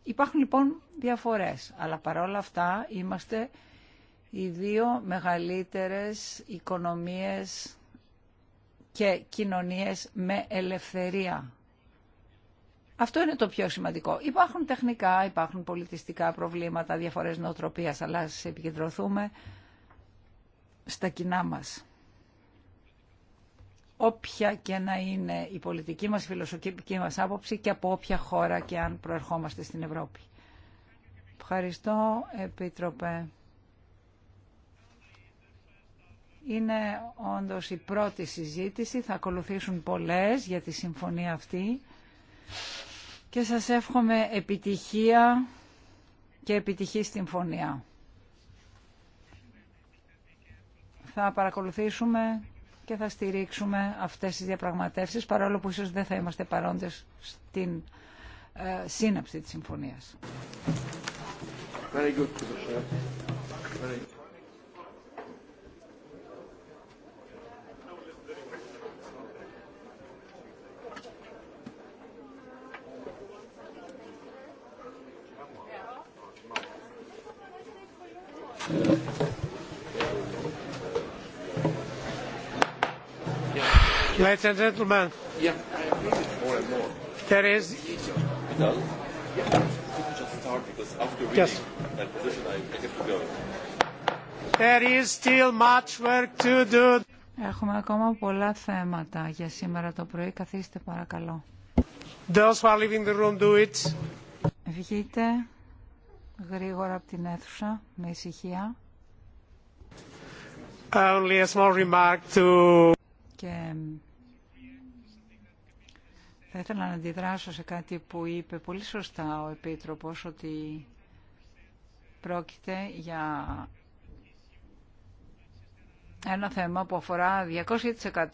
Υπάρχουν λοιπόν διαφορές, αλλά παρόλα αυτά είμαστε οι δύο μεγαλύτερες οικονομίες και κοινωνίες με ελευθερία. Αυτό είναι το πιο σημαντικό. Υπάρχουν τεχνικά, υπάρχουν πολιτιστικά προβλήματα, διαφορές νοοτροπίας, αλλά σε επικεντρωθούμε στα κοινά μας όποια και να είναι η πολιτική μας, φιλοσοφική μας άποψη και από όποια χώρα και αν προερχόμαστε στην Ευρώπη. Ευχαριστώ, Επίτροπε. Είναι όντως η πρώτη συζήτηση, θα ακολουθήσουν πολλές για τη συμφωνία αυτή και σας εύχομαι επιτυχία και επιτυχή συμφωνία. Θα παρακολουθήσουμε και θα στηρίξουμε αυτές τις διαπραγματεύσεις παρόλο που ίσως δεν θα είμαστε παρόντες στην ε, σύναψη της συμφωνίας. Very good. Ladies and gentlemen, there is. Yes. There is still much work to do. Έχουμε ακόμα πολλά θέματα για σήμερα το πρωί. Καθίστε παρακαλώ. Those who are leaving the room, do it. Βγείτε γρήγορα από την αίθουσα με ησυχία. Only a small remark to... Και θα ήθελα να αντιδράσω σε κάτι που είπε πολύ σωστά ο Επίτροπος ότι πρόκειται για ένα θέμα που αφορά 200%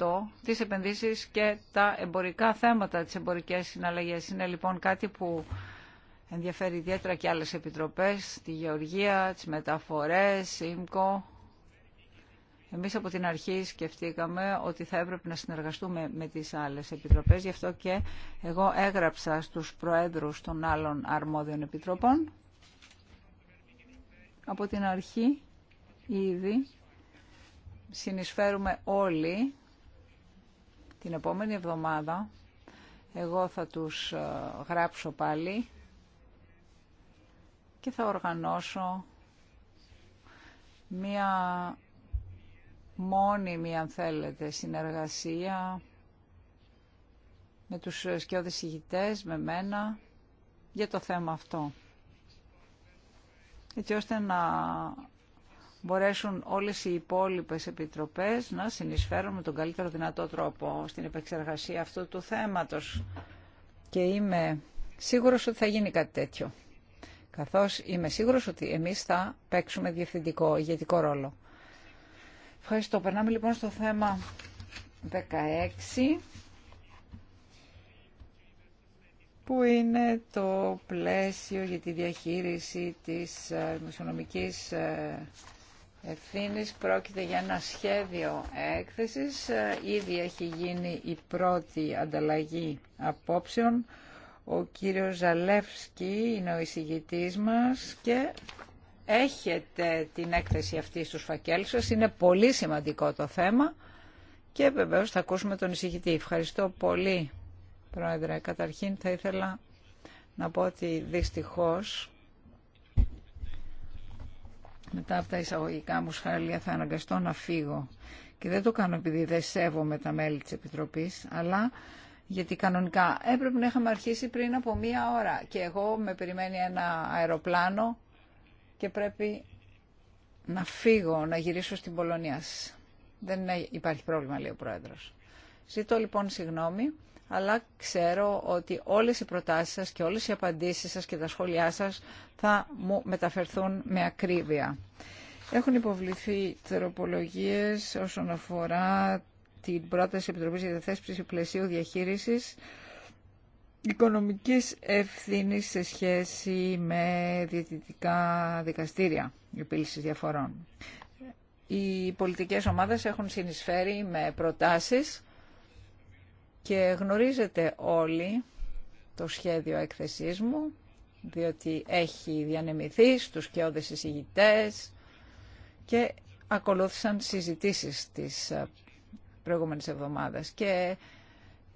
τις επενδύσεις και τα εμπορικά θέματα, τις εμπορικές συναλλαγές. Είναι λοιπόν κάτι που ενδιαφέρει ιδιαίτερα και άλλες επιτροπές, τη γεωργία, τις μεταφορές, ΣΥΜΚΟ. Εμείς από την αρχή σκεφτήκαμε ότι θα έπρεπε να συνεργαστούμε με τις άλλες επιτροπές, γι' αυτό και εγώ έγραψα στους προέδρους των άλλων αρμόδιων επιτροπών. Από την αρχή ήδη συνεισφέρουμε όλοι την επόμενη εβδομάδα. Εγώ θα τους ε, γράψω πάλι και θα οργανώσω μία μόνιμη, αν θέλετε, συνεργασία με τους σκιώδες ηγητές, με μένα, για το θέμα αυτό. Έτσι ώστε να μπορέσουν όλες οι υπόλοιπες επιτροπές να συνεισφέρουν με τον καλύτερο δυνατό τρόπο στην επεξεργασία αυτού του θέματος. Και είμαι σίγουρος ότι θα γίνει κάτι τέτοιο. Καθώς είμαι σίγουρος ότι εμείς θα παίξουμε διευθυντικό, ηγετικό ρόλο. Ευχαριστώ. Περνάμε λοιπόν στο θέμα 16 που είναι το πλαίσιο για τη διαχείριση της ε, δημοσιονομικής ε, ευθύνης. Πρόκειται για ένα σχέδιο έκθεσης. Ε, ήδη έχει γίνει η πρώτη ανταλλαγή απόψεων. Ο κύριος Ζαλεύσκη είναι ο εισηγητής μας και έχετε την έκθεση αυτή στους φακέλους σας. Είναι πολύ σημαντικό το θέμα και βεβαίω θα ακούσουμε τον εισηγητή. Ευχαριστώ πολύ, Πρόεδρε. Καταρχήν θα ήθελα να πω ότι δυστυχώς μετά από τα εισαγωγικά μου σχάλια θα αναγκαστώ να φύγω. Και δεν το κάνω επειδή δεν σέβομαι τα μέλη της Επιτροπής, αλλά γιατί κανονικά έπρεπε να είχαμε αρχίσει πριν από μία ώρα. Και εγώ με περιμένει ένα αεροπλάνο και πρέπει να φύγω, να γυρίσω στην Πολωνία. Δεν υπάρχει πρόβλημα, λέει ο Πρόεδρος. Ζητώ λοιπόν συγγνώμη, αλλά ξέρω ότι όλες οι προτάσεις σας και όλες οι απαντήσεις σας και τα σχόλιά σας θα μου μεταφερθούν με ακρίβεια. Έχουν υποβληθεί τροπολογίες όσον αφορά την πρόταση Επιτροπής για τη θέσπιση πλαισίου διαχείρισης οικονομικής ευθύνης σε σχέση με διαιτητικά δικαστήρια επίλυσης διαφορών. Οι πολιτικές ομάδες έχουν συνεισφέρει με προτάσεις και γνωρίζετε όλοι το σχέδιο έκθεσής μου, διότι έχει διανεμηθεί στους κοιόδες εισηγητές και ακολούθησαν συζητήσεις της ε, προηγούμενης εβδομάδας. Και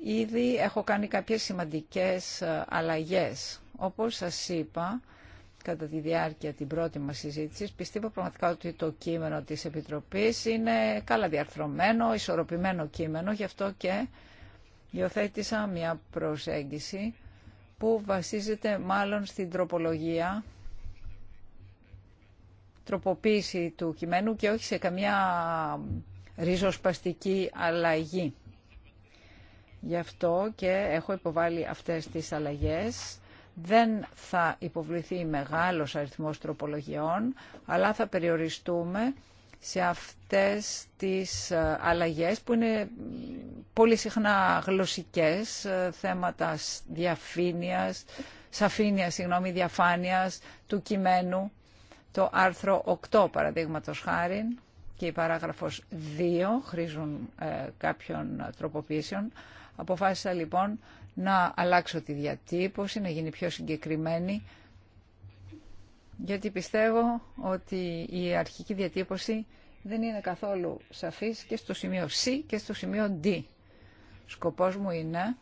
Ήδη έχω κάνει κάποιες σημαντικές ε, αλλαγές. Όπως σας είπα, κατά τη διάρκεια την πρώτη μας συζήτηση, πιστεύω πραγματικά ότι το κείμενο της Επιτροπής είναι καλά διαρθρωμένο, ισορροπημένο κείμενο, γι' αυτό και υιοθέτησα μια προσέγγιση που βασίζεται μάλλον στην τροπολογία, τροποποίηση του κειμένου και όχι σε καμιά ριζοσπαστική αλλαγή. Γι' αυτό και έχω υποβάλει αυτές τις αλλαγές. Δεν θα υποβληθεί μεγάλος αριθμός τροπολογιών, αλλά θα περιοριστούμε σε αυτές τις ε, αλλαγές που είναι πολύ συχνά γλωσσικές, ε, θέματα διαφήνειας, σαφήνειας, συγγνώμη, διαφάνειας του κειμένου. Το άρθρο 8, παραδείγματος χάρη, και η παράγραφος 2 χρήζουν ε, κάποιων τροποποίησεων. Αποφάσισα λοιπόν να αλλάξω τη διατύπωση, να γίνει πιο συγκεκριμένη, γιατί πιστεύω ότι η αρχική διατύπωση δεν είναι καθόλου σαφής και στο σημείο C και στο σημείο D. Σκοπός μου είναι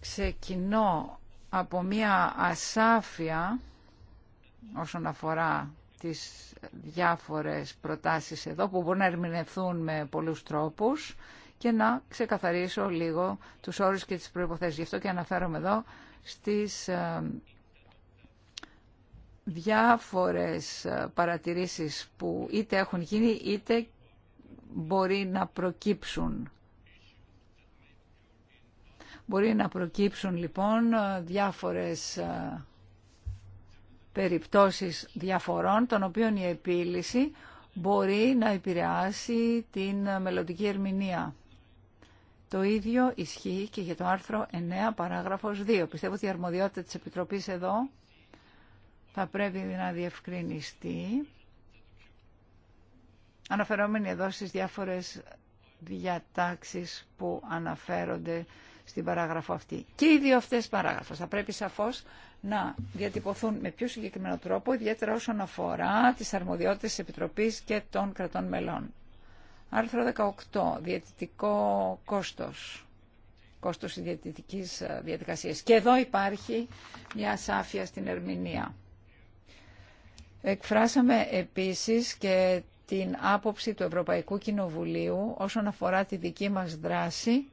ξεκινώ από μία ασάφεια όσον αφορά τις διάφορες προτάσεις εδώ που μπορούν να ερμηνευθούν με πολλούς τρόπους και να ξεκαθαρίσω λίγο τους όρους και τις προϋποθέσεις. Γι' αυτό και αναφέρομαι εδώ στις ε, διάφορες ε, παρατηρήσεις που είτε έχουν γίνει είτε μπορεί να προκύψουν. Μπορεί να προκύψουν λοιπόν διάφορες ε, περιπτώσεις διαφορών, των οποίων η επίλυση μπορεί να επηρεάσει την μελλοντική ερμηνεία το ίδιο ισχύει και για το άρθρο 9 παράγραφος 2. Πιστεύω ότι η αρμοδιότητα της Επιτροπής εδώ θα πρέπει να διευκρινιστεί. Αναφερόμενοι εδώ στις διάφορες διατάξεις που αναφέρονται στην παράγραφο αυτή. Και οι δύο αυτές παράγραφες θα πρέπει σαφώς να διατυπωθούν με πιο συγκεκριμένο τρόπο, ιδιαίτερα όσον αφορά τις αρμοδιότητες της Επιτροπής και των κρατών μελών. Άρθρο 18. Διαιτητικό κόστος. Κόστος της ε, διαδικασίας. Και εδώ υπάρχει μια σάφια στην ερμηνεία. Εκφράσαμε επίσης και την άποψη του Ευρωπαϊκού Κοινοβουλίου όσον αφορά τη δική μας δράση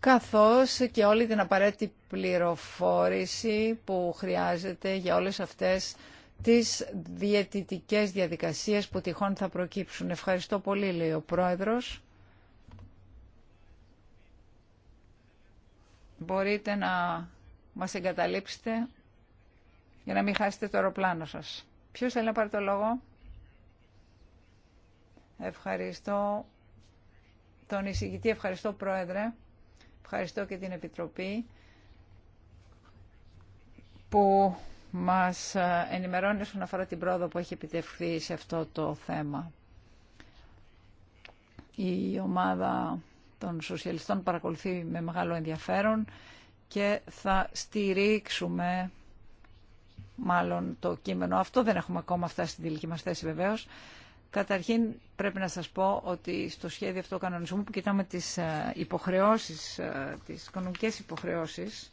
καθώς και όλη την απαραίτητη πληροφόρηση που χρειάζεται για όλες αυτές τις διαιτητικές διαδικασίες που τυχόν θα προκύψουν. Ευχαριστώ πολύ, λέει ο Πρόεδρος. Μπορείτε να μας εγκαταλείψετε για να μην χάσετε το αεροπλάνο σας. Ποιος θέλει να πάρει το λόγο. Ευχαριστώ τον εισηγητή, ευχαριστώ Πρόεδρε, ευχαριστώ και την Επιτροπή που μας ε, ενημερώνει όσον αφορά την πρόοδο που έχει επιτευχθεί σε αυτό το θέμα. Η ομάδα των σοσιαλιστών παρακολουθεί με μεγάλο ενδιαφέρον και θα στηρίξουμε μάλλον το κείμενο αυτό. Δεν έχουμε ακόμα φτάσει στην τελική μας θέση βεβαίως. Καταρχήν πρέπει να σας πω ότι στο σχέδιο αυτό κανονισμού που κοιτάμε τις ε, υποχρεώσεις, ε, τις οικονομικές υποχρεώσεις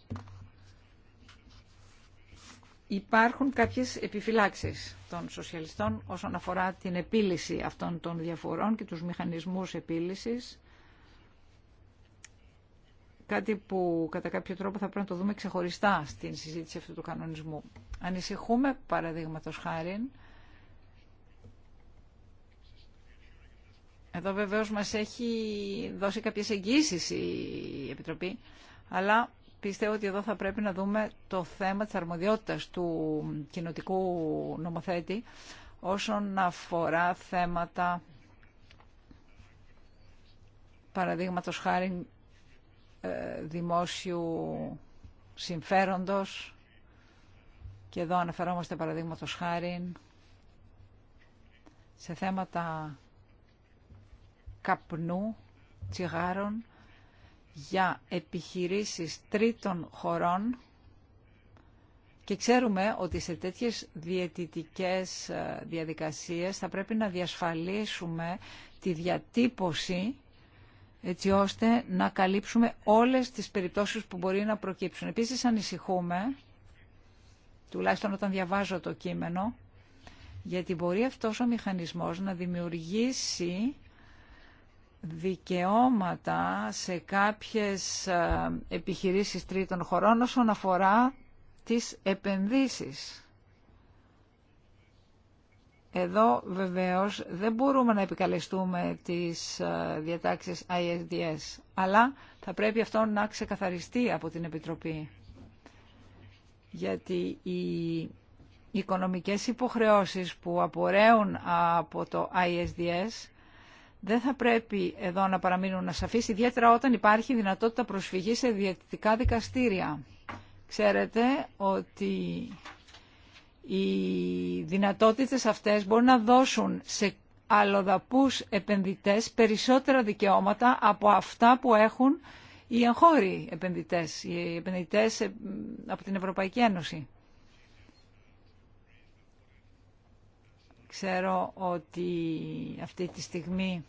Υπάρχουν κάποιες επιφυλάξεις των σοσιαλιστών όσον αφορά την επίλυση αυτών των διαφορών και τους μηχανισμούς επίλυσης. Κάτι που κατά κάποιο τρόπο θα πρέπει να το δούμε ξεχωριστά στην συζήτηση αυτού του κανονισμού. Ανησυχούμε, παραδείγματο χάρη, εδώ βεβαίως μας έχει δώσει κάποιες εγγύσεις η Επιτροπή, αλλά Πιστεύω ότι εδώ θα πρέπει να δούμε το θέμα της αρμοδιότητας του κοινοτικού νομοθέτη όσον αφορά θέματα παραδείγματος χάρη ε, δημόσιου συμφέροντος και εδώ αναφερόμαστε παραδείγματος χάρη σε θέματα καπνού, τσιγάρων για επιχειρήσεις τρίτων χωρών και ξέρουμε ότι σε τέτοιες διαιτητικές ε, διαδικασίες θα πρέπει να διασφαλίσουμε τη διατύπωση έτσι ώστε να καλύψουμε όλες τις περιπτώσεις που μπορεί να προκύψουν. Επίσης ανησυχούμε, τουλάχιστον όταν διαβάζω το κείμενο, γιατί μπορεί αυτός ο μηχανισμός να δημιουργήσει δικαιώματα σε κάποιες ε, επιχειρήσεις τρίτων χωρών όσον αφορά τις επενδύσεις. Εδώ βεβαίως δεν μπορούμε να επικαλεστούμε τις ε, διατάξεις ISDS, αλλά θα πρέπει αυτό να ξεκαθαριστεί από την Επιτροπή. Γιατί οι οικονομικές υποχρεώσεις που απορρέουν από το ISDS δεν θα πρέπει εδώ να παραμείνουν ασαφείς, ιδιαίτερα όταν υπάρχει δυνατότητα προσφυγής σε διαιτητικά δικαστήρια. Ξέρετε ότι οι δυνατότητες αυτές μπορούν να δώσουν σε αλλοδαπούς επενδυτές περισσότερα δικαιώματα από αυτά που έχουν οι εγχώροι επενδυτές, οι επενδυτές ε, από την Ευρωπαϊκή Ένωση. Ξέρω ότι αυτή τη στιγμή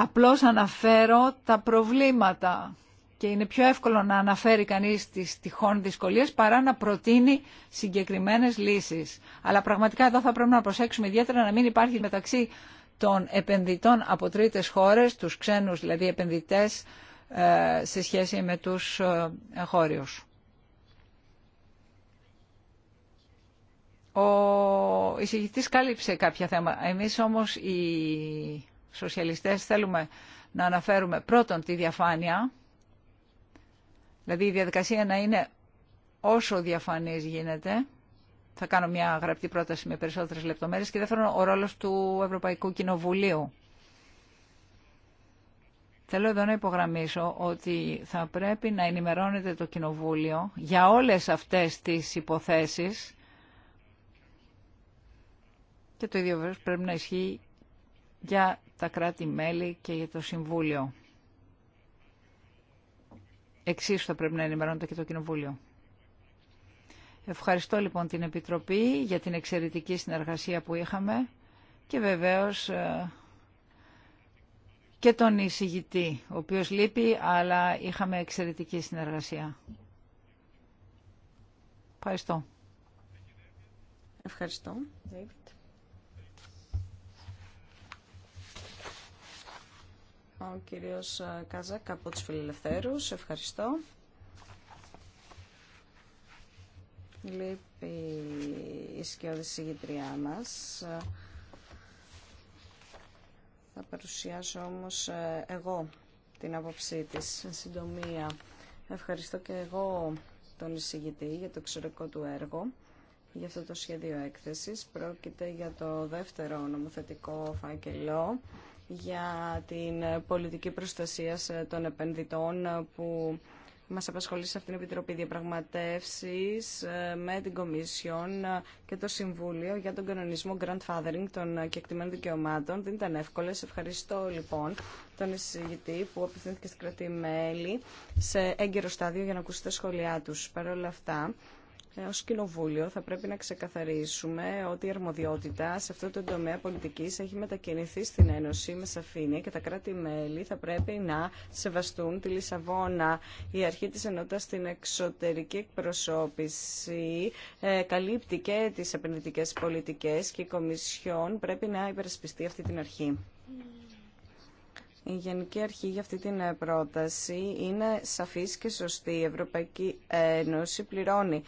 Απλώς αναφέρω τα προβλήματα και είναι πιο εύκολο να αναφέρει κανείς τις τυχόν δυσκολίες παρά να προτείνει συγκεκριμένες λύσεις. Αλλά πραγματικά εδώ θα πρέπει να προσέξουμε ιδιαίτερα να μην υπάρχει μεταξύ των επενδυτών από τρίτες χώρες, τους ξένους δηλαδή επενδυτές, ε, σε σχέση με τους ε, χώριους. Ο εισηγητής κάλυψε κάποια θέματα. Εμείς όμως οι σοσιαλιστές θέλουμε να αναφέρουμε πρώτον τη διαφάνεια, δηλαδή η διαδικασία να είναι όσο διαφανής γίνεται, θα κάνω μια γραπτή πρόταση με περισσότερες λεπτομέρειες και δεύτερον ο ρόλος του Ευρωπαϊκού Κοινοβουλίου. Θέλω εδώ να υπογραμμίσω ότι θα πρέπει να ενημερώνεται το Κοινοβούλιο για όλες αυτές τις υποθέσεις και το ίδιο πρέπει να ισχύει για τα κράτη-μέλη και για το Συμβούλιο. Εξίσου θα πρέπει να ενημερώνεται και το Κοινοβούλιο. Ευχαριστώ λοιπόν την Επιτροπή για την εξαιρετική συνεργασία που είχαμε και βεβαίως ε, και τον εισηγητή, ο οποίος λείπει, αλλά είχαμε εξαιρετική συνεργασία. Ευχαριστώ. Ευχαριστώ. Ο κύριος ε, Κάζακ από τους Φιλελευθέρους. Ευχαριστώ. Λείπει η σκιώδη συγγητριά μας. Θα παρουσιάσω όμως ε, εγώ την άποψή της. συντομία, ευχαριστώ και εγώ τον εισηγητή για το εξωτερικό του έργο για αυτό το σχέδιο έκθεσης. Πρόκειται για το δεύτερο νομοθετικό φάκελο για την πολιτική προστασία ε, των επενδυτών ε, που μας απασχολεί σε αυτήν την Επιτροπή Διαπραγματεύσεις ε, με την Κομισιόν και το Συμβούλιο για τον κανονισμό grandfathering των κεκτημένων δικαιωμάτων. Δεν ήταν εύκολε. Ευχαριστώ λοιπόν τον εισηγητή που απευθύνθηκε στην κρατή μέλη σε έγκαιρο στάδιο για να ακούσει τα σχόλιά τους. Παρ' όλα αυτά, Ω Κοινοβούλιο θα πρέπει να ξεκαθαρίσουμε ότι η αρμοδιότητα σε αυτό το τομέα πολιτικής έχει μετακινηθεί στην Ένωση με σαφήνεια και τα κράτη-μέλη θα πρέπει να σεβαστούν τη Λισαβόνα. Η αρχή τη ενότητα στην εξωτερική εκπροσώπηση ε, καλύπτει και τις επενδυτικέ πολιτικές και η Κομισιόν πρέπει να υπερασπιστεί αυτή την αρχή. Η Γενική Αρχή για αυτή την ε, πρόταση είναι σαφής και σωστή. Η Ευρωπαϊκή Ένωση πληρώνει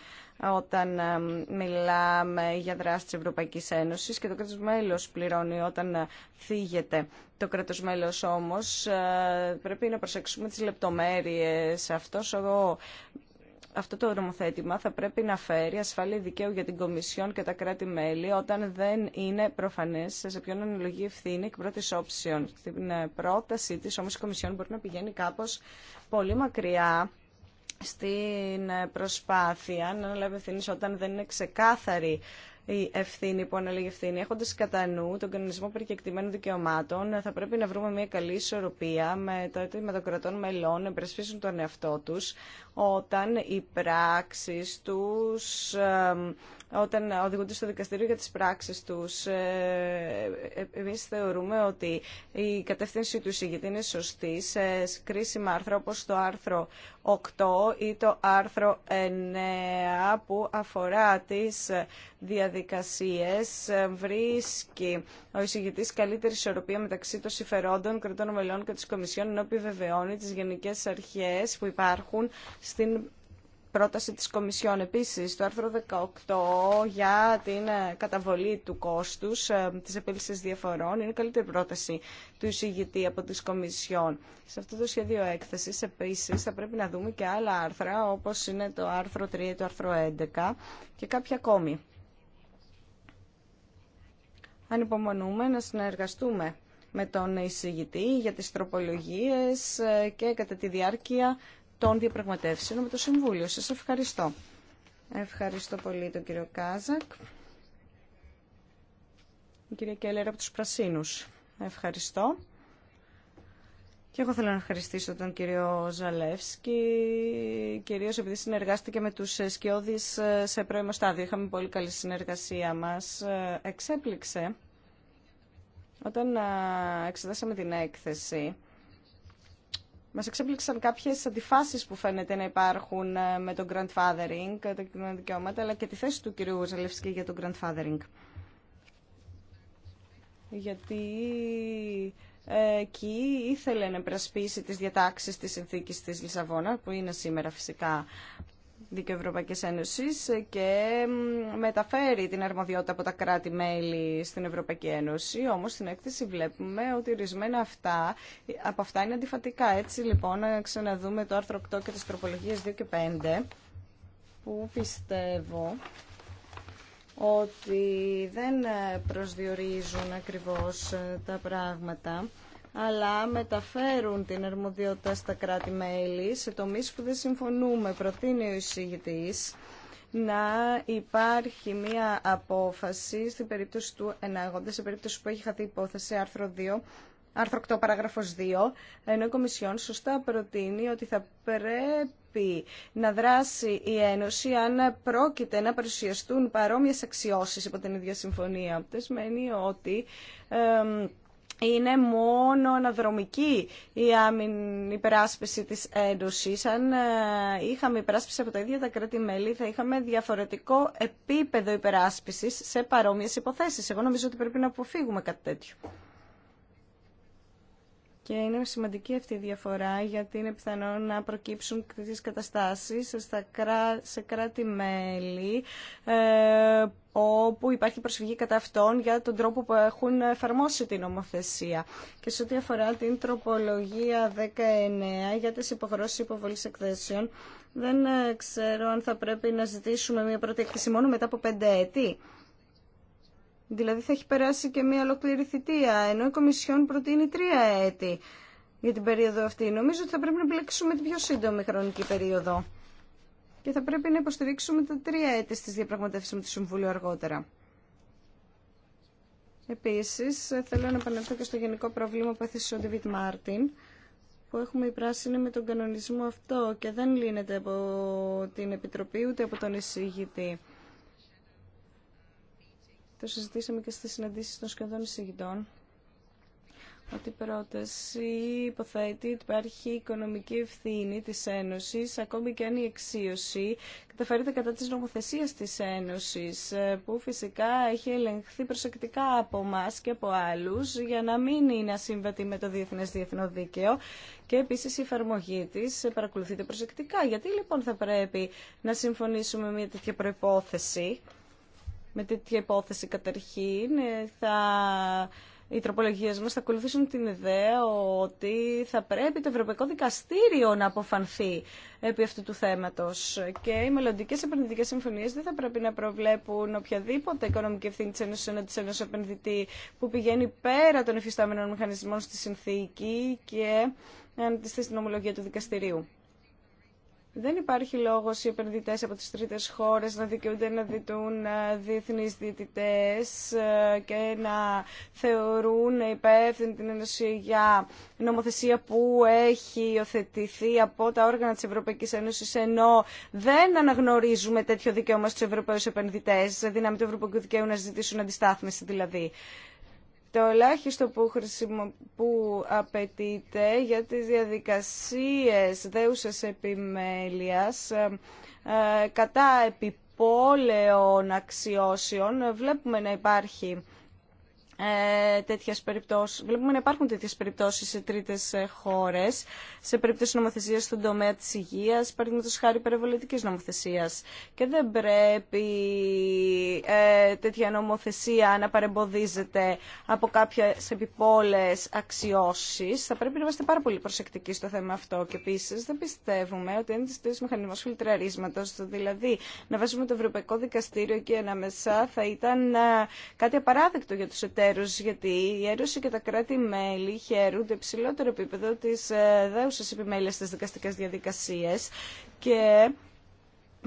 όταν ε, μιλάμε για δράση της Ευρωπαϊκής Ένωσης και το κράτος μέλος πληρώνει όταν ε, θίγεται. Το κράτος μέλος όμως πρέπει να προσέξουμε τις λεπτομέρειες. Αυτός ο αυτό το νομοθέτημα θα πρέπει να φέρει ασφαλή δικαίου για την Κομισιόν και τα κράτη-μέλη όταν δεν είναι προφανέ σε ποιον αναλογεί ευθύνη εκ πρώτη όψεων. Στην ε, πρότασή τη όμω η Κομισιόν μπορεί να πηγαίνει κάπω πολύ μακριά στην ε, προσπάθεια να αναλάβει ευθύνη όταν δεν είναι ξεκάθαρη η ευθύνη που αναλύει ευθύνη. Έχοντα κατά νου τον κοινωνισμό περικεκτημένων δικαιωμάτων, θα πρέπει να βρούμε μια καλή ισορροπία με το με των κρατών μελών να υπερασπίσουν τον εαυτό του όταν οι πράξει του όταν οδηγούνται στο δικαστήριο για τις πράξεις τους. Ε, ε, εμείς θεωρούμε ότι η κατεύθυνση του εισηγητή είναι σωστή σε κρίσιμα άρθρα όπως το άρθρο 8 ή το άρθρο 9 που αφορά τις διαδικασίες βρίσκει ο εισηγητής καλύτερη ισορροπία μεταξύ των συμφερόντων κρατών ομελών και της Κομισιόν ενώ επιβεβαιώνει τις γενικές αρχές που υπάρχουν στην πρόταση της Κομισιόν. Επίσης, το άρθρο 18 για την ε, καταβολή του κόστους ε, της επίλυσης διαφορών είναι καλύτερη πρόταση του εισηγητή από τις Κομισιόν. Σε αυτό το σχέδιο έκθεσης, επίσης, θα πρέπει να δούμε και άλλα άρθρα, όπως είναι το άρθρο 3 το άρθρο 11 και κάποια ακόμη. Αν υπομονούμε να συνεργαστούμε με τον εισηγητή για τις τροπολογίες ε, και κατά τη διάρκεια των διαπραγματεύσεων με το Συμβούλιο. Σας ευχαριστώ. Ευχαριστώ πολύ τον κύριο Κάζακ. Η κυρία Κέλλερ από τους Πρασίνους. Ευχαριστώ. Και εγώ θέλω να ευχαριστήσω τον κύριο Ζαλεύσκη, κυρίως επειδή συνεργάστηκε με τους σκιώδεις σε πρώιμο στάδιο. Είχαμε πολύ καλή συνεργασία μας. Εξέπληξε όταν ε, εξετάσαμε την έκθεση μας εξέπληξαν κάποιες αντιφάσεις που φαίνεται να υπάρχουν ε, με το grandfathering, ε, τα κοινωνικά δικαιώματα, αλλά και τη θέση του κυρίου Ζαλευσκή για το grandfathering. Γιατί ε, εκεί ήθελε να υπερασπίσει τις διατάξεις της συνθήκης της Λισαβόνα, που είναι σήμερα φυσικά Δίκαιο Ευρωπαϊκή Ένωση και μεταφέρει την αρμοδιότητα από τα κράτη-μέλη στην Ευρωπαϊκή Ένωση. Όμω στην έκθεση βλέπουμε ότι ορισμένα αυτά, από αυτά είναι αντιφατικά. Έτσι λοιπόν να ξαναδούμε το άρθρο 8 και τι τροπολογίε 2 και 5 που πιστεύω ότι δεν προσδιορίζουν ακριβώς ε, τα πράγματα αλλά μεταφέρουν την αρμοδιότητα στα κράτη-μέλη σε τομείς που δεν συμφωνούμε. Προτείνει ο εισηγητής να υπάρχει μία απόφαση στην περίπτωση του ενάγοντα, σε περίπτωση που έχει χαθεί υπόθεση άρθρο 2, άρθρο 8 παράγραφος 2, ενώ η Κομισιόν σωστά προτείνει ότι θα πρέπει να δράσει η Ένωση αν πρόκειται να παρουσιαστούν παρόμοιες αξιώσεις υπό την ίδια συμφωνία. Αυτό σημαίνει ότι είναι μόνο αναδρομική η υπεράσπιση της έντοσης. Αν ε, είχαμε υπεράσπιση από τα ίδια τα κράτη-μέλη, θα είχαμε διαφορετικό επίπεδο υπεράσπισης σε παρόμοιες υποθέσεις. Εγώ νομίζω ότι πρέπει να αποφύγουμε κάτι τέτοιο. Και είναι σημαντική αυτή η διαφορά γιατί είναι πιθανό να προκύψουν τι καταστάσεις στα σε κράτη-μέλη ε, όπου υπάρχει προσφυγή κατά αυτών για τον τρόπο που έχουν εφαρμόσει την νομοθεσία. Και σε ό,τι αφορά την τροπολογία 19 για τις υποχρώσεις υποβολής εκθέσεων, δεν ε, ξέρω αν θα πρέπει να ζητήσουμε μια πρώτη μόνο μετά από πέντε έτη. Δηλαδή θα έχει περάσει και μία ολοκληρή θητεία, ενώ η Κομισιόν προτείνει τρία έτη για την περίοδο αυτή. Νομίζω ότι θα πρέπει να επιλέξουμε την πιο σύντομη χρονική περίοδο και θα πρέπει να υποστηρίξουμε τα τρία έτη στις διαπραγματεύσεις με το Συμβούλιο αργότερα. Επίσης, θέλω να επανέλθω και στο γενικό πρόβλημα που έθεσε ο Ντεβιτ Μάρτιν, που έχουμε η πράσινη με τον κανονισμό αυτό και δεν λύνεται από την Επιτροπή ούτε από τον εισηγητή. Το συζητήσαμε και στις συναντήσεις των σχεδόν εισηγητών ότι η πρόταση υποθέτει ότι υπάρχει οικονομική ευθύνη της Ένωσης, ακόμη και αν η εξίωση καταφέρεται κατά της νομοθεσίας της Ένωσης, ε, που φυσικά έχει ελεγχθεί προσεκτικά από εμά και από άλλους, για να μην είναι ασύμβατη με το διεθνές διεθνό δίκαιο. Και επίσης η εφαρμογή τη παρακολουθείται προσεκτικά. Γιατί λοιπόν θα πρέπει να συμφωνήσουμε με μια τέτοια προπόθεση με τέτοια υπόθεση καταρχήν ε, θα οι τροπολογίες μας θα ακολουθήσουν την ιδέα ότι θα πρέπει το Ευρωπαϊκό Δικαστήριο να αποφανθεί επί αυτού του θέματος και οι μελλοντικέ επενδυτικές συμφωνίες δεν θα πρέπει να προβλέπουν οποιαδήποτε οικονομική ευθύνη της Ένωσης ενώ της Ένωσης επενδυτή που πηγαίνει πέρα των εφιστάμενων μηχανισμών στη συνθήκη και αντιστεί στην ομολογία του δικαστηρίου. Δεν υπάρχει λόγος οι επενδυτέ από τις τρίτες χώρε να δικαιούνται να διτούν ε, διεθνεί διαιτητέ ε, και να θεωρούν υπεύθυνη την Ένωση για νομοθεσία που έχει υιοθετηθεί από τα όργανα της Ευρωπαϊκής Ένωσης ενώ δεν αναγνωρίζουμε τέτοιο δικαίωμα στους Ευρωπαίους επενδυτές, δύναμη δηλαδή του Ευρωπαϊκού Δικαίου να ζητήσουν αντιστάθμιση δηλαδή το ελάχιστο που, χρησιμο... που απαιτείται για τις διαδικασίες δέουσας επιμέλειας ε, ε, κατά επιπόλαιων αξιώσεων ε, βλέπουμε να υπάρχει ε, τέτοιες Βλέπουμε να υπάρχουν τέτοιε περιπτώσει σε τρίτες ε, χώρε σε περίπτωση νομοθεσία στον τομέα τη υγεία, παραδείγματο χάρη περιβολητικής νομοθεσία. Και δεν πρέπει ε, τέτοια νομοθεσία να παρεμποδίζεται από κάποιε επιπόλε αξιώσει. Θα πρέπει να είμαστε πάρα πολύ προσεκτικοί στο θέμα αυτό και επίση δεν πιστεύουμε ότι είναι της μηχανισμό φιλτραρίσματο, δηλαδή να βάζουμε το Ευρωπαϊκό Δικαστήριο εκεί ανάμεσα θα ήταν ε, κάτι απαράδεκτο για του εταίρου γιατί η έρωση και τα κράτη-μέλη χαίρονται υψηλότερο επίπεδο της ε, δέουσας επιμέλειας στις δικαστικές διαδικασίες και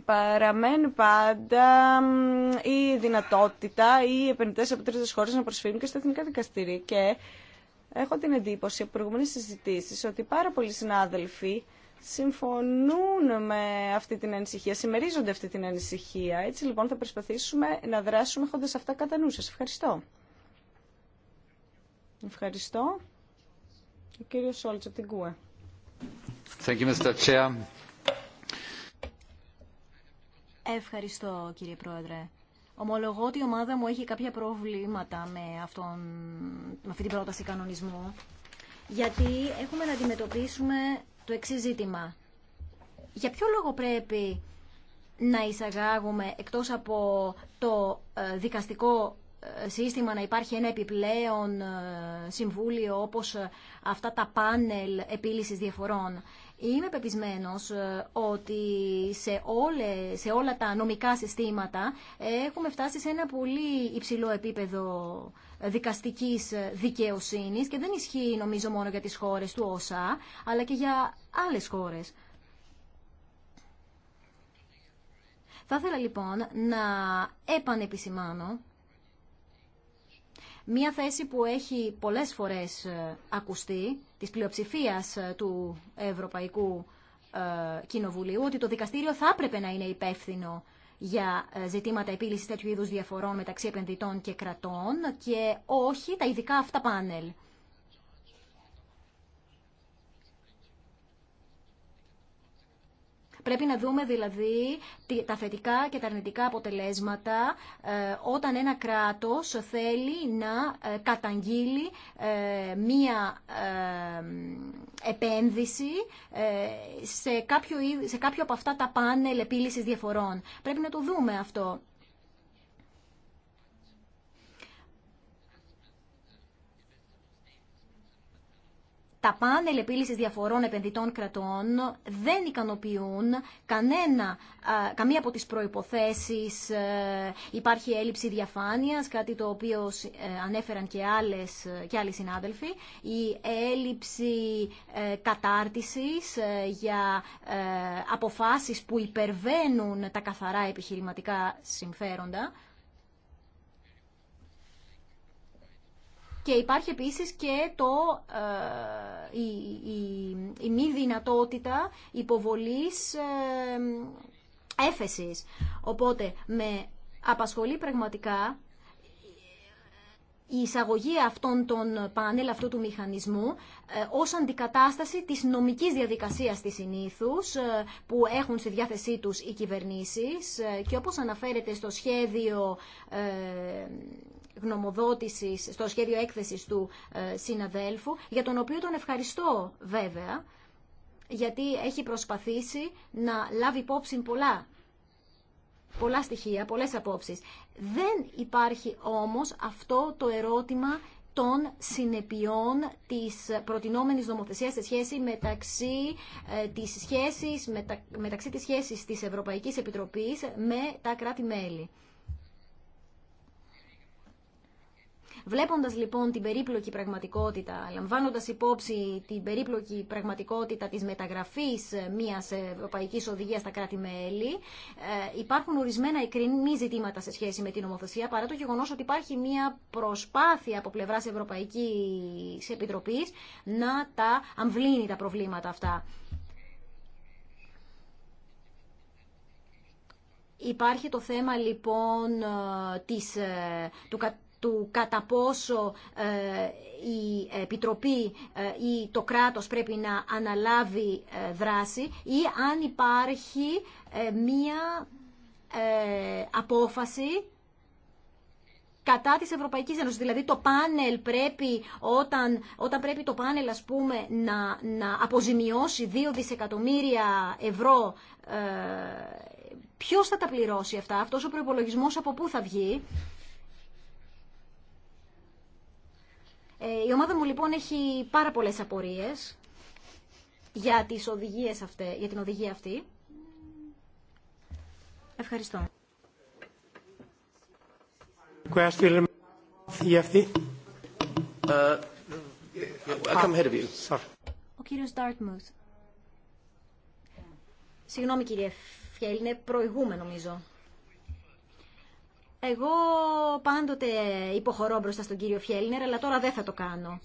παραμένει πάντα η δυνατότητα οι επενδυτές από τρίτες χώρες να προσφύγουν και στα εθνικά δικαστήρια. Και έχω την εντύπωση από προηγούμενες συζητήσεις ότι πάρα πολλοί συνάδελφοι συμφωνούν με αυτή την ανησυχία, συμμερίζονται αυτή την ανησυχία. Έτσι λοιπόν θα προσπαθήσουμε να δράσουμε έχοντας αυτά κατά νου σας. Ευχαριστώ. Ευχαριστώ. Ο κύριος Σόλτς από την ΚΟΕ. Ευχαριστώ κύριε Πρόεδρε. Ομολογώ ότι η ομάδα μου έχει κάποια προβλήματα με, αυτόν, με αυτή την πρόταση κανονισμού, γιατί έχουμε να αντιμετωπίσουμε το εξή ζήτημα. Για ποιο λόγο πρέπει να εισαγάγουμε, εκτός από το ε, δικαστικό σύστημα να υπάρχει ένα επιπλέον ε, συμβούλιο όπως ε, αυτά τα πάνελ επίλυσης διαφορών. Είμαι πεπισμένος ε, ότι σε, όλε, σε όλα τα νομικά συστήματα έχουμε φτάσει σε ένα πολύ υψηλό επίπεδο δικαστικής δικαιοσύνης και δεν ισχύει νομίζω μόνο για τις χώρες του ΩΣΑ αλλά και για άλλες χώρες. Θα ήθελα λοιπόν να επανεπισημάνω Μία θέση που έχει πολλές φορές ε, ακουστεί της πλειοψηφίας ε, του Ευρωπαϊκού ε, Κοινοβουλίου ότι το δικαστήριο θα έπρεπε να είναι υπεύθυνο για ζητήματα επίλυσης τέτοιου είδους διαφορών μεταξύ επενδυτών και κρατών και όχι τα ειδικά αυτά πάνελ. Πρέπει να δούμε δηλαδή τα θετικά και τα αρνητικά αποτελέσματα ε, όταν ένα κράτος θέλει να ε, καταγγείλει ε, μία επένδυση σε κάποιο, σε κάποιο από αυτά τα πάνελ επίλυσης διαφορών. Πρέπει να το δούμε αυτό. τα πάνελ επίλυσης διαφορών επενδυτών κρατών δεν ικανοποιούν κανένα, καμία από τις προϋποθέσεις. Ε, υπάρχει έλλειψη διαφάνειας, κάτι το οποίο ε, ανέφεραν και, άλλες, ε, και άλλοι συνάδελφοι. Η έλλειψη κατάρτισης για αποφάσεις που υπερβαίνουν τα καθαρά επιχειρηματικά συμφέροντα. Και υπάρχει επίσης και το, ε, η, μη δυνατότητα υποβολής ε, έφεσης. Οπότε με απασχολεί πραγματικά η εισαγωγή αυτών των πάνελ, αυτού του μηχανισμού, ε, ως αντικατάσταση της νομικής διαδικασίας της συνήθους που έχουν στη διάθεσή τους οι κυβερνήσεις και όπως αναφέρεται στο σχέδιο γνωμοδότησης, στο σχέδιο έκθεσης του ε, συναδέλφου, για τον οποίο τον ευχαριστώ βέβαια, γιατί έχει προσπαθήσει να λάβει υπόψη πολλά πολλά στοιχεία, πολλές απόψεις. Δεν υπάρχει όμως αυτό το ερώτημα των συνεπειών της προτινόμενης νομοθεσίας σε σχέση μεταξύ, ε, της, σχέσης, μεταξύ της σχέσης της Ευρωπαϊκής Επιτροπής με τα κράτη-μέλη. Βλέποντα λοιπόν την περίπλοκη πραγματικότητα, λαμβάνοντα υπόψη την περίπλοκη πραγματικότητα τη μεταγραφή ε, μια Ευρωπαϊκή οδηγία στα κράτη-μέλη, ε, υπάρχουν ορισμένα εκκρινή ζητήματα σε σχέση με την νομοθεσία, παρά το γεγονό ότι υπάρχει μια προσπάθεια από πλευράς Ευρωπαϊκή Επιτροπή να τα αμβλύνει τα προβλήματα αυτά. Υπάρχει το θέμα λοιπόν ε, της, του, του κατά πόσο ε, η Επιτροπή ε, ή το κράτος πρέπει να αναλάβει ε, δράση ή αν υπάρχει μία απόφαση κατά της Ευρωπαϊκής Ένωσης. Δηλαδή το πάνελ πρέπει, όταν, όταν πρέπει το πάνελ ας πούμε να, να αποζημιώσει 2 δισεκατομμύρια ευρώ, ε, ποιος θα τα πληρώσει αυτά, αυτός ο προϋπολογισμός από πού θα βγει. Ε, η ομάδα μου λοιπόν έχει πάρα πολλές απορίες για, τις οδηγίες αυτές, για την οδηγία αυτή. Ευχαριστώ. Ε, Ο κύριος Dartmouth. Συγγνώμη κύριε Φιέλ, είναι προηγούμενο, νομίζω. Εγώ πάντοτε υποχωρώ μπροστά στον κύριο Φιέλνερ, αλλά τώρα δεν θα το κάνω.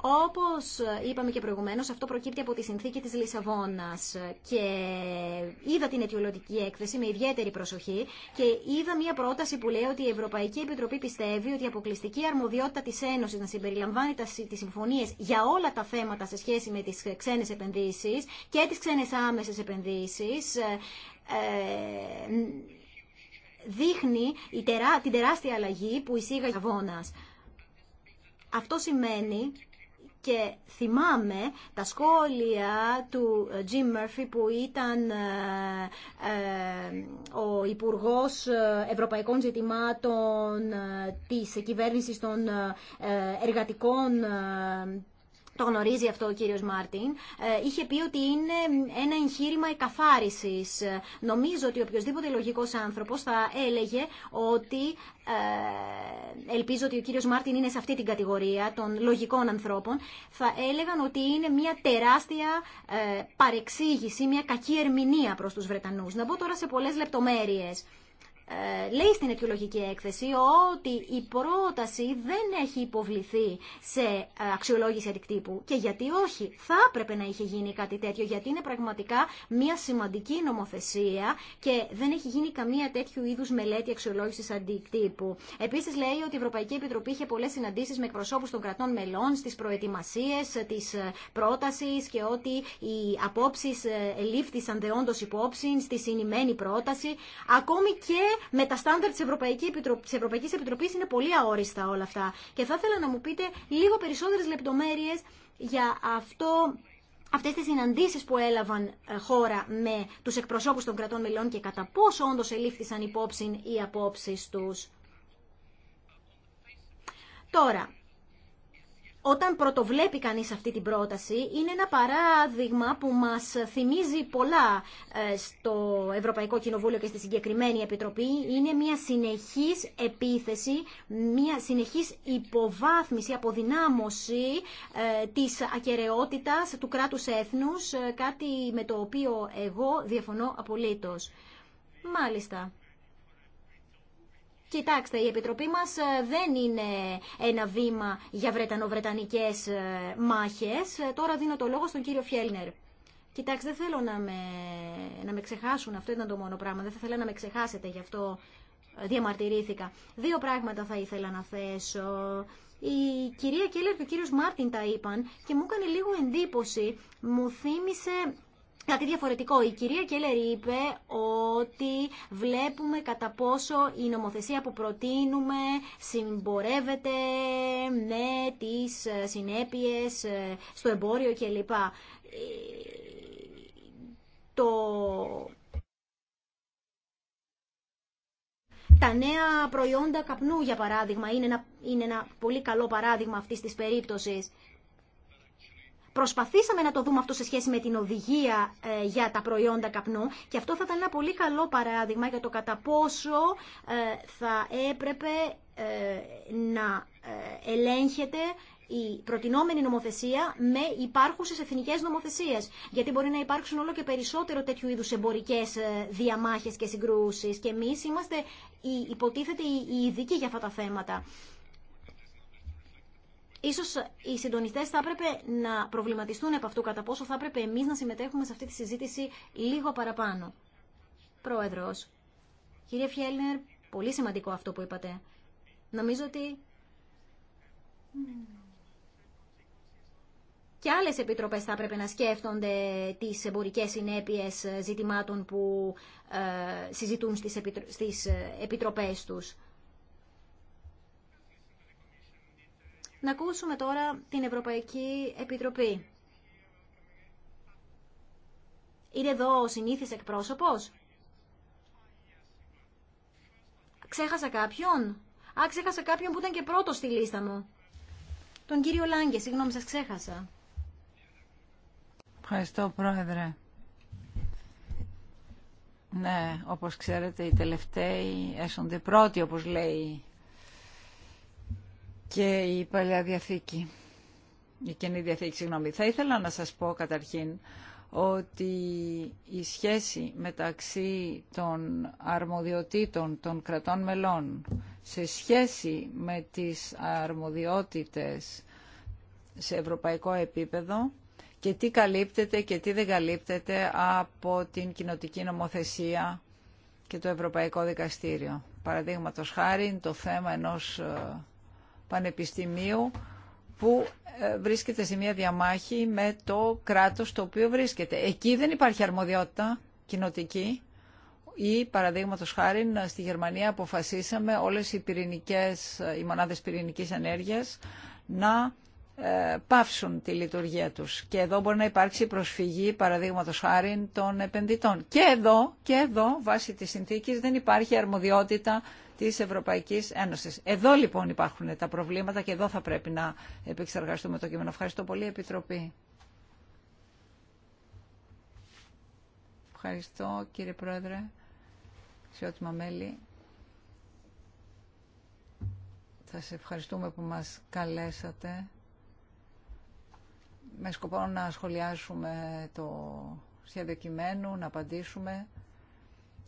Όπως είπαμε και προηγουμένως, αυτό προκύπτει από τη συνθήκη της Λισαβόνας και είδα την αιτιολογική έκθεση με ιδιαίτερη προσοχή και είδα μια πρόταση που λέει ότι η Ευρωπαϊκή Επιτροπή πιστεύει ότι η αποκλειστική αρμοδιότητα της Ένωσης να συμπεριλαμβάνει τις συμφωνίες για όλα τα θέματα σε σχέση με τις ξένες επενδύσεις και τις ξένες άμεσες επενδύσει. Ε, δείχνει η τερά, την τεράστια αλλαγή που εισήγαγε βόνας. Αυτό σημαίνει και θυμάμαι τα σχόλια του ε, Jim Murphy που ήταν ε, ε, ο Υπουργός Ευρωπαϊκών Ζητημάτων της κυβέρνησης των εργατικών το γνωρίζει αυτό ο κύριος Μάρτιν, ε, είχε πει ότι είναι ένα εγχείρημα εκαθάρισης. Ε, νομίζω ότι οποιοδήποτε λογικός άνθρωπος θα έλεγε ότι ε, ελπίζω ότι ο κύριος Μάρτιν είναι σε αυτή την κατηγορία των λογικών ανθρώπων, θα έλεγαν ότι είναι μια τεράστια παρεξήγηση, μια κακή ερμηνεία προς τους Βρετανούς. Να μπω τώρα σε πολλές λεπτομέρειες. Ε, λέει στην αιτιολογική έκθεση ότι η πρόταση δεν έχει υποβληθεί σε ε, αξιολόγηση αντικτύπου και γιατί όχι. Θα έπρεπε να είχε γίνει κάτι τέτοιο γιατί είναι πραγματικά μια σημαντική νομοθεσία και δεν έχει γίνει καμία τέτοιου είδους μελέτη αξιολόγηση αντικτύπου. Επίσης λέει ότι η Ευρωπαϊκή Επιτροπή είχε πολλές συναντήσεις με εκπροσώπους των κρατών μελών στις προετοιμασίες ε, της πρότασης και ότι οι απόψεις λήφθησαν δεόντως υπόψη στη συνημένη πρόταση. Ακόμη και με τα στάνταρ τη Ευρωπαϊκή Επιτροπής, είναι πολύ αόριστα όλα αυτά. Και θα ήθελα να μου πείτε λίγο περισσότερες λεπτομέρειες για αυτό αυτές τις συναντήσεις που έλαβαν ε, χώρα με τους εκπροσώπους των κρατών μελών και κατά πόσο όντως ελήφθησαν υπόψη οι απόψεις τους. Τώρα, όταν πρωτοβλέπει κανείς αυτή την πρόταση, είναι ένα παράδειγμα που μας θυμίζει πολλά ε, στο Ευρωπαϊκό Κοινοβούλιο και στη συγκεκριμένη Επιτροπή. Είναι μια συνεχής επίθεση, μια συνεχής υποβάθμιση, αποδυνάμωση ε, της ακαιρεότητας του κράτους έθνους, ε, κάτι με το οποίο εγώ διαφωνώ απολύτως. Μάλιστα. Κοιτάξτε, η Επιτροπή μας ε, δεν είναι ένα βήμα για βρετανοβρετανικές ε, μάχες. Ε, τώρα δίνω το λόγο στον κύριο Φιέλνερ. Κοιτάξτε, δεν θέλω να με, να με ξεχάσουν. Αυτό ήταν το μόνο πράγμα. Δεν θα ήθελα να με ξεχάσετε, γι' αυτό διαμαρτυρήθηκα. Δύο πράγματα θα ήθελα να θέσω. Η κυρία Κέλλερ και ο κύριος Μάρτιν τα είπαν και μου έκανε λίγο εντύπωση. Μου θύμισε Κάτι διαφορετικό. Η κυρία Κέλλερ είπε ότι βλέπουμε κατά πόσο η νομοθεσία που προτείνουμε συμπορεύεται με τις ε, συνέπειες ε, στο εμπόριο κλπ. Ε, το... Τα νέα προϊόντα καπνού, για παράδειγμα, είναι ένα, είναι ένα πολύ καλό παράδειγμα αυτής της περίπτωσης. Προσπαθήσαμε να το δούμε αυτό σε σχέση με την οδηγία ε, για τα προϊόντα καπνού και αυτό θα ήταν ένα πολύ καλό παράδειγμα για το κατά πόσο ε, θα έπρεπε ε, να ελέγχεται η προτινόμενη νομοθεσία με υπάρχουσε εθνικέ νομοθεσίε. Γιατί μπορεί να υπάρξουν όλο και περισσότερο τέτοιου είδου εμπορικέ διαμάχε και συγκρούσει. Και εμεί είμαστε, υποτίθεται, οι ειδικοί για αυτά τα θέματα. Ίσως οι συντονιστέ θα έπρεπε να προβληματιστούν από αυτού κατά πόσο θα έπρεπε εμείς να συμμετέχουμε σε αυτή τη συζήτηση λίγο παραπάνω. Πρόεδρος, κύριε Φιέλνερ, πολύ σημαντικό αυτό που είπατε. Νομίζω ότι και άλλε επιτροπές θα έπρεπε να σκέφτονται τι εμπορικέ συνέπειες ζητημάτων που ε, συζητούν στις ε, επιτροπέ του. Να ακούσουμε τώρα την Ευρωπαϊκή Επιτροπή. Είναι εδώ ο συνήθις εκπρόσωπος. Ξέχασα κάποιον. Α, ξέχασα κάποιον που ήταν και πρώτος στη λίστα μου. Τον κύριο Λάγκε, συγγνώμη σας ξέχασα. Ευχαριστώ πρόεδρε. Ναι, όπως ξέρετε οι τελευταίοι έσονται πρώτοι όπως λέει και η Παλαιά Διαθήκη, η Καινή Διαθήκη, συγγνώμη. Θα ήθελα να σας πω καταρχήν ότι η σχέση μεταξύ των αρμοδιοτήτων των κρατών μελών σε σχέση με τις αρμοδιότητες σε ευρωπαϊκό επίπεδο και τι καλύπτεται και τι δεν καλύπτεται από την κοινοτική νομοθεσία και το Ευρωπαϊκό Δικαστήριο. Παραδείγματος χάρη το θέμα ενός ε, πανεπιστημίου που ε, βρίσκεται σε μια διαμάχη με το κράτος το οποίο βρίσκεται. Εκεί δεν υπάρχει αρμοδιότητα κοινοτική ή παραδείγματο χάρη στη Γερμανία αποφασίσαμε όλες οι, πυρηνικές, οι μονάδες πυρηνικής ενέργειας να ε, παύσουν τη λειτουργία τους. Και εδώ μπορεί να υπάρξει προσφυγή παραδείγματο χάρη των επενδυτών. Και εδώ, και εδώ, βάσει της συνθήκης, δεν υπάρχει αρμοδιότητα της Ευρωπαϊκής Ένωσης. Εδώ λοιπόν υπάρχουν τα προβλήματα και εδώ θα πρέπει να επεξεργαστούμε το κείμενο. Ευχαριστώ πολύ, Επιτροπή. Ευχαριστώ, κύριε Πρόεδρε, αξιότιμα μέλη. Θα σε ευχαριστούμε που μας καλέσατε με σκοπό να σχολιάσουμε το σχέδιο κειμένου, να απαντήσουμε.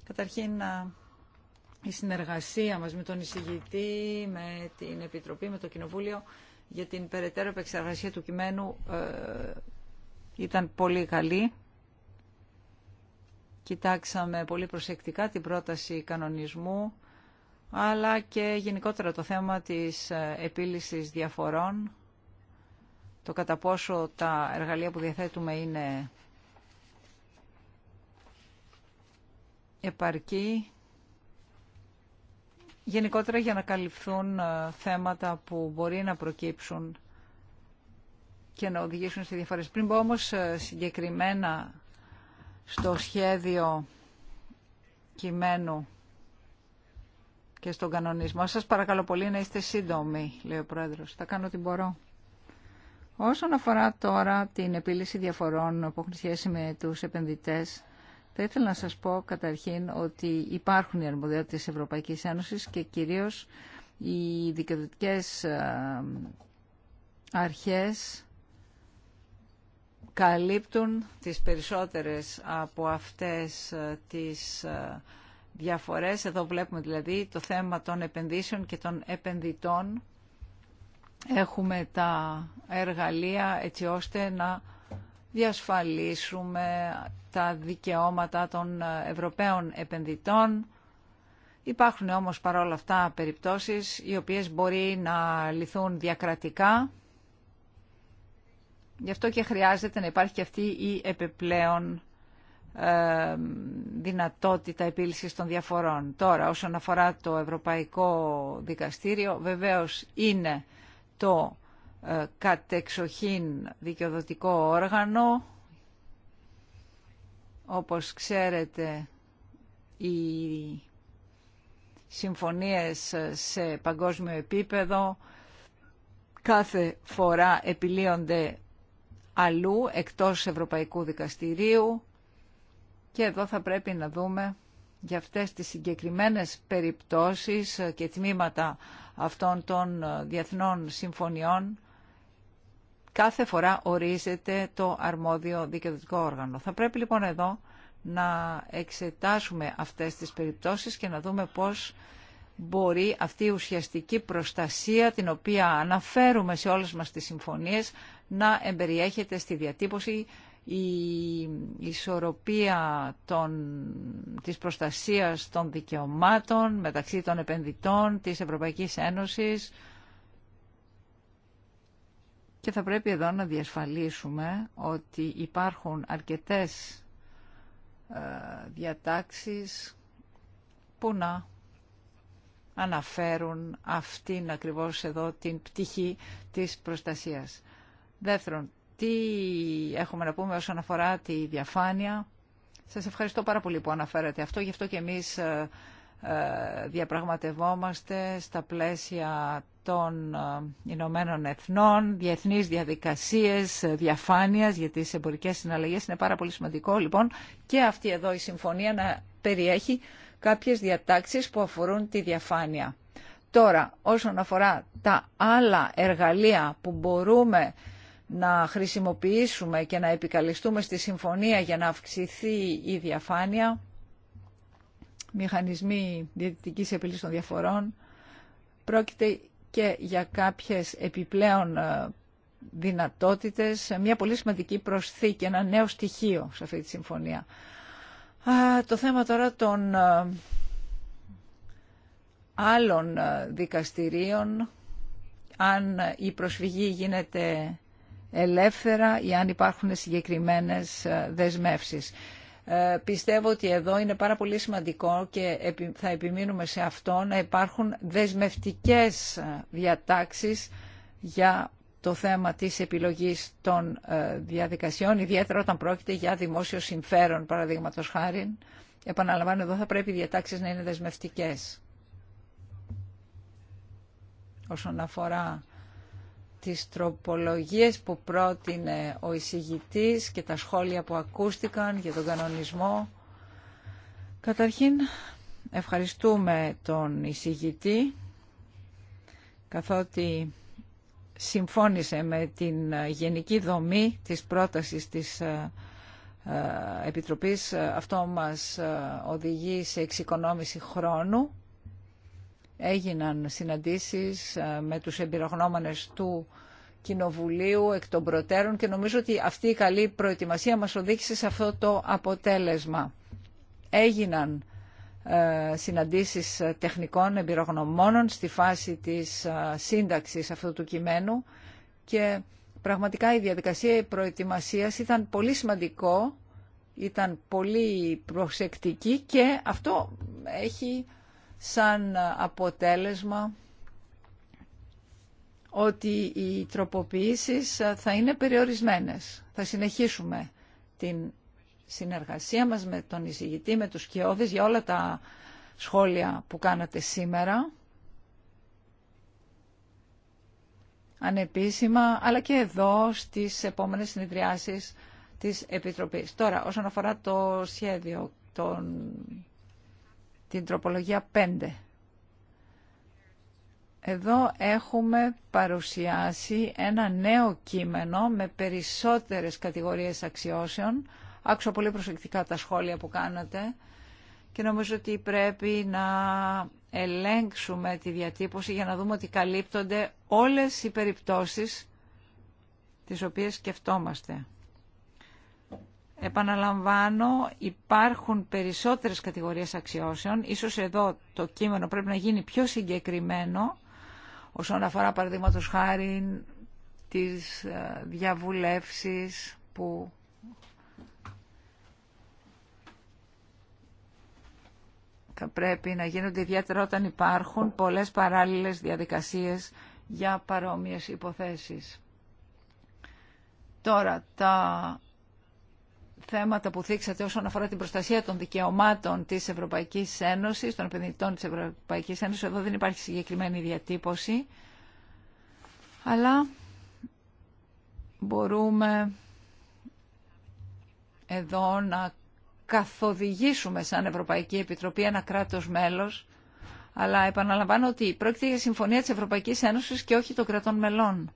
Καταρχήν να η συνεργασία μας με τον εισηγητή, με την Επιτροπή, με το Κοινοβούλιο για την περαιτέρω επεξεργασία του κειμένου ε, ήταν πολύ καλή. Κοιτάξαμε πολύ προσεκτικά την πρόταση κανονισμού, αλλά και γενικότερα το θέμα της ε, επίλυσης διαφορών, το κατά πόσο τα εργαλεία που διαθέτουμε είναι επαρκή γενικότερα για να καλυφθούν ε, θέματα που μπορεί να προκύψουν και να οδηγήσουν σε διαφορές. Πριν πω όμως ε, συγκεκριμένα στο σχέδιο κειμένου και στον κανονισμό. Σας παρακαλώ πολύ να είστε σύντομοι, λέει ο Πρόεδρος. Θα κάνω ό,τι μπορώ. Όσον αφορά τώρα την επίλυση διαφορών που έχουν σχέση με τους επενδυτές, θα ήθελα να σας πω καταρχήν ότι υπάρχουν οι αρμοδιότητες της Ευρωπαϊκής Ένωσης και κυρίως οι δικαιωτικές ε, αρχές καλύπτουν τις περισσότερες από αυτές ε, τις ε, διαφορές. Εδώ βλέπουμε δηλαδή το θέμα των επενδύσεων και των επενδυτών. Έχουμε τα εργαλεία έτσι ώστε να διασφαλίσουμε τα δικαιώματα των ε, Ευρωπαίων επενδυτών. Υπάρχουν όμως παρόλα αυτά περιπτώσεις οι οποίες μπορεί να λυθούν διακρατικά. Γι' αυτό και χρειάζεται να υπάρχει και αυτή η επιπλέον ε, δυνατότητα επίλυσης των διαφορών. Τώρα, όσον αφορά το Ευρωπαϊκό Δικαστήριο, βεβαίως είναι το ε, κατεξοχήν δικαιοδοτικό όργανο όπως ξέρετε, οι συμφωνίες σε παγκόσμιο επίπεδο κάθε φορά επιλύονται αλλού εκτός Ευρωπαϊκού Δικαστηρίου και εδώ θα πρέπει να δούμε για αυτές τις συγκεκριμένες περιπτώσεις και τμήματα αυτών των διεθνών συμφωνιών κάθε φορά ορίζεται το αρμόδιο δικαιωτικό όργανο. Θα πρέπει λοιπόν εδώ να εξετάσουμε αυτές τις περιπτώσεις και να δούμε πώς μπορεί αυτή η ουσιαστική προστασία την οποία αναφέρουμε σε όλες μας τις συμφωνίες να εμπεριέχεται στη διατύπωση η ισορροπία των, της προστασίας των δικαιωμάτων μεταξύ των επενδυτών της Ευρωπαϊκής Ένωσης και θα πρέπει εδώ να διασφαλίσουμε ότι υπάρχουν αρκετές ε, διατάξεις που να αναφέρουν αυτήν ακριβώς εδώ την πτυχή της προστασίας. Δεύτερον, τι έχουμε να πούμε όσον αφορά τη διαφάνεια. Σας ευχαριστώ πάρα πολύ που αναφέρατε αυτό, γι' αυτό και εμείς ε, ε, διαπραγματευόμαστε στα πλαίσια των ε, Ηνωμένων Εθνών, διεθνείς διαδικασίες ε, διαφάνειας για τις εμπορικές συναλλαγές. Είναι πάρα πολύ σημαντικό λοιπόν και αυτή εδώ η συμφωνία να περιέχει κάποιες διατάξεις που αφορούν τη διαφάνεια. Τώρα, όσον αφορά τα άλλα εργαλεία που μπορούμε να χρησιμοποιήσουμε και να επικαλυστούμε στη συμφωνία για να αυξηθεί η διαφάνεια, μηχανισμοί διαιτητικής επίλυσης των διαφορών, πρόκειται και για κάποιες επιπλέον ε, δυνατότητες, μια πολύ σημαντική προσθήκη, ένα νέο στοιχείο σε αυτή τη συμφωνία. Το θέμα τώρα των ε, άλλων ε, δικαστηρίων, αν η προσφυγή γίνεται ελεύθερα ή αν υπάρχουν συγκεκριμένες δεσμεύσεις. Ε, πιστεύω ότι εδώ είναι πάρα πολύ σημαντικό και θα επιμείνουμε σε αυτό να υπάρχουν δεσμευτικές ε, διατάξεις για το θέμα της επιλογής των ε, διαδικασιών, ιδιαίτερα όταν πρόκειται για δημόσιο συμφέρον, παραδείγματο χάρη. Επαναλαμβάνω, εδώ θα πρέπει οι διατάξεις να είναι δεσμευτικές. Όσον αφορά τις τροπολογίες που πρότεινε ο εισηγητής και τα σχόλια που ακούστηκαν για τον κανονισμό. Καταρχήν, ευχαριστούμε τον εισηγητή, καθότι συμφώνησε με την γενική δομή της πρότασης της ε, ε, Επιτροπής. Αυτό μας ε, οδηγεί σε εξοικονόμηση χρόνου έγιναν συναντήσεις ε, με τους εμπειρογνώμονες του Κοινοβουλίου εκ των προτέρων και νομίζω ότι αυτή η καλή προετοιμασία μας οδήγησε σε αυτό το αποτέλεσμα. Έγιναν ε, συναντήσεις τεχνικών εμπειρογνωμόνων στη φάση της ε, σύνταξης αυτού του κειμένου και πραγματικά η διαδικασία η προετοιμασίας ήταν πολύ σημαντικό, ήταν πολύ προσεκτική και αυτό έχει σαν αποτέλεσμα ότι οι τροποποιήσεις θα είναι περιορισμένες. Θα συνεχίσουμε την συνεργασία μας με τον εισηγητή, με τους κοιόδες για όλα τα σχόλια που κάνατε σήμερα. Ανεπίσημα, αλλά και εδώ στις επόμενες συνεδριάσεις της Επιτροπής. Τώρα, όσον αφορά το σχέδιο των την τροπολογία 5. Εδώ έχουμε παρουσιάσει ένα νέο κείμενο με περισσότερες κατηγορίες αξιώσεων. Άκουσα πολύ προσεκτικά τα σχόλια που κάνατε και νομίζω ότι πρέπει να ελέγξουμε τη διατύπωση για να δούμε ότι καλύπτονται όλες οι περιπτώσεις τις οποίες σκεφτόμαστε. Επαναλαμβάνω, υπάρχουν περισσότερες κατηγορίες αξιώσεων. Ίσως εδώ το κείμενο πρέπει να γίνει πιο συγκεκριμένο όσον αφορά παραδείγματος χάρη τις ε, διαβουλεύσεις που θα πρέπει να γίνονται ιδιαίτερα όταν υπάρχουν πολλές παράλληλες διαδικασίες για παρόμοιες υποθέσεις. Τώρα, τα θέματα που θίξατε όσον αφορά την προστασία των δικαιωμάτων της Ευρωπαϊκής Ένωσης, των επενδυτών της Ευρωπαϊκής Ένωσης. Εδώ δεν υπάρχει συγκεκριμένη διατύπωση, αλλά μπορούμε εδώ να καθοδηγήσουμε σαν Ευρωπαϊκή Επιτροπή ένα κράτος μέλος, αλλά επαναλαμβάνω ότι πρόκειται για συμφωνία της Ευρωπαϊκής Ένωσης και όχι των κρατών μελών.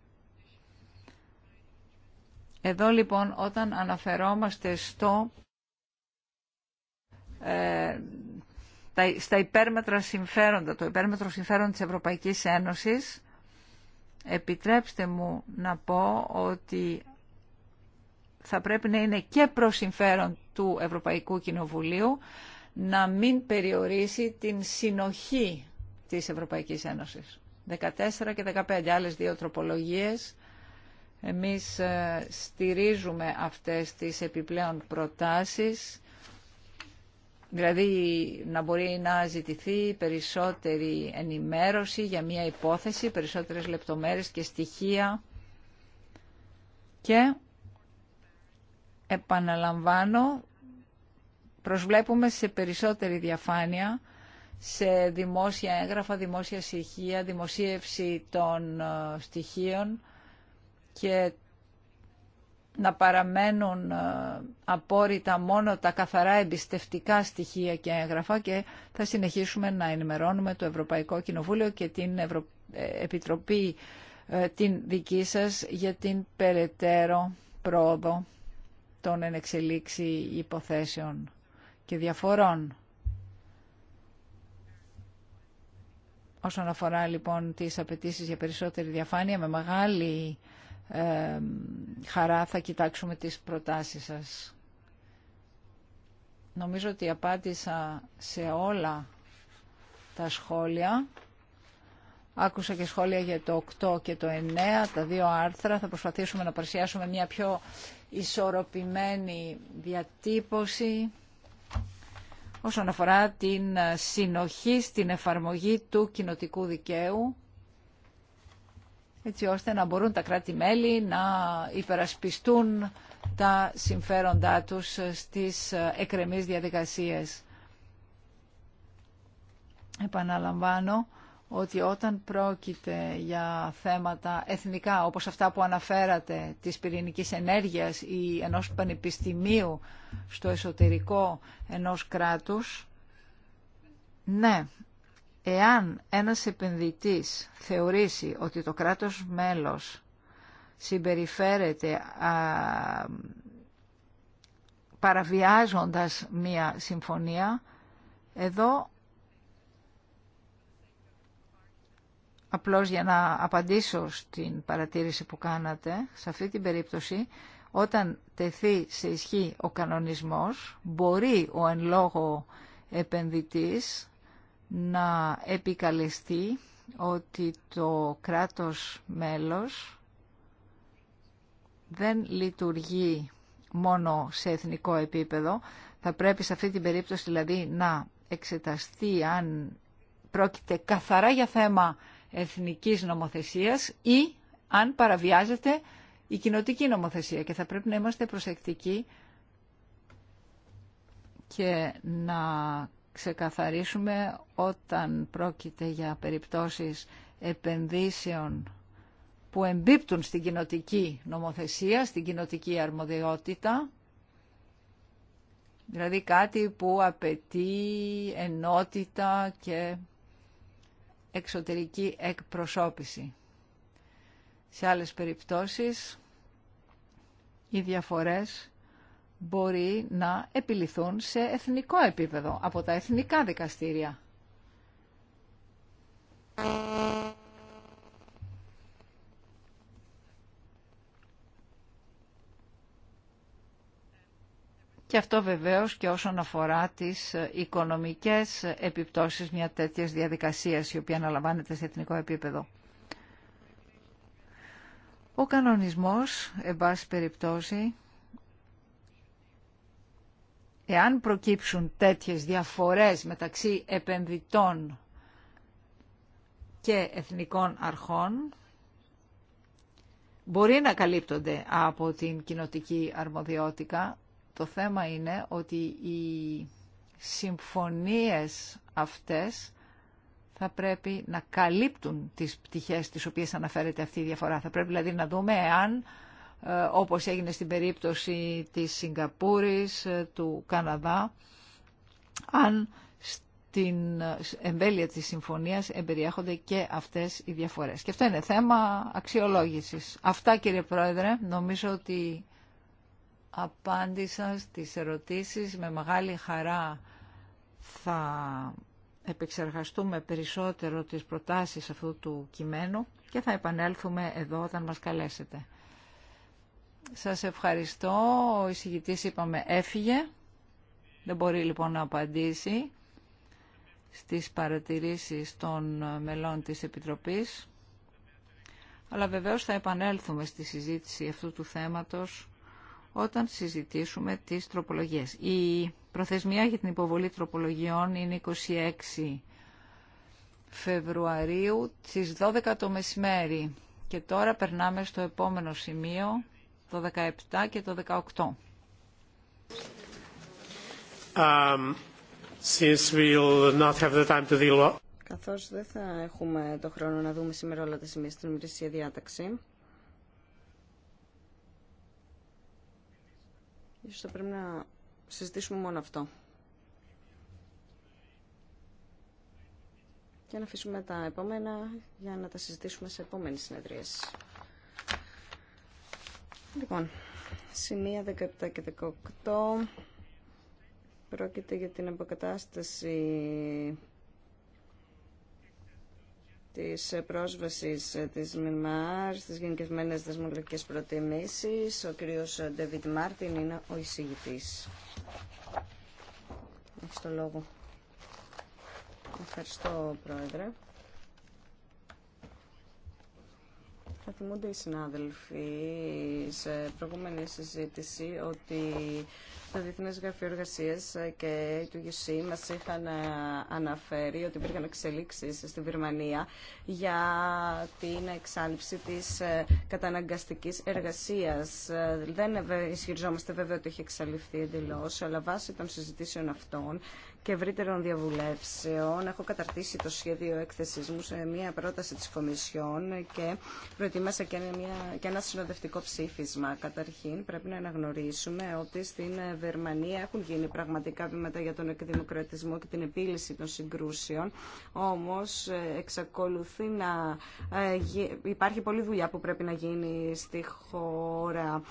Εδώ λοιπόν όταν αναφερόμαστε στο, ε, τα, στα υπέρμετρα συμφέροντα, το υπέρμετρο συμφέρον της Ευρωπαϊκής Ένωσης, επιτρέψτε μου να πω ότι θα πρέπει να είναι και προς συμφέρον του Ευρωπαϊκού Κοινοβουλίου να μην περιορίσει την συνοχή της Ευρωπαϊκής Ένωσης. 14 και 15 άλλες δύο τροπολογίες εμείς ε, στηρίζουμε αυτές τις επιπλέον προτάσεις, δηλαδή να μπορεί να ζητηθεί περισσότερη ενημέρωση για μια υπόθεση, περισσότερες λεπτομέρειες και στοιχεία και επαναλαμβάνω προσβλέπουμε σε περισσότερη διαφάνεια σε δημόσια έγγραφα, δημόσια στοιχεία, δημοσίευση των ε, στοιχείων και να παραμένουν ε, απόρριτα μόνο τα καθαρά εμπιστευτικά στοιχεία και έγγραφα και θα συνεχίσουμε να ενημερώνουμε το Ευρωπαϊκό Κοινοβούλιο και την ε, Επιτροπή ε, την δική σας για την περαιτέρω πρόοδο των ενεξελίξη υποθέσεων και διαφορών. Όσον αφορά λοιπόν τις απαιτήσεις για περισσότερη διαφάνεια, με μεγάλη χαρά θα κοιτάξουμε τις προτάσεις σας. Νομίζω ότι απάντησα σε όλα τα σχόλια. Άκουσα και σχόλια για το 8 και το 9, τα δύο άρθρα. Θα προσπαθήσουμε να παρουσιάσουμε μια πιο ισορροπημένη διατύπωση όσον αφορά την συνοχή στην εφαρμογή του κοινοτικού δικαίου έτσι ώστε να μπορούν τα κράτη-μέλη να υπερασπιστούν τα συμφέροντά τους στις ε, εκρεμείς διαδικασίες. Επαναλαμβάνω ότι όταν πρόκειται για θέματα εθνικά, όπως αυτά που αναφέρατε, της πυρηνικής ενέργειας ή ενός πανεπιστημίου στο εσωτερικό ενός κράτους, ναι, Εάν ένας επενδυτής θεωρήσει ότι το κράτος μέλος συμπεριφέρεται α, παραβιάζοντας μία συμφωνία, εδώ απλώς για να απαντήσω στην παρατήρηση που κάνατε, σε αυτή την περίπτωση, όταν τεθεί σε ισχύ ο κανονισμός, μπορεί ο εν λόγω επενδυτής να επικαλεστεί ότι το κράτος μέλος δεν λειτουργεί μόνο σε εθνικό επίπεδο. Θα πρέπει σε αυτή την περίπτωση δηλαδή να εξεταστεί αν πρόκειται καθαρά για θέμα εθνικής νομοθεσίας ή αν παραβιάζεται η κοινοτική νομοθεσία και θα πρέπει να είμαστε προσεκτικοί και να ξεκαθαρίσουμε όταν πρόκειται για περιπτώσεις επενδύσεων που εμπίπτουν στην κοινοτική νομοθεσία, στην κοινοτική αρμοδιότητα, δηλαδή κάτι που απαιτεί ενότητα και εξωτερική εκπροσώπηση. Σε άλλες περιπτώσεις, οι διαφορές μπορεί να επιληθούν σε εθνικό επίπεδο, από τα εθνικά δικαστήρια. Και αυτό βεβαίως και όσον αφορά τις ε, οικονομικές επιπτώσεις μια τέτοιας διαδικασίας η οποία αναλαμβάνεται σε εθνικό επίπεδο. Ο κανονισμός, εν πάση περιπτώσει, Εάν προκύψουν τέτοιες διαφορές μεταξύ επενδυτών και εθνικών αρχών, μπορεί να καλύπτονται από την κοινοτική αρμοδιότητα. Το θέμα είναι ότι οι συμφωνίες αυτές θα πρέπει να καλύπτουν τις πτυχές τις οποίες αναφέρεται αυτή η διαφορά. Θα πρέπει δηλαδή να δούμε εάν ε, όπως έγινε στην περίπτωση της Σιγκαπούρης, ε, του Καναδά, αν στην ε, εμβέλεια της συμφωνίας εμπεριέχονται και αυτές οι διαφορές. Και αυτό είναι θέμα αξιολόγησης. Αυτά κύριε Πρόεδρε, νομίζω ότι απάντησα στις ερωτήσεις. Με μεγάλη χαρά θα επεξεργαστούμε περισσότερο τις προτάσεις αυτού του κειμένου και θα επανέλθουμε εδώ όταν μας καλέσετε. Σας ευχαριστώ. Ο εισηγητής είπαμε έφυγε. Δεν μπορεί λοιπόν να απαντήσει στις παρατηρήσεις των μελών της Επιτροπής. Αλλά βεβαίως θα επανέλθουμε στη συζήτηση αυτού του θέματος όταν συζητήσουμε τις τροπολογίες. Η προθεσμία για την υποβολή τροπολογιών είναι 26 Φεβρουαρίου στις 12 το μεσημέρι. Και τώρα περνάμε στο επόμενο σημείο το 17 και το 18. Um, since we'll not have the time to deal... Καθώς δεν θα έχουμε το χρόνο να δούμε σήμερα όλα τα σημεία στην ημερήσια διάταξη, ίσως θα πρέπει να συζητήσουμε μόνο αυτό. Και να αφήσουμε τα επόμενα για να τα συζητήσουμε σε επόμενες συνεδρίες. Λοιπόν, σημεία 17 και 18 πρόκειται για την αποκατάσταση της πρόσβασης της ΜΜΑΡ στις γενικευμένες δεσμολογικές προτιμήσεις. Ο κύριος Ντεβιτ Μάρτιν είναι ο εισηγητής. Έχεις το λόγο. Ευχαριστώ, Πρόεδρε. θα θυμούνται οι συνάδελφοι σε προηγούμενη συζήτηση ότι το Διεθνέ Γραφείο Εργασία και του UC μα είχαν ε, αναφέρει ότι υπήρχαν εξελίξει στη Βερμανία για την εξάλληψη τη ε, καταναγκαστική εργασία. Ε, δεν ισχυριζόμαστε βέβαια ότι έχει εξαλειφθεί εντελώ, αλλά βάσει των συζητήσεων αυτών και ευρύτερων διαβουλεύσεων. Έχω καταρτήσει το σχέδιο έκθεση μου σε μια πρόταση τη Κομισιόν και προετοίμασα και, μια, ένα συνοδευτικό ψήφισμα. Καταρχήν πρέπει να αναγνωρίσουμε ότι στην Βερμανία έχουν γίνει πραγματικά βήματα για τον εκδημοκρατισμό και την επίλυση των συγκρούσεων. Όμω εξακολουθεί να ε, υπάρχει πολλή δουλειά που πρέπει να γίνει στη χώρα.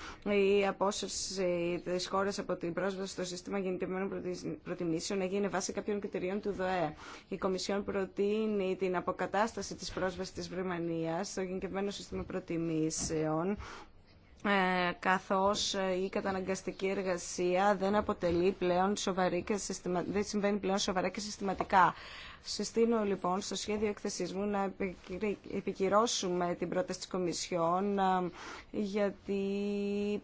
Η απόσυρση της χώρας από την πρόσβαση στο σύστημα γεννητημένων προτιμήσεων έγινε είναι βάσει κάποιων κριτηρίων του ΔΟΕ. Η Κομισιόν προτείνει την αποκατάσταση της πρόσβασης της Βρυμανίας στο γενικευμένο σύστημα προτιμήσεων ε, καθώς η καταναγκαστική εργασία δεν αποτελεί πλέον σοβαρή και συστημα... δεν συμβαίνει πλέον σοβαρά και συστηματικά. Συστήνω λοιπόν στο σχέδιο εκθεσίσμου μου να επικυρώσουμε την πρόταση της Κομισιόν γιατί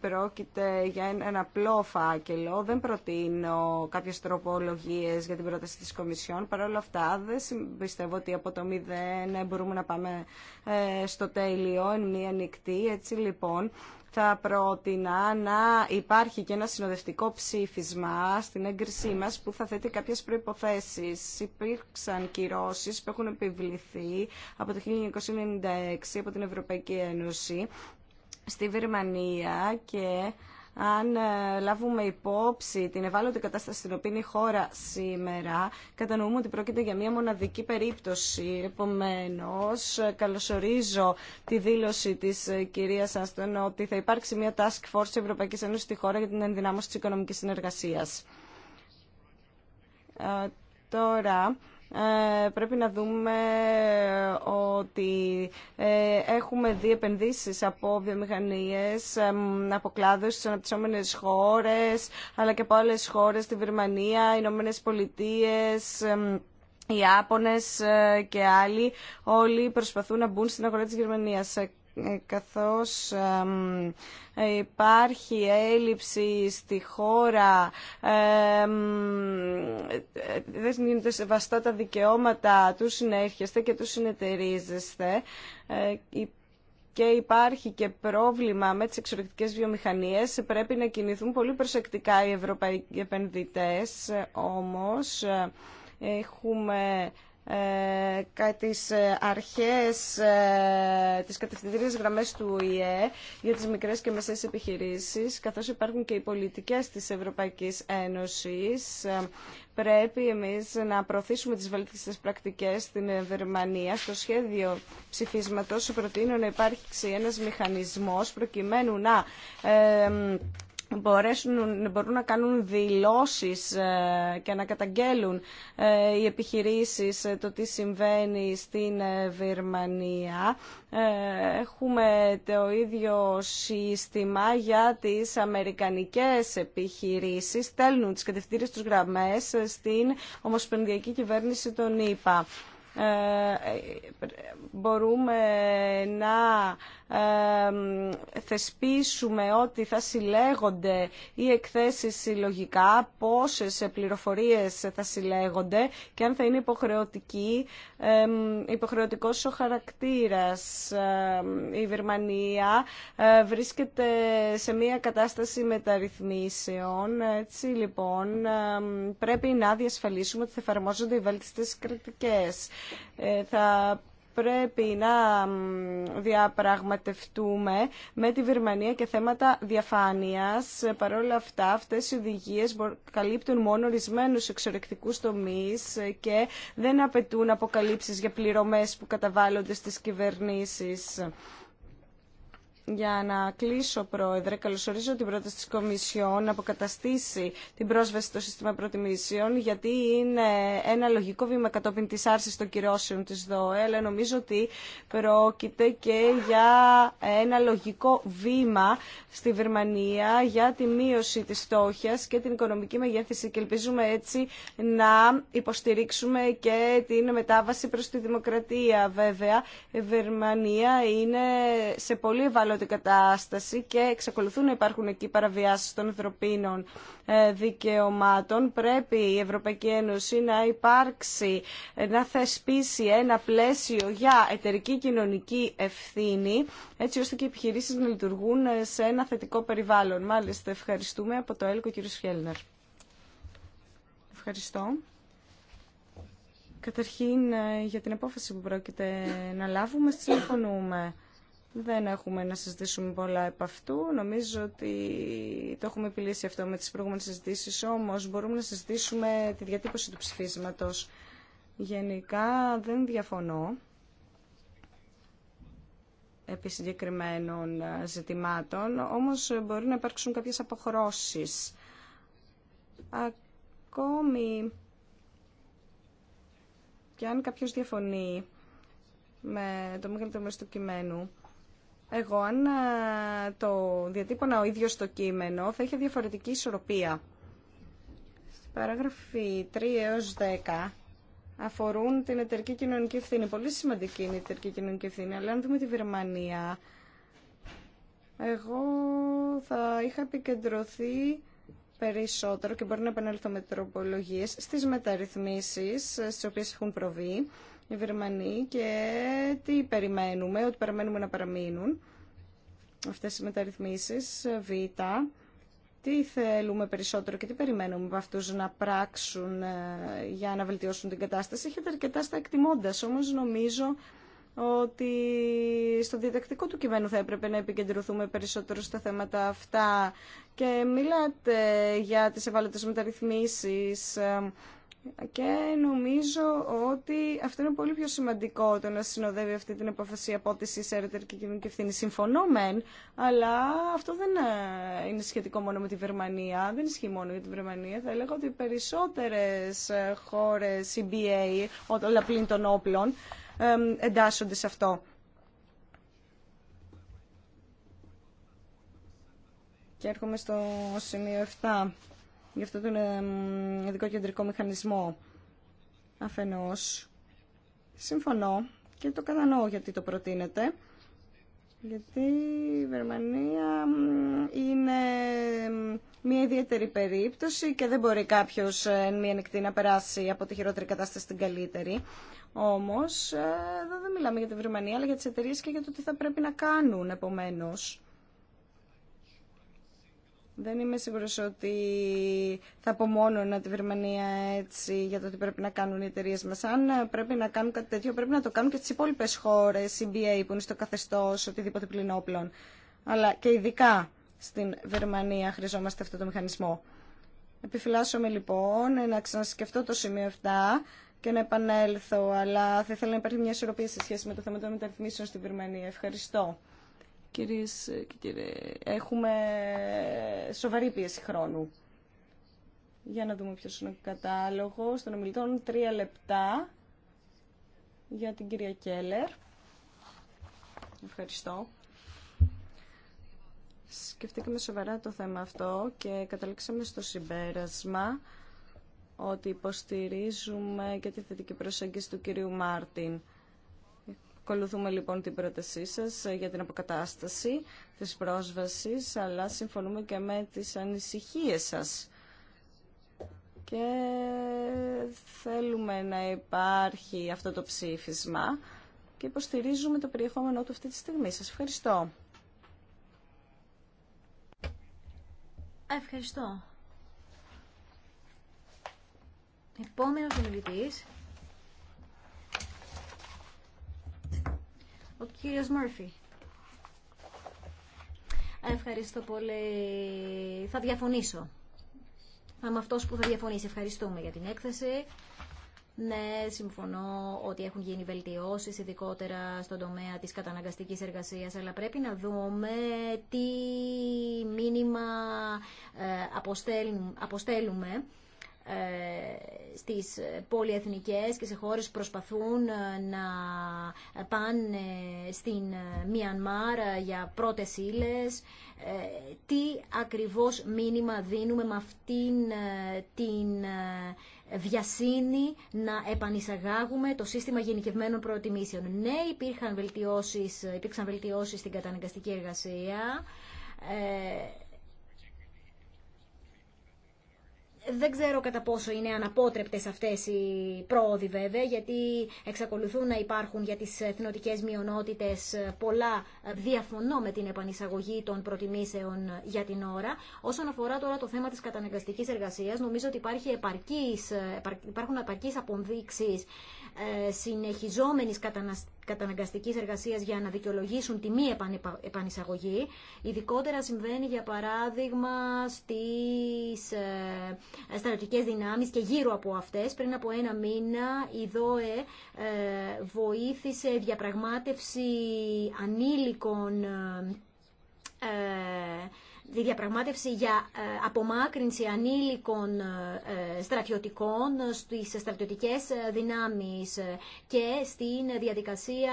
πρόκειται για ένα απλό φάκελο. Δεν προτείνω κάποιε τροπολογίε για την πρόταση της Κομισιόν. Παρ' όλα αυτά δεν πιστεύω ότι από το μηδέν μπορούμε να πάμε ε, στο τέλειο εν μία νυχτή. Έτσι λοιπόν θα πρότεινα να υπάρχει και ένα συνοδευτικό ψήφισμα στην έγκρισή μας που θα θέτει κάποιες προϋποθέσεις. Υπήρξε σαν κυρώσει που έχουν επιβληθεί από το 1996 από την Ευρωπαϊκή Ένωση στη Βερμανία και αν ε, λάβουμε υπόψη την ευάλωτη κατάσταση στην οποία είναι η χώρα σήμερα, κατανοούμε ότι πρόκειται για μια μοναδική περίπτωση. Επομένω, καλωσορίζω τη δήλωση τη ε, κυρία Άστον ότι θα υπάρξει μια task force τη Ευρωπαϊκή Ένωση στη χώρα για την ενδυνάμωση τη οικονομική συνεργασία. Ε, τώρα, ε, πρέπει να δούμε ε, ότι ε, έχουμε δει επενδύσεις από βιομηχανίες, από κλάδους στις αναπτυσσόμενες χώρες, αλλά και από άλλες χώρες, τη Βερμανία, οι Ηνωμένε Πολιτείες, οι Άπωνες και άλλοι όλοι προσπαθούν να μπουν στην αγορά της Γερμανίας. Ε, καθώς υπάρχει έλλειψη στη χώρα, ε, δεν γίνονται σεβαστά τα δικαιώματα του συνέρχεστε και του συνεταιρίζεστε ε, και υπάρχει και πρόβλημα με τις εξωτερικές βιομηχανίες, πρέπει να κινηθούν πολύ προσεκτικά οι ευρωπαϊκοί επενδυτές, όμως έχουμε ε, τις ε, αρχές, ε, τις κατευθυντήριες γραμμές του ΟΗΕ για τις μικρές και μεσαίες επιχειρήσεις, καθώς υπάρχουν και οι πολιτικές της Ευρωπαϊκής Ένωσης. Πρέπει εμείς να προωθήσουμε τις βελτιστές πρακτικές στην Βερμανία. Στο σχέδιο ψηφίσματος προτείνω να υπάρξει ένας μηχανισμός προκειμένου να μπορούν να κάνουν δηλώσεις ε, και να καταγγέλουν ε, οι επιχειρήσεις ε, το τι συμβαίνει στην Βερμανία. Έχουμε το ίδιο σύστημα για τις αμερικανικές επιχειρήσεις. Στέλνουν τις κατευθύνσεις τους γραμμές στην Ομοσπονδιακή Κυβέρνηση των ΗΠΑ. μπορούμε να θεσπίσουμε ότι θα συλλέγονται οι εκθέσεις συλλογικά, πόσες πληροφορίες θα συλλέγονται και αν θα είναι υποχρεωτική, υποχρεωτικός ο χαρακτήρας. Η Βερμανία ε, βρίσκεται σε μια κατάσταση μεταρρυθμίσεων. Έτσι λοιπόν πρέπει να διασφαλίσουμε ότι θα εφαρμόζονται οι βέλτιστες κριτικές. Ε, θα πρέπει να διαπραγματευτούμε με τη Βερμανία και θέματα διαφάνειας. Παρ' όλα αυτά, αυτές οι οδηγίες καλύπτουν μόνο ορισμένου εξορεκτικούς τομείς και δεν απαιτούν αποκαλύψεις για πληρωμές που καταβάλλονται στις κυβερνήσεις. Για να κλείσω, Πρόεδρε, καλωσορίζω την πρόταση της Κομισιόν να αποκαταστήσει την πρόσβαση στο σύστημα προτιμήσεων, γιατί είναι ένα λογικό βήμα κατόπιν της άρσης των κυρώσεων της ΔΟΕ, αλλά νομίζω ότι πρόκειται και για ένα λογικό βήμα στη Βερμανία για τη μείωση της φτώχειας και την οικονομική μεγέθυνση και ελπίζουμε έτσι να υποστηρίξουμε και την μετάβαση προς τη δημοκρατία. Βέβαια, η Βερμανία είναι σε πολύ ευάλωτη την κατάσταση και εξακολουθούν να υπάρχουν εκεί παραβιάσεις των ανθρωπίνων ε, δικαιωμάτων. Πρέπει η Ευρωπαϊκή Ένωση να υπάρξει, ε, να θεσπίσει ένα πλαίσιο για εταιρική κοινωνική ευθύνη, έτσι ώστε και οι επιχειρήσεις να λειτουργούν ε, σε ένα θετικό περιβάλλον. Μάλιστα, ευχαριστούμε από το ΕΛΚΟ, κ. Φιέλνερ. Ευχαριστώ. Καταρχήν για την απόφαση που πρόκειται να λάβουμε, συμφωνούμε. Δεν έχουμε να συζητήσουμε πολλά επ' αυτού. Νομίζω ότι το έχουμε επιλύσει αυτό με τις προηγούμενες συζητήσεις, όμως μπορούμε να συζητήσουμε τη διατύπωση του ψηφίσματος. Γενικά δεν διαφωνώ επί συγκεκριμένων ε, ζητημάτων, όμως μπορεί να υπάρξουν κάποιες αποχρώσεις. Ακόμη και αν κάποιος διαφωνεί με το μεγαλύτερο μέρος του κειμένου, εγώ αν ε, το διατύπωνα ο ίδιος το κείμενο θα είχε διαφορετική ισορροπία. Στην παράγραφη 3 έως 10 αφορούν την εταιρική κοινωνική ευθύνη. Πολύ σημαντική είναι η εταιρική κοινωνική ευθύνη, αλλά αν δούμε τη Βερμανία, εγώ θα είχα επικεντρωθεί περισσότερο και μπορεί να επανέλθω με τροπολογίες στις μεταρρυθμίσεις ε, στις οποίες έχουν προβεί οι Βερμανοί και τι περιμένουμε, ότι περιμένουμε να παραμείνουν αυτές οι μεταρρυθμίσεις Β. Τι θέλουμε περισσότερο και τι περιμένουμε από αυτούς να πράξουν ε, για να βελτιώσουν την κατάσταση. Έχετε αρκετά στα εκτιμώντας, όμως νομίζω ότι στο διδακτικό του κειμένου θα έπρεπε να επικεντρωθούμε περισσότερο στα θέματα αυτά και μιλάτε για τις ευάλωτες μεταρρυθμίσεις ε, και νομίζω ότι αυτό είναι πολύ πιο σημαντικό το να συνοδεύει αυτή την αποφασία από τη έρετε και κοινωνική ευθύνη. Συμφωνώ μεν, αλλά αυτό δεν ε, είναι σχετικό μόνο με τη Βερμανία. Δεν ισχύει μόνο για τη Βερμανία. Θα έλεγα ότι περισσότερες ε, χώρες CBA, όλα πλήν των όπλων, εντάσσονται σε αυτό. Και έρχομαι στο σημείο 7 γι' αυτό τον ειδικό κεντρικό μηχανισμό. Αφενός, συμφωνώ και το κατανοώ γιατί το προτείνεται. Γιατί η Βερμανία είναι μια ιδιαίτερη περίπτωση και δεν μπορεί κάποιος ε, εν μία νυχτή να περάσει από τη χειρότερη κατάσταση στην καλύτερη. Όμως, ε, εδώ δεν μιλάμε για τη Βερμανία, αλλά για τις εταιρείε και για το τι θα πρέπει να κάνουν επομένως. Δεν είμαι σίγουρος ότι θα απομόνωνα τη Βερμανία έτσι για το τι πρέπει να κάνουν οι εταιρείε μας. Αν πρέπει να κάνουν κάτι τέτοιο, πρέπει να το κάνουν και τις υπόλοιπε χώρες, η BA που είναι στο καθεστώς, οτιδήποτε πλήν όπλων. Αλλά και ειδικά στην Βερμανία χρειαζόμαστε αυτό το μηχανισμό. Επιφυλάσσομαι λοιπόν να ξανασκεφτώ το σημείο 7 και να επανέλθω, αλλά θα ήθελα να υπάρχει μια ισορροπία σε σχέση με το θέμα των μεταρρυθμίσεων στη Βερμανία. Ευχαριστώ. Κυρίες και κύριοι, έχουμε σοβαρή πίεση χρόνου. Για να δούμε ποιος είναι ο κατάλογος των ομιλητών. Τρία λεπτά για την κυρία Κέλλερ. Ευχαριστώ. Σκεφτήκαμε σοβαρά το θέμα αυτό και καταλήξαμε στο συμπέρασμα ότι υποστηρίζουμε και τη θετική προσέγγιση του κυρίου Μάρτιν. Ακολουθούμε λοιπόν την πρότασή σας ε, για την αποκατάσταση της πρόσβασης, αλλά συμφωνούμε και με τις ανησυχίες σας. Και θέλουμε να υπάρχει αυτό το ψήφισμα και υποστηρίζουμε το περιεχόμενό του αυτή τη στιγμή. Σας ευχαριστώ. Ευχαριστώ. Επόμενος ομιλητής Ο κύριος Μόρφη. Ευχαριστώ πολύ. Θα διαφωνήσω. Θα είμαι αυτός που θα διαφωνήσει. Ευχαριστούμε για την έκθεση. Ναι, συμφωνώ ότι έχουν γίνει βελτιώσεις, ειδικότερα στον τομέα της καταναγκαστικής εργασίας, αλλά πρέπει να δούμε τι μήνυμα ε, αποστέλουμε ε, στις πολυεθνικές και σε χώρες που προσπαθούν ε, να πάνε στην ε, Μιανμάρ για πρώτες ύλες. Τι ακριβώς μήνυμα δίνουμε με αυτήν την βιασύνη να επανεισαγάγουμε το σύστημα γενικευμένων προτιμήσεων. Ναι, υπήρχαν βελτιώσεις, υπήρξαν βελτιώσεις στην καταναγκαστική εργασία δεν ξέρω κατά πόσο είναι αναπότρεπτες αυτές οι πρόοδοι βέβαια, γιατί εξακολουθούν να υπάρχουν για τις εθνοτικές μειονότητες πολλά διαφωνώ με την επανεισαγωγή των προτιμήσεων για την ώρα. Όσον αφορά τώρα το θέμα της καταναγκαστικής εργασίας, νομίζω ότι υπάρχει επαρκής, υπάρχουν επαρκείς αποδείξεις ε, συνεχιζόμενης καταναγκαστικής εργασίας για να δικαιολογήσουν τη μη επανεισαγωγή. Ειδικότερα συμβαίνει για παράδειγμα στις ε, στρατιωτικές δυνάμεις και γύρω από αυτές. Πριν από ένα μήνα η ΔΟΕ ε, βοήθησε διαπραγμάτευση ανήλικων ε, τη διαπραγμάτευση για ε, απομάκρυνση ανήλικων ε, ε, στρατιωτικών στις στρατιωτικές δυνάμεις και στην διαδικασία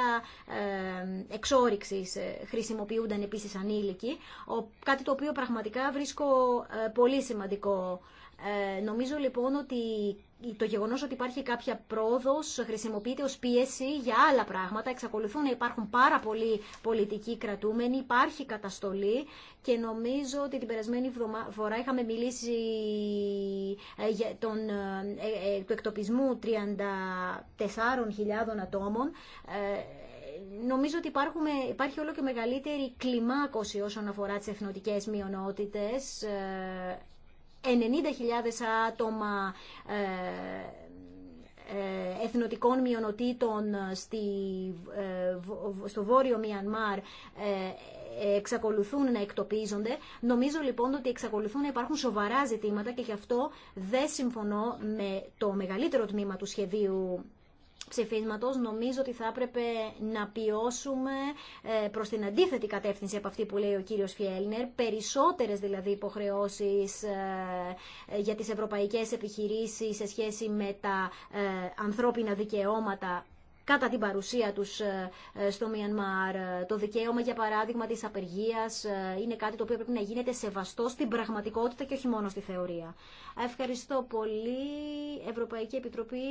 εξόριξης χρησιμοποιούνταν επίσης ανήλικοι, κάτι το οποίο πραγματικά βρίσκω πολύ σημαντικό. Ε, νομίζω λοιπόν ότι το γεγονός ότι υπάρχει κάποια πρόοδος χρησιμοποιείται ως πίεση για άλλα πράγματα. Εξακολουθούν να υπάρχουν πάρα πολλοί πολιτικοί κρατούμενοι, υπάρχει καταστολή και νομίζω ότι την περασμένη φορά είχαμε μιλήσει ε, για τον, ε, ε, του εκτοπισμού 34.000 ατόμων. Νομίζω ότι υπάρχουμε, υπάρχει όλο και μεγαλύτερη κλιμάκωση όσον αφορά τις εθνοτικές μειονότητες 90.000 άτομα ε, ε, εθνοτικών μειονοτήτων στη, ε, στο βόρειο Μιανμάρ εξακολουθούν να εκτοπίζονται. Νομίζω λοιπόν ότι εξακολουθούν να υπάρχουν σοβαρά ζητήματα και γι' αυτό δεν συμφωνώ με το μεγαλύτερο τμήμα του σχεδίου ψηφίσματος νομίζω ότι θα έπρεπε να πιώσουμε ε, προς την αντίθετη κατεύθυνση από αυτή που λέει ο κύριος Φιέλνερ, περισσότερες δηλαδή υποχρεώσεις ε, ε, για τις ευρωπαϊκές επιχειρήσεις σε σχέση με τα ανθρώπινα δικαιώματα κατά την παρουσία τους ε, ε, στο Μιανμάρ. Το δικαίωμα, για παράδειγμα, της απεργίας ε, είναι κάτι το οποίο πρέπει να γίνεται σεβαστό στην πραγματικότητα και όχι μόνο στη θεωρία. Ευχαριστώ πολύ, Ευρωπαϊκή Επιτροπή,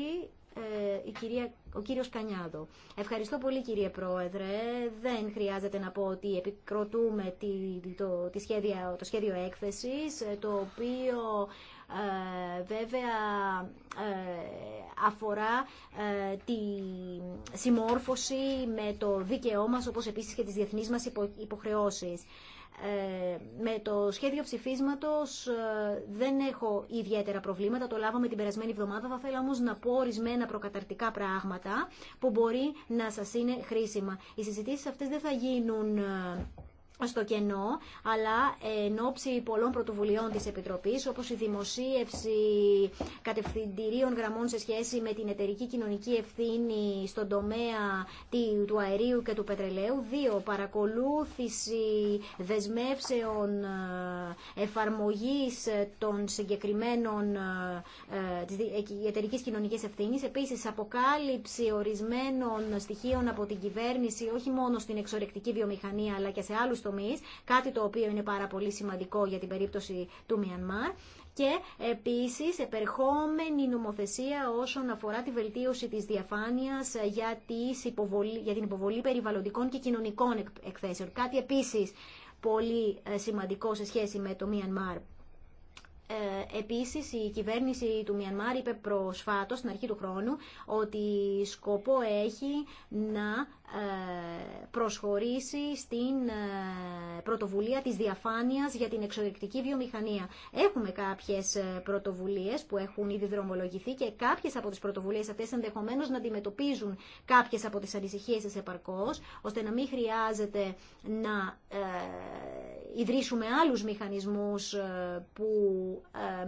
η κυρία, ο κύριος Κανιάδο. Ευχαριστώ πολύ, κύριε Πρόεδρε. Δεν χρειάζεται να πω ότι επικροτούμε το, το σχέδιο έκθεσης, το οποίο ε, βέβαια ε, αφορά ε, τη συμμόρφωση με το δίκαιό μας, όπως επίσης και τις διεθνείς μας υποχρεώσεις. με το σχέδιο ψηφίσματος δεν έχω ιδιαίτερα προβλήματα, το λάβαμε την περασμένη εβδομάδα, θα θέλω όμως να πω ορισμένα προκαταρτικά πράγματα που μπορεί να σας είναι χρήσιμα. Οι συζητήσεις αυτές δεν θα γίνουν στο κενό, αλλά εν ώψη πολλών πρωτοβουλειών της Επιτροπής, όπως η δημοσίευση κατευθυντηρίων γραμμών σε σχέση με την εταιρική κοινωνική ευθύνη στον τομέα του αερίου και του πετρελαίου, δύο, παρακολούθηση δεσμεύσεων ε, εφαρμογής των συγκεκριμένων ε, της ε, εταιρικής κοινωνικής ευθύνης, επίσης αποκάλυψη ορισμένων στοιχείων από την κυβέρνηση, όχι μόνο στην εξορεκτική βιομηχανία, αλλά και σε άλλους κάτι το οποίο είναι πάρα πολύ σημαντικό για την περίπτωση του Μιανμάρ και επίσης επερχόμενη νομοθεσία όσον αφορά τη βελτίωση της διαφάνειας για, για την υποβολή περιβαλλοντικών και κοινωνικών εκθέσεων. Κάτι επίσης πολύ ε, σημαντικό σε σχέση με το Μιανμάρ. Ε, επίσης, η κυβέρνηση του Μιανμάρ είπε προσφάτως στην αρχή του χρόνου ότι σκοπό έχει να ε, προσχωρήσει στην ε, πρωτοβουλία της διαφάνειας για την εξωτερική βιομηχανία. Έχουμε κάποιες ε, πρωτοβουλίες που έχουν ήδη δρομολογηθεί και κάποιες από τις πρωτοβουλίες αυτές ενδεχομένως να αντιμετωπίζουν κάποιες από τις ανησυχίες της επαρκώς, ώστε να μην χρειάζεται να ιδρύσουμε άλλους μηχανισμούς που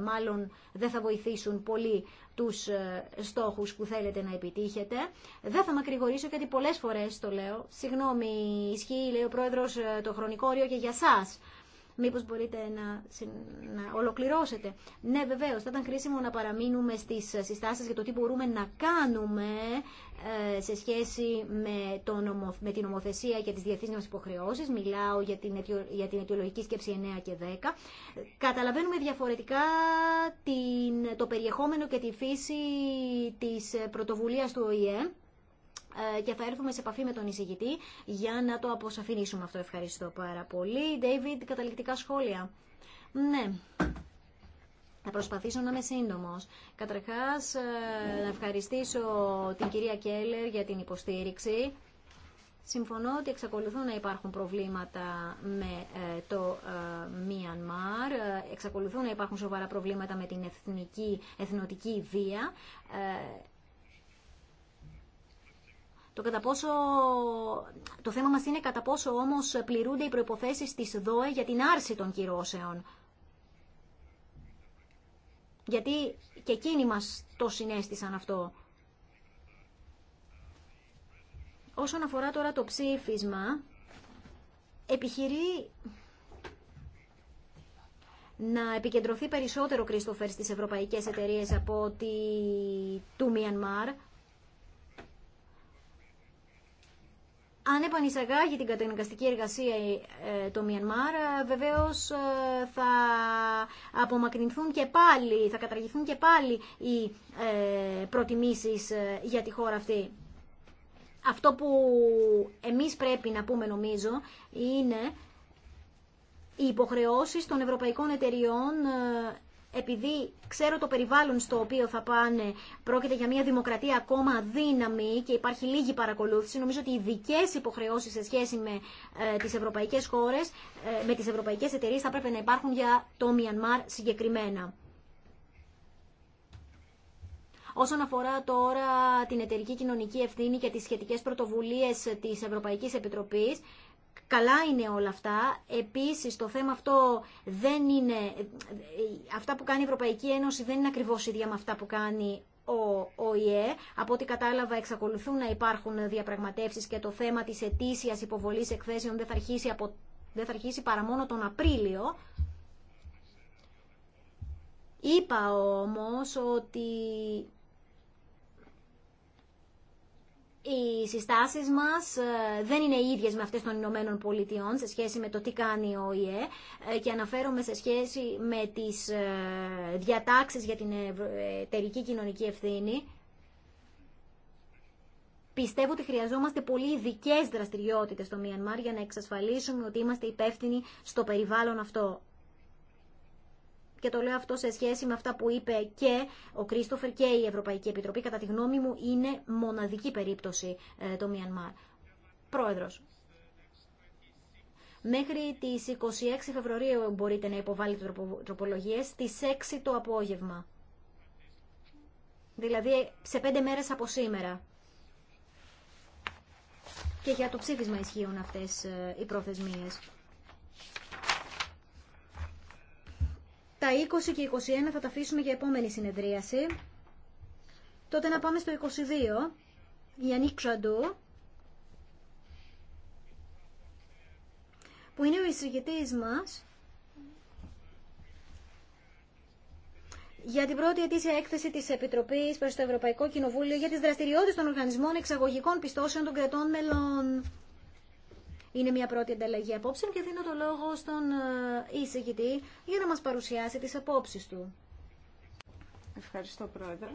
μάλλον δεν θα βοηθήσουν πολύ τους ε, στόχους που θέλετε να επιτύχετε. Δεν θα μακρηγορήσω γιατί πολλές φορές το λέω. Συγγνώμη, ισχύει, λέει ο Πρόεδρος, ε, το χρονικό όριο και για σας. Μήπως μπορείτε να, να ολοκληρώσετε. Ναι, βεβαίως, θα ήταν χρήσιμο να παραμείνουμε στις συστάσεις για το τι μπορούμε να κάνουμε ε, σε σχέση με, το με την ομοθεσία και τις διεθνείς υποχρεώσεις. Μιλάω για την, για την αιτιολογική σκέψη 9 και 10. Καταλαβαίνουμε διαφορετικά την, το περιεχόμενο και τη φύση της πρωτοβουλίας του ΟΗΕ ε, και θα έρθουμε σε επαφή με τον εισηγητή για να το αποσαφηνίσουμε αυτό. Ευχαριστώ πάρα πολύ. David, καταληκτικά σχόλια. Ναι. Θα προσπαθήσω να είμαι σύντομο. Καταρχά, ε, να ευχαριστήσω την κυρία Κέλλερ για την υποστήριξη. Συμφωνώ ότι εξακολουθούν να υπάρχουν προβλήματα με ε, το Μιανμάρ, εξακολουθούν να υπάρχουν σοβαρά προβλήματα με την εθνική, εθνοτική βία. Το, κατά το θέμα μας είναι κατά πόσο όμως πληρούνται οι προϋποθέσεις της ΔΟΕ για την άρση των κυρώσεων. Γιατί και εκείνοι μας το συνέστησαν αυτό. Όσον αφορά τώρα το ψήφισμα, επιχειρεί να επικεντρωθεί περισσότερο, Κρίστοφερ, στις ευρωπαϊκές εταιρείες από τη... του Μιανμάρ. αν επανεισαγάγει την εργασία ε, το Μιανμάρ, ε, βεβαίως ε, θα απομακρυνθούν και πάλι, θα καταργηθούν και πάλι οι προτιμήσεις για τη χώρα αυτή. Αυτό που εμείς πρέπει να πούμε νομίζω είναι οι υποχρεώσεις των ευρωπαϊκών εταιριών επειδή ξέρω το περιβάλλον στο οποίο θα πάνε, πρόκειται για μια δημοκρατία ακόμα δύναμη και υπάρχει λίγη παρακολούθηση, νομίζω ότι οι ειδικέ υποχρεώσει σε σχέση με ε, τι ευρωπαϊκέ χώρε, ε, με τι ευρωπαϊκέ εταιρείε, θα πρέπει να υπάρχουν για το Μιανμάρ συγκεκριμένα. Όσον αφορά τώρα την εταιρική κοινωνική ευθύνη και τις σχετικές πρωτοβουλίες της Ευρωπαϊκής Επιτροπής, Καλά είναι όλα αυτά. Επίσης το θέμα αυτό δεν είναι... Αυτά που κάνει η Ευρωπαϊκή Ένωση δεν είναι ακριβώς ίδια με αυτά που κάνει ο ΟΗΕ. Από ό,τι κατάλαβα εξακολουθούν να υπάρχουν διαπραγματεύσεις και το θέμα της ετήσιας υποβολής εκθέσεων δεν θα αρχίσει, από... δεν θα αρχίσει παρά μόνο τον Απρίλιο. Είπα όμως ότι οι συστάσεις μας ε, δεν είναι ίδιες με αυτές των Ηνωμένων Πολιτειών σε σχέση με το τι κάνει ο ΙΕ ε, και αναφέρομαι σε σχέση με τις ε, διατάξεις για την εταιρική κοινωνική ευθύνη. Πιστεύω ότι χρειαζόμαστε πολύ ειδικέ δραστηριότητε στο Μιανμάρ για να εξασφαλίσουμε ότι είμαστε υπεύθυνοι στο περιβάλλον αυτό και το λέω αυτό σε σχέση με αυτά που είπε και ο Κρίστοφερ και η Ευρωπαϊκή Επιτροπή, κατά τη γνώμη μου είναι μοναδική περίπτωση ε, το Μιανμάρ. Πρόεδρος, μέχρι τις 26 Φεβρουαρίου μπορείτε να υποβάλλετε τροπολογίες, στι 6 το απόγευμα. Δηλαδή σε 5 μέρες από σήμερα. Και για το ψήφισμα ισχύουν αυτές ε, οι προθεσμίες. Τα 20 και 21 θα τα αφήσουμε για επόμενη συνεδρίαση. Τότε να πάμε στο 22. Γιάννη Ξαντού. Που είναι ο εισηγητής μας. για την πρώτη ετήσια έκθεση της Επιτροπής προς το Ευρωπαϊκό Κοινοβούλιο για τις δραστηριότητες των οργανισμών εξαγωγικών πιστώσεων των κρατών μελών. Είναι μια πρώτη ανταλλαγή απόψεων και δίνω το λόγο στον ε, εισηγητή για να μας παρουσιάσει τις απόψεις του. Ευχαριστώ Πρόεδρε.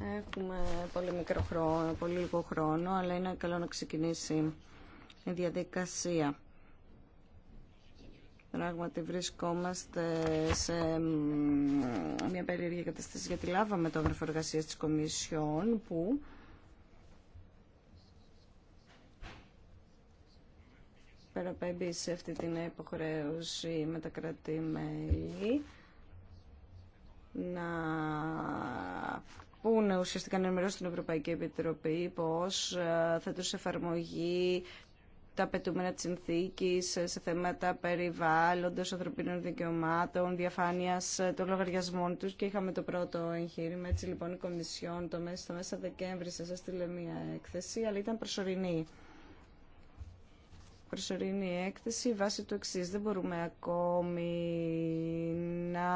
Έχουμε πολύ μικρό χρόνο, πολύ λίγο χρόνο, αλλά είναι καλό να ξεκινήσει η διαδικασία. Πράγματι βρισκόμαστε σε μια περίεργη κατάσταση γιατί λάβαμε το έγγραφο εργασία της Κομισιόν που παραπέμπει σε αυτή την υποχρέωση με τα κρατή-μέλη να πούνε ουσιαστικά να ενημερώσουν την Ευρωπαϊκή Επιτροπή πώς ε, θα τους εφαρμογεί τα απαιτούμενα τη συνθήκη σε θέματα περιβάλλοντος, ανθρωπίνων δικαιωμάτων, διαφάνειας ε, των λογαριασμών τους και είχαμε το πρώτο εγχείρημα. Έτσι λοιπόν η Κομισιόν το μέσα, μέσα Δεκέμβρη σας έστειλε μια έκθεση, αλλά ήταν προσωρινή προσωρινή έκθεση βάσει του εξή. Δεν μπορούμε ακόμη να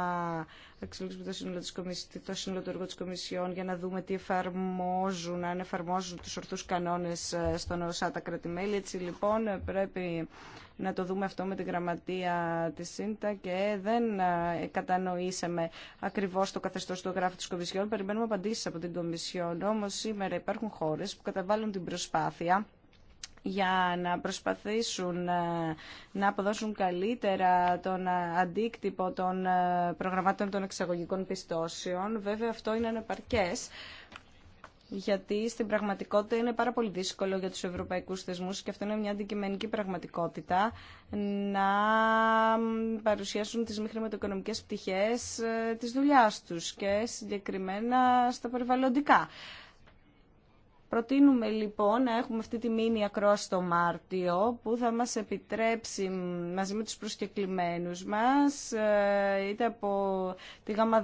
αξιολογήσουμε το σύνολο, της κομισι... το σύνολο του έργου τη Κομισιόν για να δούμε τι εφαρμόζουν, αν εφαρμόζουν του ορθού κανόνε ε, στον ΟΣΑ τα κρατημέλη. Έτσι λοιπόν πρέπει να το δούμε αυτό με την γραμματεία τη ΣΥΝΤΑ και δεν ε, κατανοήσαμε ακριβώ το καθεστώ του εγγράφου τη Κομισιόν. Περιμένουμε απαντήσει από την Κομισιόν. Όμω, σήμερα υπάρχουν χώρε που καταβάλουν την προσπάθεια για να προσπαθήσουν ε, να αποδώσουν καλύτερα τον ε, αντίκτυπο των ε, προγραμμάτων των εξαγωγικών πιστώσεων. Βέβαια αυτό είναι ανεπαρκές γιατί στην πραγματικότητα είναι πάρα πολύ δύσκολο για τους ευρωπαϊκούς θεσμούς και αυτό είναι μια αντικειμενική πραγματικότητα να παρουσιάσουν τις μη χρηματοοικονομικές πτυχές της δουλειάς τους και συγκεκριμένα στα περιβαλλοντικά. Προτείνουμε λοιπόν να έχουμε αυτή τη μήνυα ακρόαση το Μάρτιο που θα μας επιτρέψει μαζί με τους προσκεκλημένους μας ε, είτε από τη ΓΑΜΑ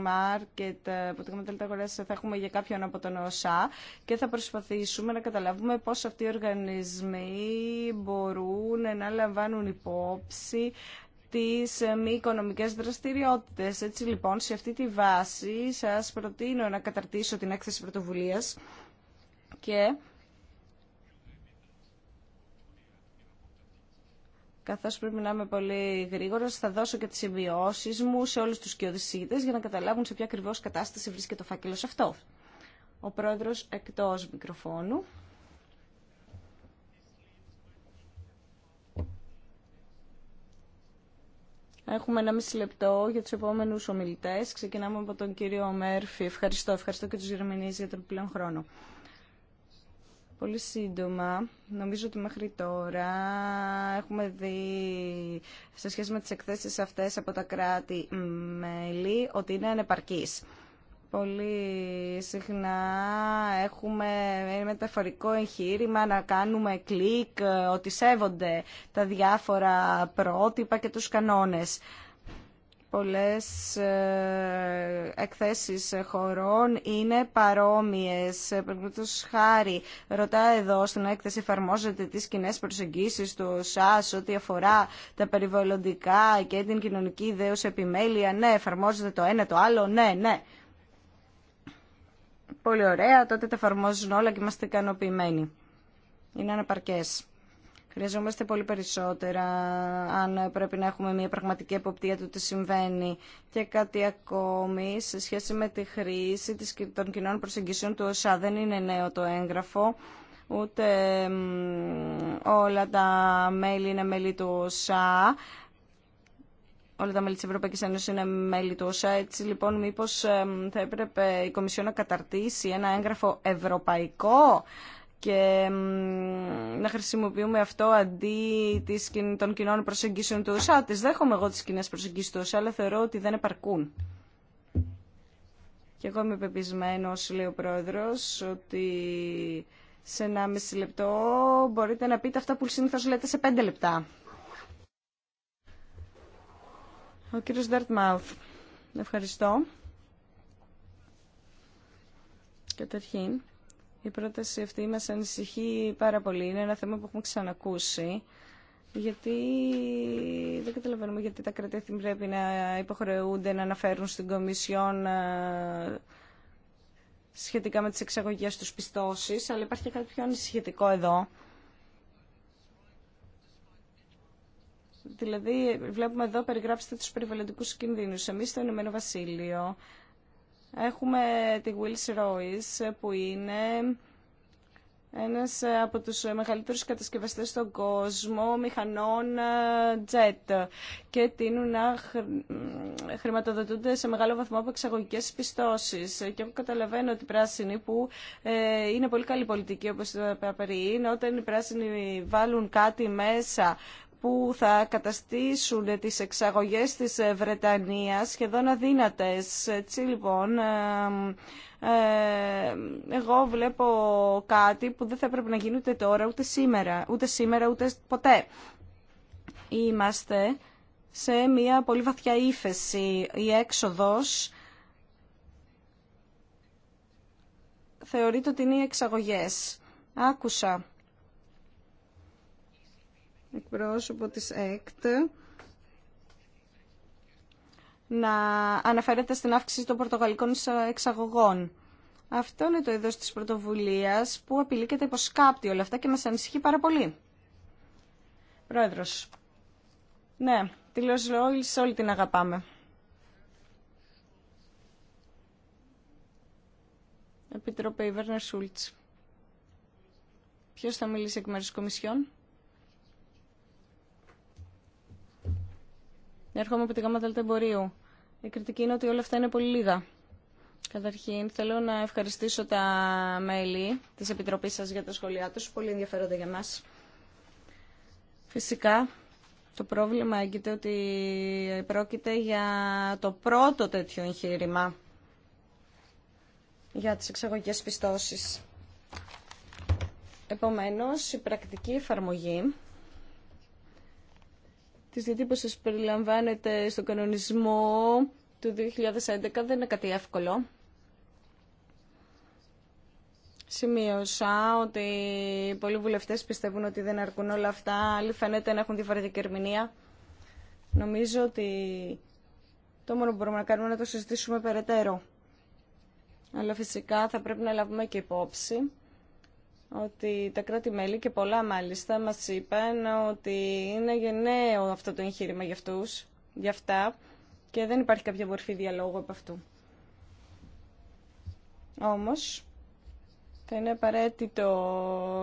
Μάρκετ, από τη ΓΑΜΑ ΔΕΛΤΑ θα έχουμε για κάποιον από τον ΩΣΑ και θα προσπαθήσουμε να καταλάβουμε πώς αυτοί οι οργανισμοί μπορούν να λαμβάνουν υπόψη τις ε, μη οικονομικές δραστηριότητες. Έτσι λοιπόν, σε αυτή τη βάση σας προτείνω να καταρτήσω την έκθεση πρωτοβουλίας και καθώς πρέπει να είμαι πολύ γρήγορα, θα δώσω και τις εμβιώσεις μου σε όλους τους κοιοδησίτες για να καταλάβουν σε ποια ακριβώς κατάσταση βρίσκεται το φάκελος αυτό. Ο πρόεδρος εκτός μικροφώνου. Έχουμε ένα μισή λεπτό για τους επόμενους ομιλητές. Ξεκινάμε από τον κύριο Μέρφυ. Ευχαριστώ. Ευχαριστώ και του Γερμανείς για τον πλέον χρόνο. Πολύ σύντομα, νομίζω ότι μέχρι τώρα έχουμε δει σε σχέση με τις εκθέσεις αυτές από τα κράτη-μέλη ότι είναι ανεπαρκής πολύ συχνά έχουμε μεταφορικό εγχείρημα να κάνουμε κλικ, ότι σέβονται τα διάφορα πρότυπα και τους κανόνες. Πολλές ε, εκθέσεις χωρών είναι παρόμοιες. Τους χάρη, ρωτά εδώ στην έκθεση εφαρμόζεται τις κοινέ προσεγγίσεις του ΣΑΣ ό,τι αφορά τα περιβαλλοντικά και την κοινωνική ιδέως επιμέλεια. Ναι, εφαρμόζεται το ένα το άλλο, ναι, ναι πολύ ωραία, τότε τα εφαρμόζουν όλα και είμαστε ικανοποιημένοι. Είναι αναπαρκές. Χρειαζόμαστε πολύ περισσότερα αν πρέπει να έχουμε μια πραγματική εποπτεία του τι συμβαίνει. Και κάτι ακόμη σε σχέση με τη χρήση των κοινών προσεγγίσεων του ΩΣΑ. Δεν είναι νέο το έγγραφο, ούτε όλα τα μέλη είναι μέλη του ΩΣΑ όλα τα μέλη της Ευρωπαϊκής Ένωσης είναι μέλη του ΩΣΑ. Έτσι λοιπόν μήπως θα έπρεπε η Κομισιόν να καταρτήσει ένα έγγραφο ευρωπαϊκό και να χρησιμοποιούμε αυτό αντί της, των κοινών προσεγγίσεων του ΩΣΑ. Τις δέχομαι εγώ τις κοινέ προσεγγίσεις του ΩΣΑ, αλλά θεωρώ ότι δεν επαρκούν. Και εγώ είμαι πεπισμένος, λέει ο Πρόεδρος, ότι σε ένα μισή λεπτό μπορείτε να πείτε αυτά που συνήθως λέτε σε πέντε λεπτά. Ο κύριος να Ευχαριστώ. Καταρχήν, η πρόταση αυτή μας ανησυχεί πάρα πολύ. Είναι ένα θέμα που έχουμε ξανακούσει. Γιατί δεν καταλαβαίνουμε γιατί τα κράτη πρέπει να υποχρεούνται να αναφέρουν στην Κομισιόν ε, σχετικά με τις εξαγωγές τους πιστώσεις, αλλά υπάρχει κάτι πιο ανησυχητικό εδώ, Δηλαδή, βλέπουμε εδώ, περιγράψτε τους περιβαλλοντικούς κινδύνους. Εμείς στο Ηνωμένο Βασίλειο έχουμε τη Wills Royce, που είναι ένας από τους μεγαλύτερους κατασκευαστές στον κόσμο μηχανών jet ε, και τείνουν να χρηματοδοτούνται σε μεγάλο βαθμό από εξαγωγικές πιστώσεις. Και εγώ καταλαβαίνω ότι οι πράσινοι που ε, είναι πολύ καλή πολιτική όπως το είναι, όταν οι πράσινοι βάλουν κάτι μέσα που θα καταστήσουν τις εξαγωγές της ε, Βρετανίας σχεδόν αδύνατες. Έτσι λοιπόν, ε, ε, εγώ βλέπω κάτι που δεν θα έπρεπε να γίνει ούτε τώρα, ούτε σήμερα, ούτε σήμερα, ούτε ποτέ. Είμαστε σε μια πολύ βαθιά ύφεση. Η έξοδος θεωρείται ότι είναι οι εξαγωγές. Άκουσα εκπρόσωπο της ΕΚΤ να αναφέρεται στην αύξηση των πορτογαλικών εξαγωγών. Αυτό είναι το είδος της πρωτοβουλίας που απειλεί και τα υποσκάπτει όλα αυτά και μας ανησυχεί πάρα πολύ. Πρόεδρος. Ναι, τη Λος όλη την αγαπάμε. Επιτροπή Βέρνερ Σούλτς. Ποιος θα μιλήσει εκ μέρους Κομισιόν. Έρχομαι από τη ΓΑΜΑ Εμπορίου. Η κριτική είναι ότι όλα αυτά είναι πολύ λίγα. Καταρχήν, θέλω να ευχαριστήσω τα μέλη τη επιτροπή σα για τα σχόλιά του Πολύ ενδιαφέροντα για μα. Φυσικά, το πρόβλημα έγκυται ότι πρόκειται για το πρώτο τέτοιο εγχείρημα για τις εξαγωγές πιστώσεις. Επομένως, η πρακτική εφαρμογή της διατύπωσης που περιλαμβάνεται στον κανονισμό του 2011 δεν είναι κάτι εύκολο. Σημείωσα ότι πολλοί βουλευτές πιστεύουν ότι δεν αρκούν όλα αυτά, άλλοι φαίνεται να έχουν διαφορετική ερμηνεία. Νομίζω ότι το μόνο που μπορούμε να κάνουμε είναι να το συζητήσουμε περαιτέρω. Αλλά φυσικά θα πρέπει να λάβουμε και υπόψη ότι τα κράτη-μέλη και πολλά μάλιστα μας είπαν ότι είναι γενναίο αυτό το εγχείρημα για αυτούς, για αυτά και δεν υπάρχει κάποια μορφή διαλόγου από αυτού. Όμως, θα είναι απαραίτητο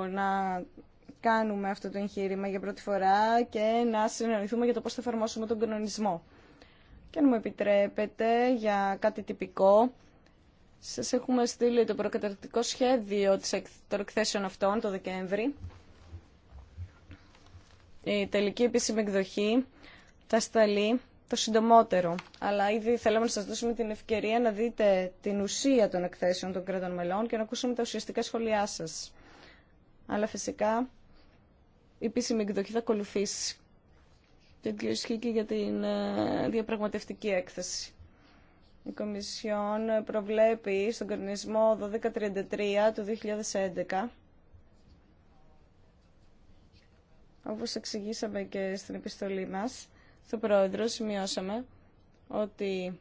να κάνουμε αυτό το εγχείρημα για πρώτη φορά και να συναντηθούμε για το πώς θα εφαρμόσουμε τον κοινωνισμό. Και αν μου επιτρέπετε για κάτι τυπικό, Σα έχουμε στείλει το προκαταρκτικό σχέδιο των εκθέσεων αυτών το Δεκέμβρη. Η τελική επίσημη εκδοχή θα σταλεί το συντομότερο. Αλλά ήδη θέλαμε να σας δώσουμε την ευκαιρία να δείτε την ουσία των εκθέσεων των κρατών μελών και να ακούσουμε τα ουσιαστικά σχόλιά σα. Αλλά φυσικά η επίσημη εκδοχή θα ακολουθήσει. Και ισχύει και για την ε, διαπραγματευτική έκθεση. Η Κομισιόν προβλέπει στον κανονισμό 1233 του 2011 όπως εξηγήσαμε και στην επιστολή μας στο Πρόεδρο, σημειώσαμε ότι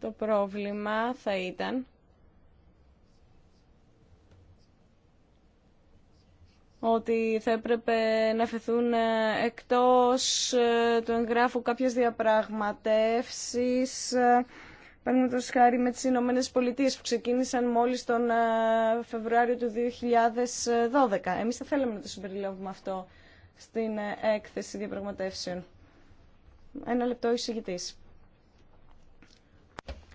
το πρόβλημα θα ήταν ότι θα έπρεπε να φεθούν εκτός του εγγράφου κάποιες διαπραγματεύσεις Παραδείγματο χάρη με τι Ηνωμένε Πολιτείε που ξεκίνησαν μόλι τον ε, Φεβρουάριο του 2012. Εμεί θα θέλαμε να το συμπεριλάβουμε αυτό στην ε, έκθεση διαπραγματεύσεων. Ένα λεπτό εισηγητή.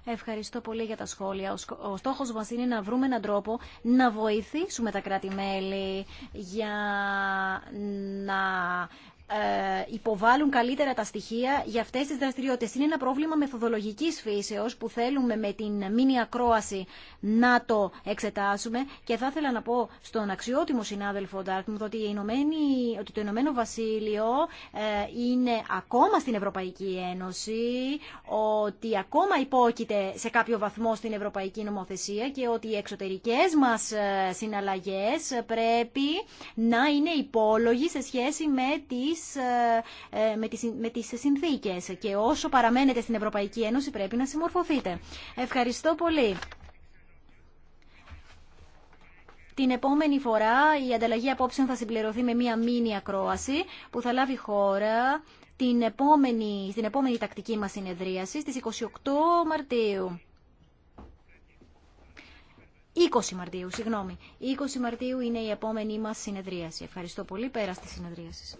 Ευχαριστώ πολύ για τα σχόλια. Ο στόχος μας είναι να βρούμε έναν τρόπο να βοηθήσουμε τα κράτη-μέλη για να ε, υποβάλουν καλύτερα τα στοιχεία για αυτέ τι δραστηριότητε. Είναι ένα πρόβλημα μεθοδολογική φύσεως που θέλουμε με την μήνυα ακρόαση να το εξετάσουμε και θα ήθελα να πω στον αξιότιμο συνάδελφο Ντάρκμουθ ότι, ότι το Ηνωμένο Βασίλειο ε, είναι ακόμα στην Ευρωπαϊκή Ένωση, ότι ακόμα υπόκειται σε κάποιο βαθμό στην Ευρωπαϊκή Νομοθεσία και ότι οι εξωτερικές μας ε, συναλλαγέ πρέπει να είναι υπόλογοι σε σχέση με τι ε, ε, με τις συνθήκες και όσο παραμένετε στην Ευρωπαϊκή Ένωση πρέπει να συμμορφωθείτε. Ευχαριστώ πολύ. Την επόμενη φορά η ανταλλαγή απόψεων θα συμπληρωθεί με μία μήνυα ακρόαση που θα λάβει χώρα την επόμενη, στην επόμενη τακτική μας συνεδρίαση στις 28 Μαρτίου. 20 Μαρτίου, συγγνώμη. 20 Μαρτίου είναι η επόμενή μας συνεδρίαση. Ευχαριστώ πολύ. Πέρα στη συνεδρίαση.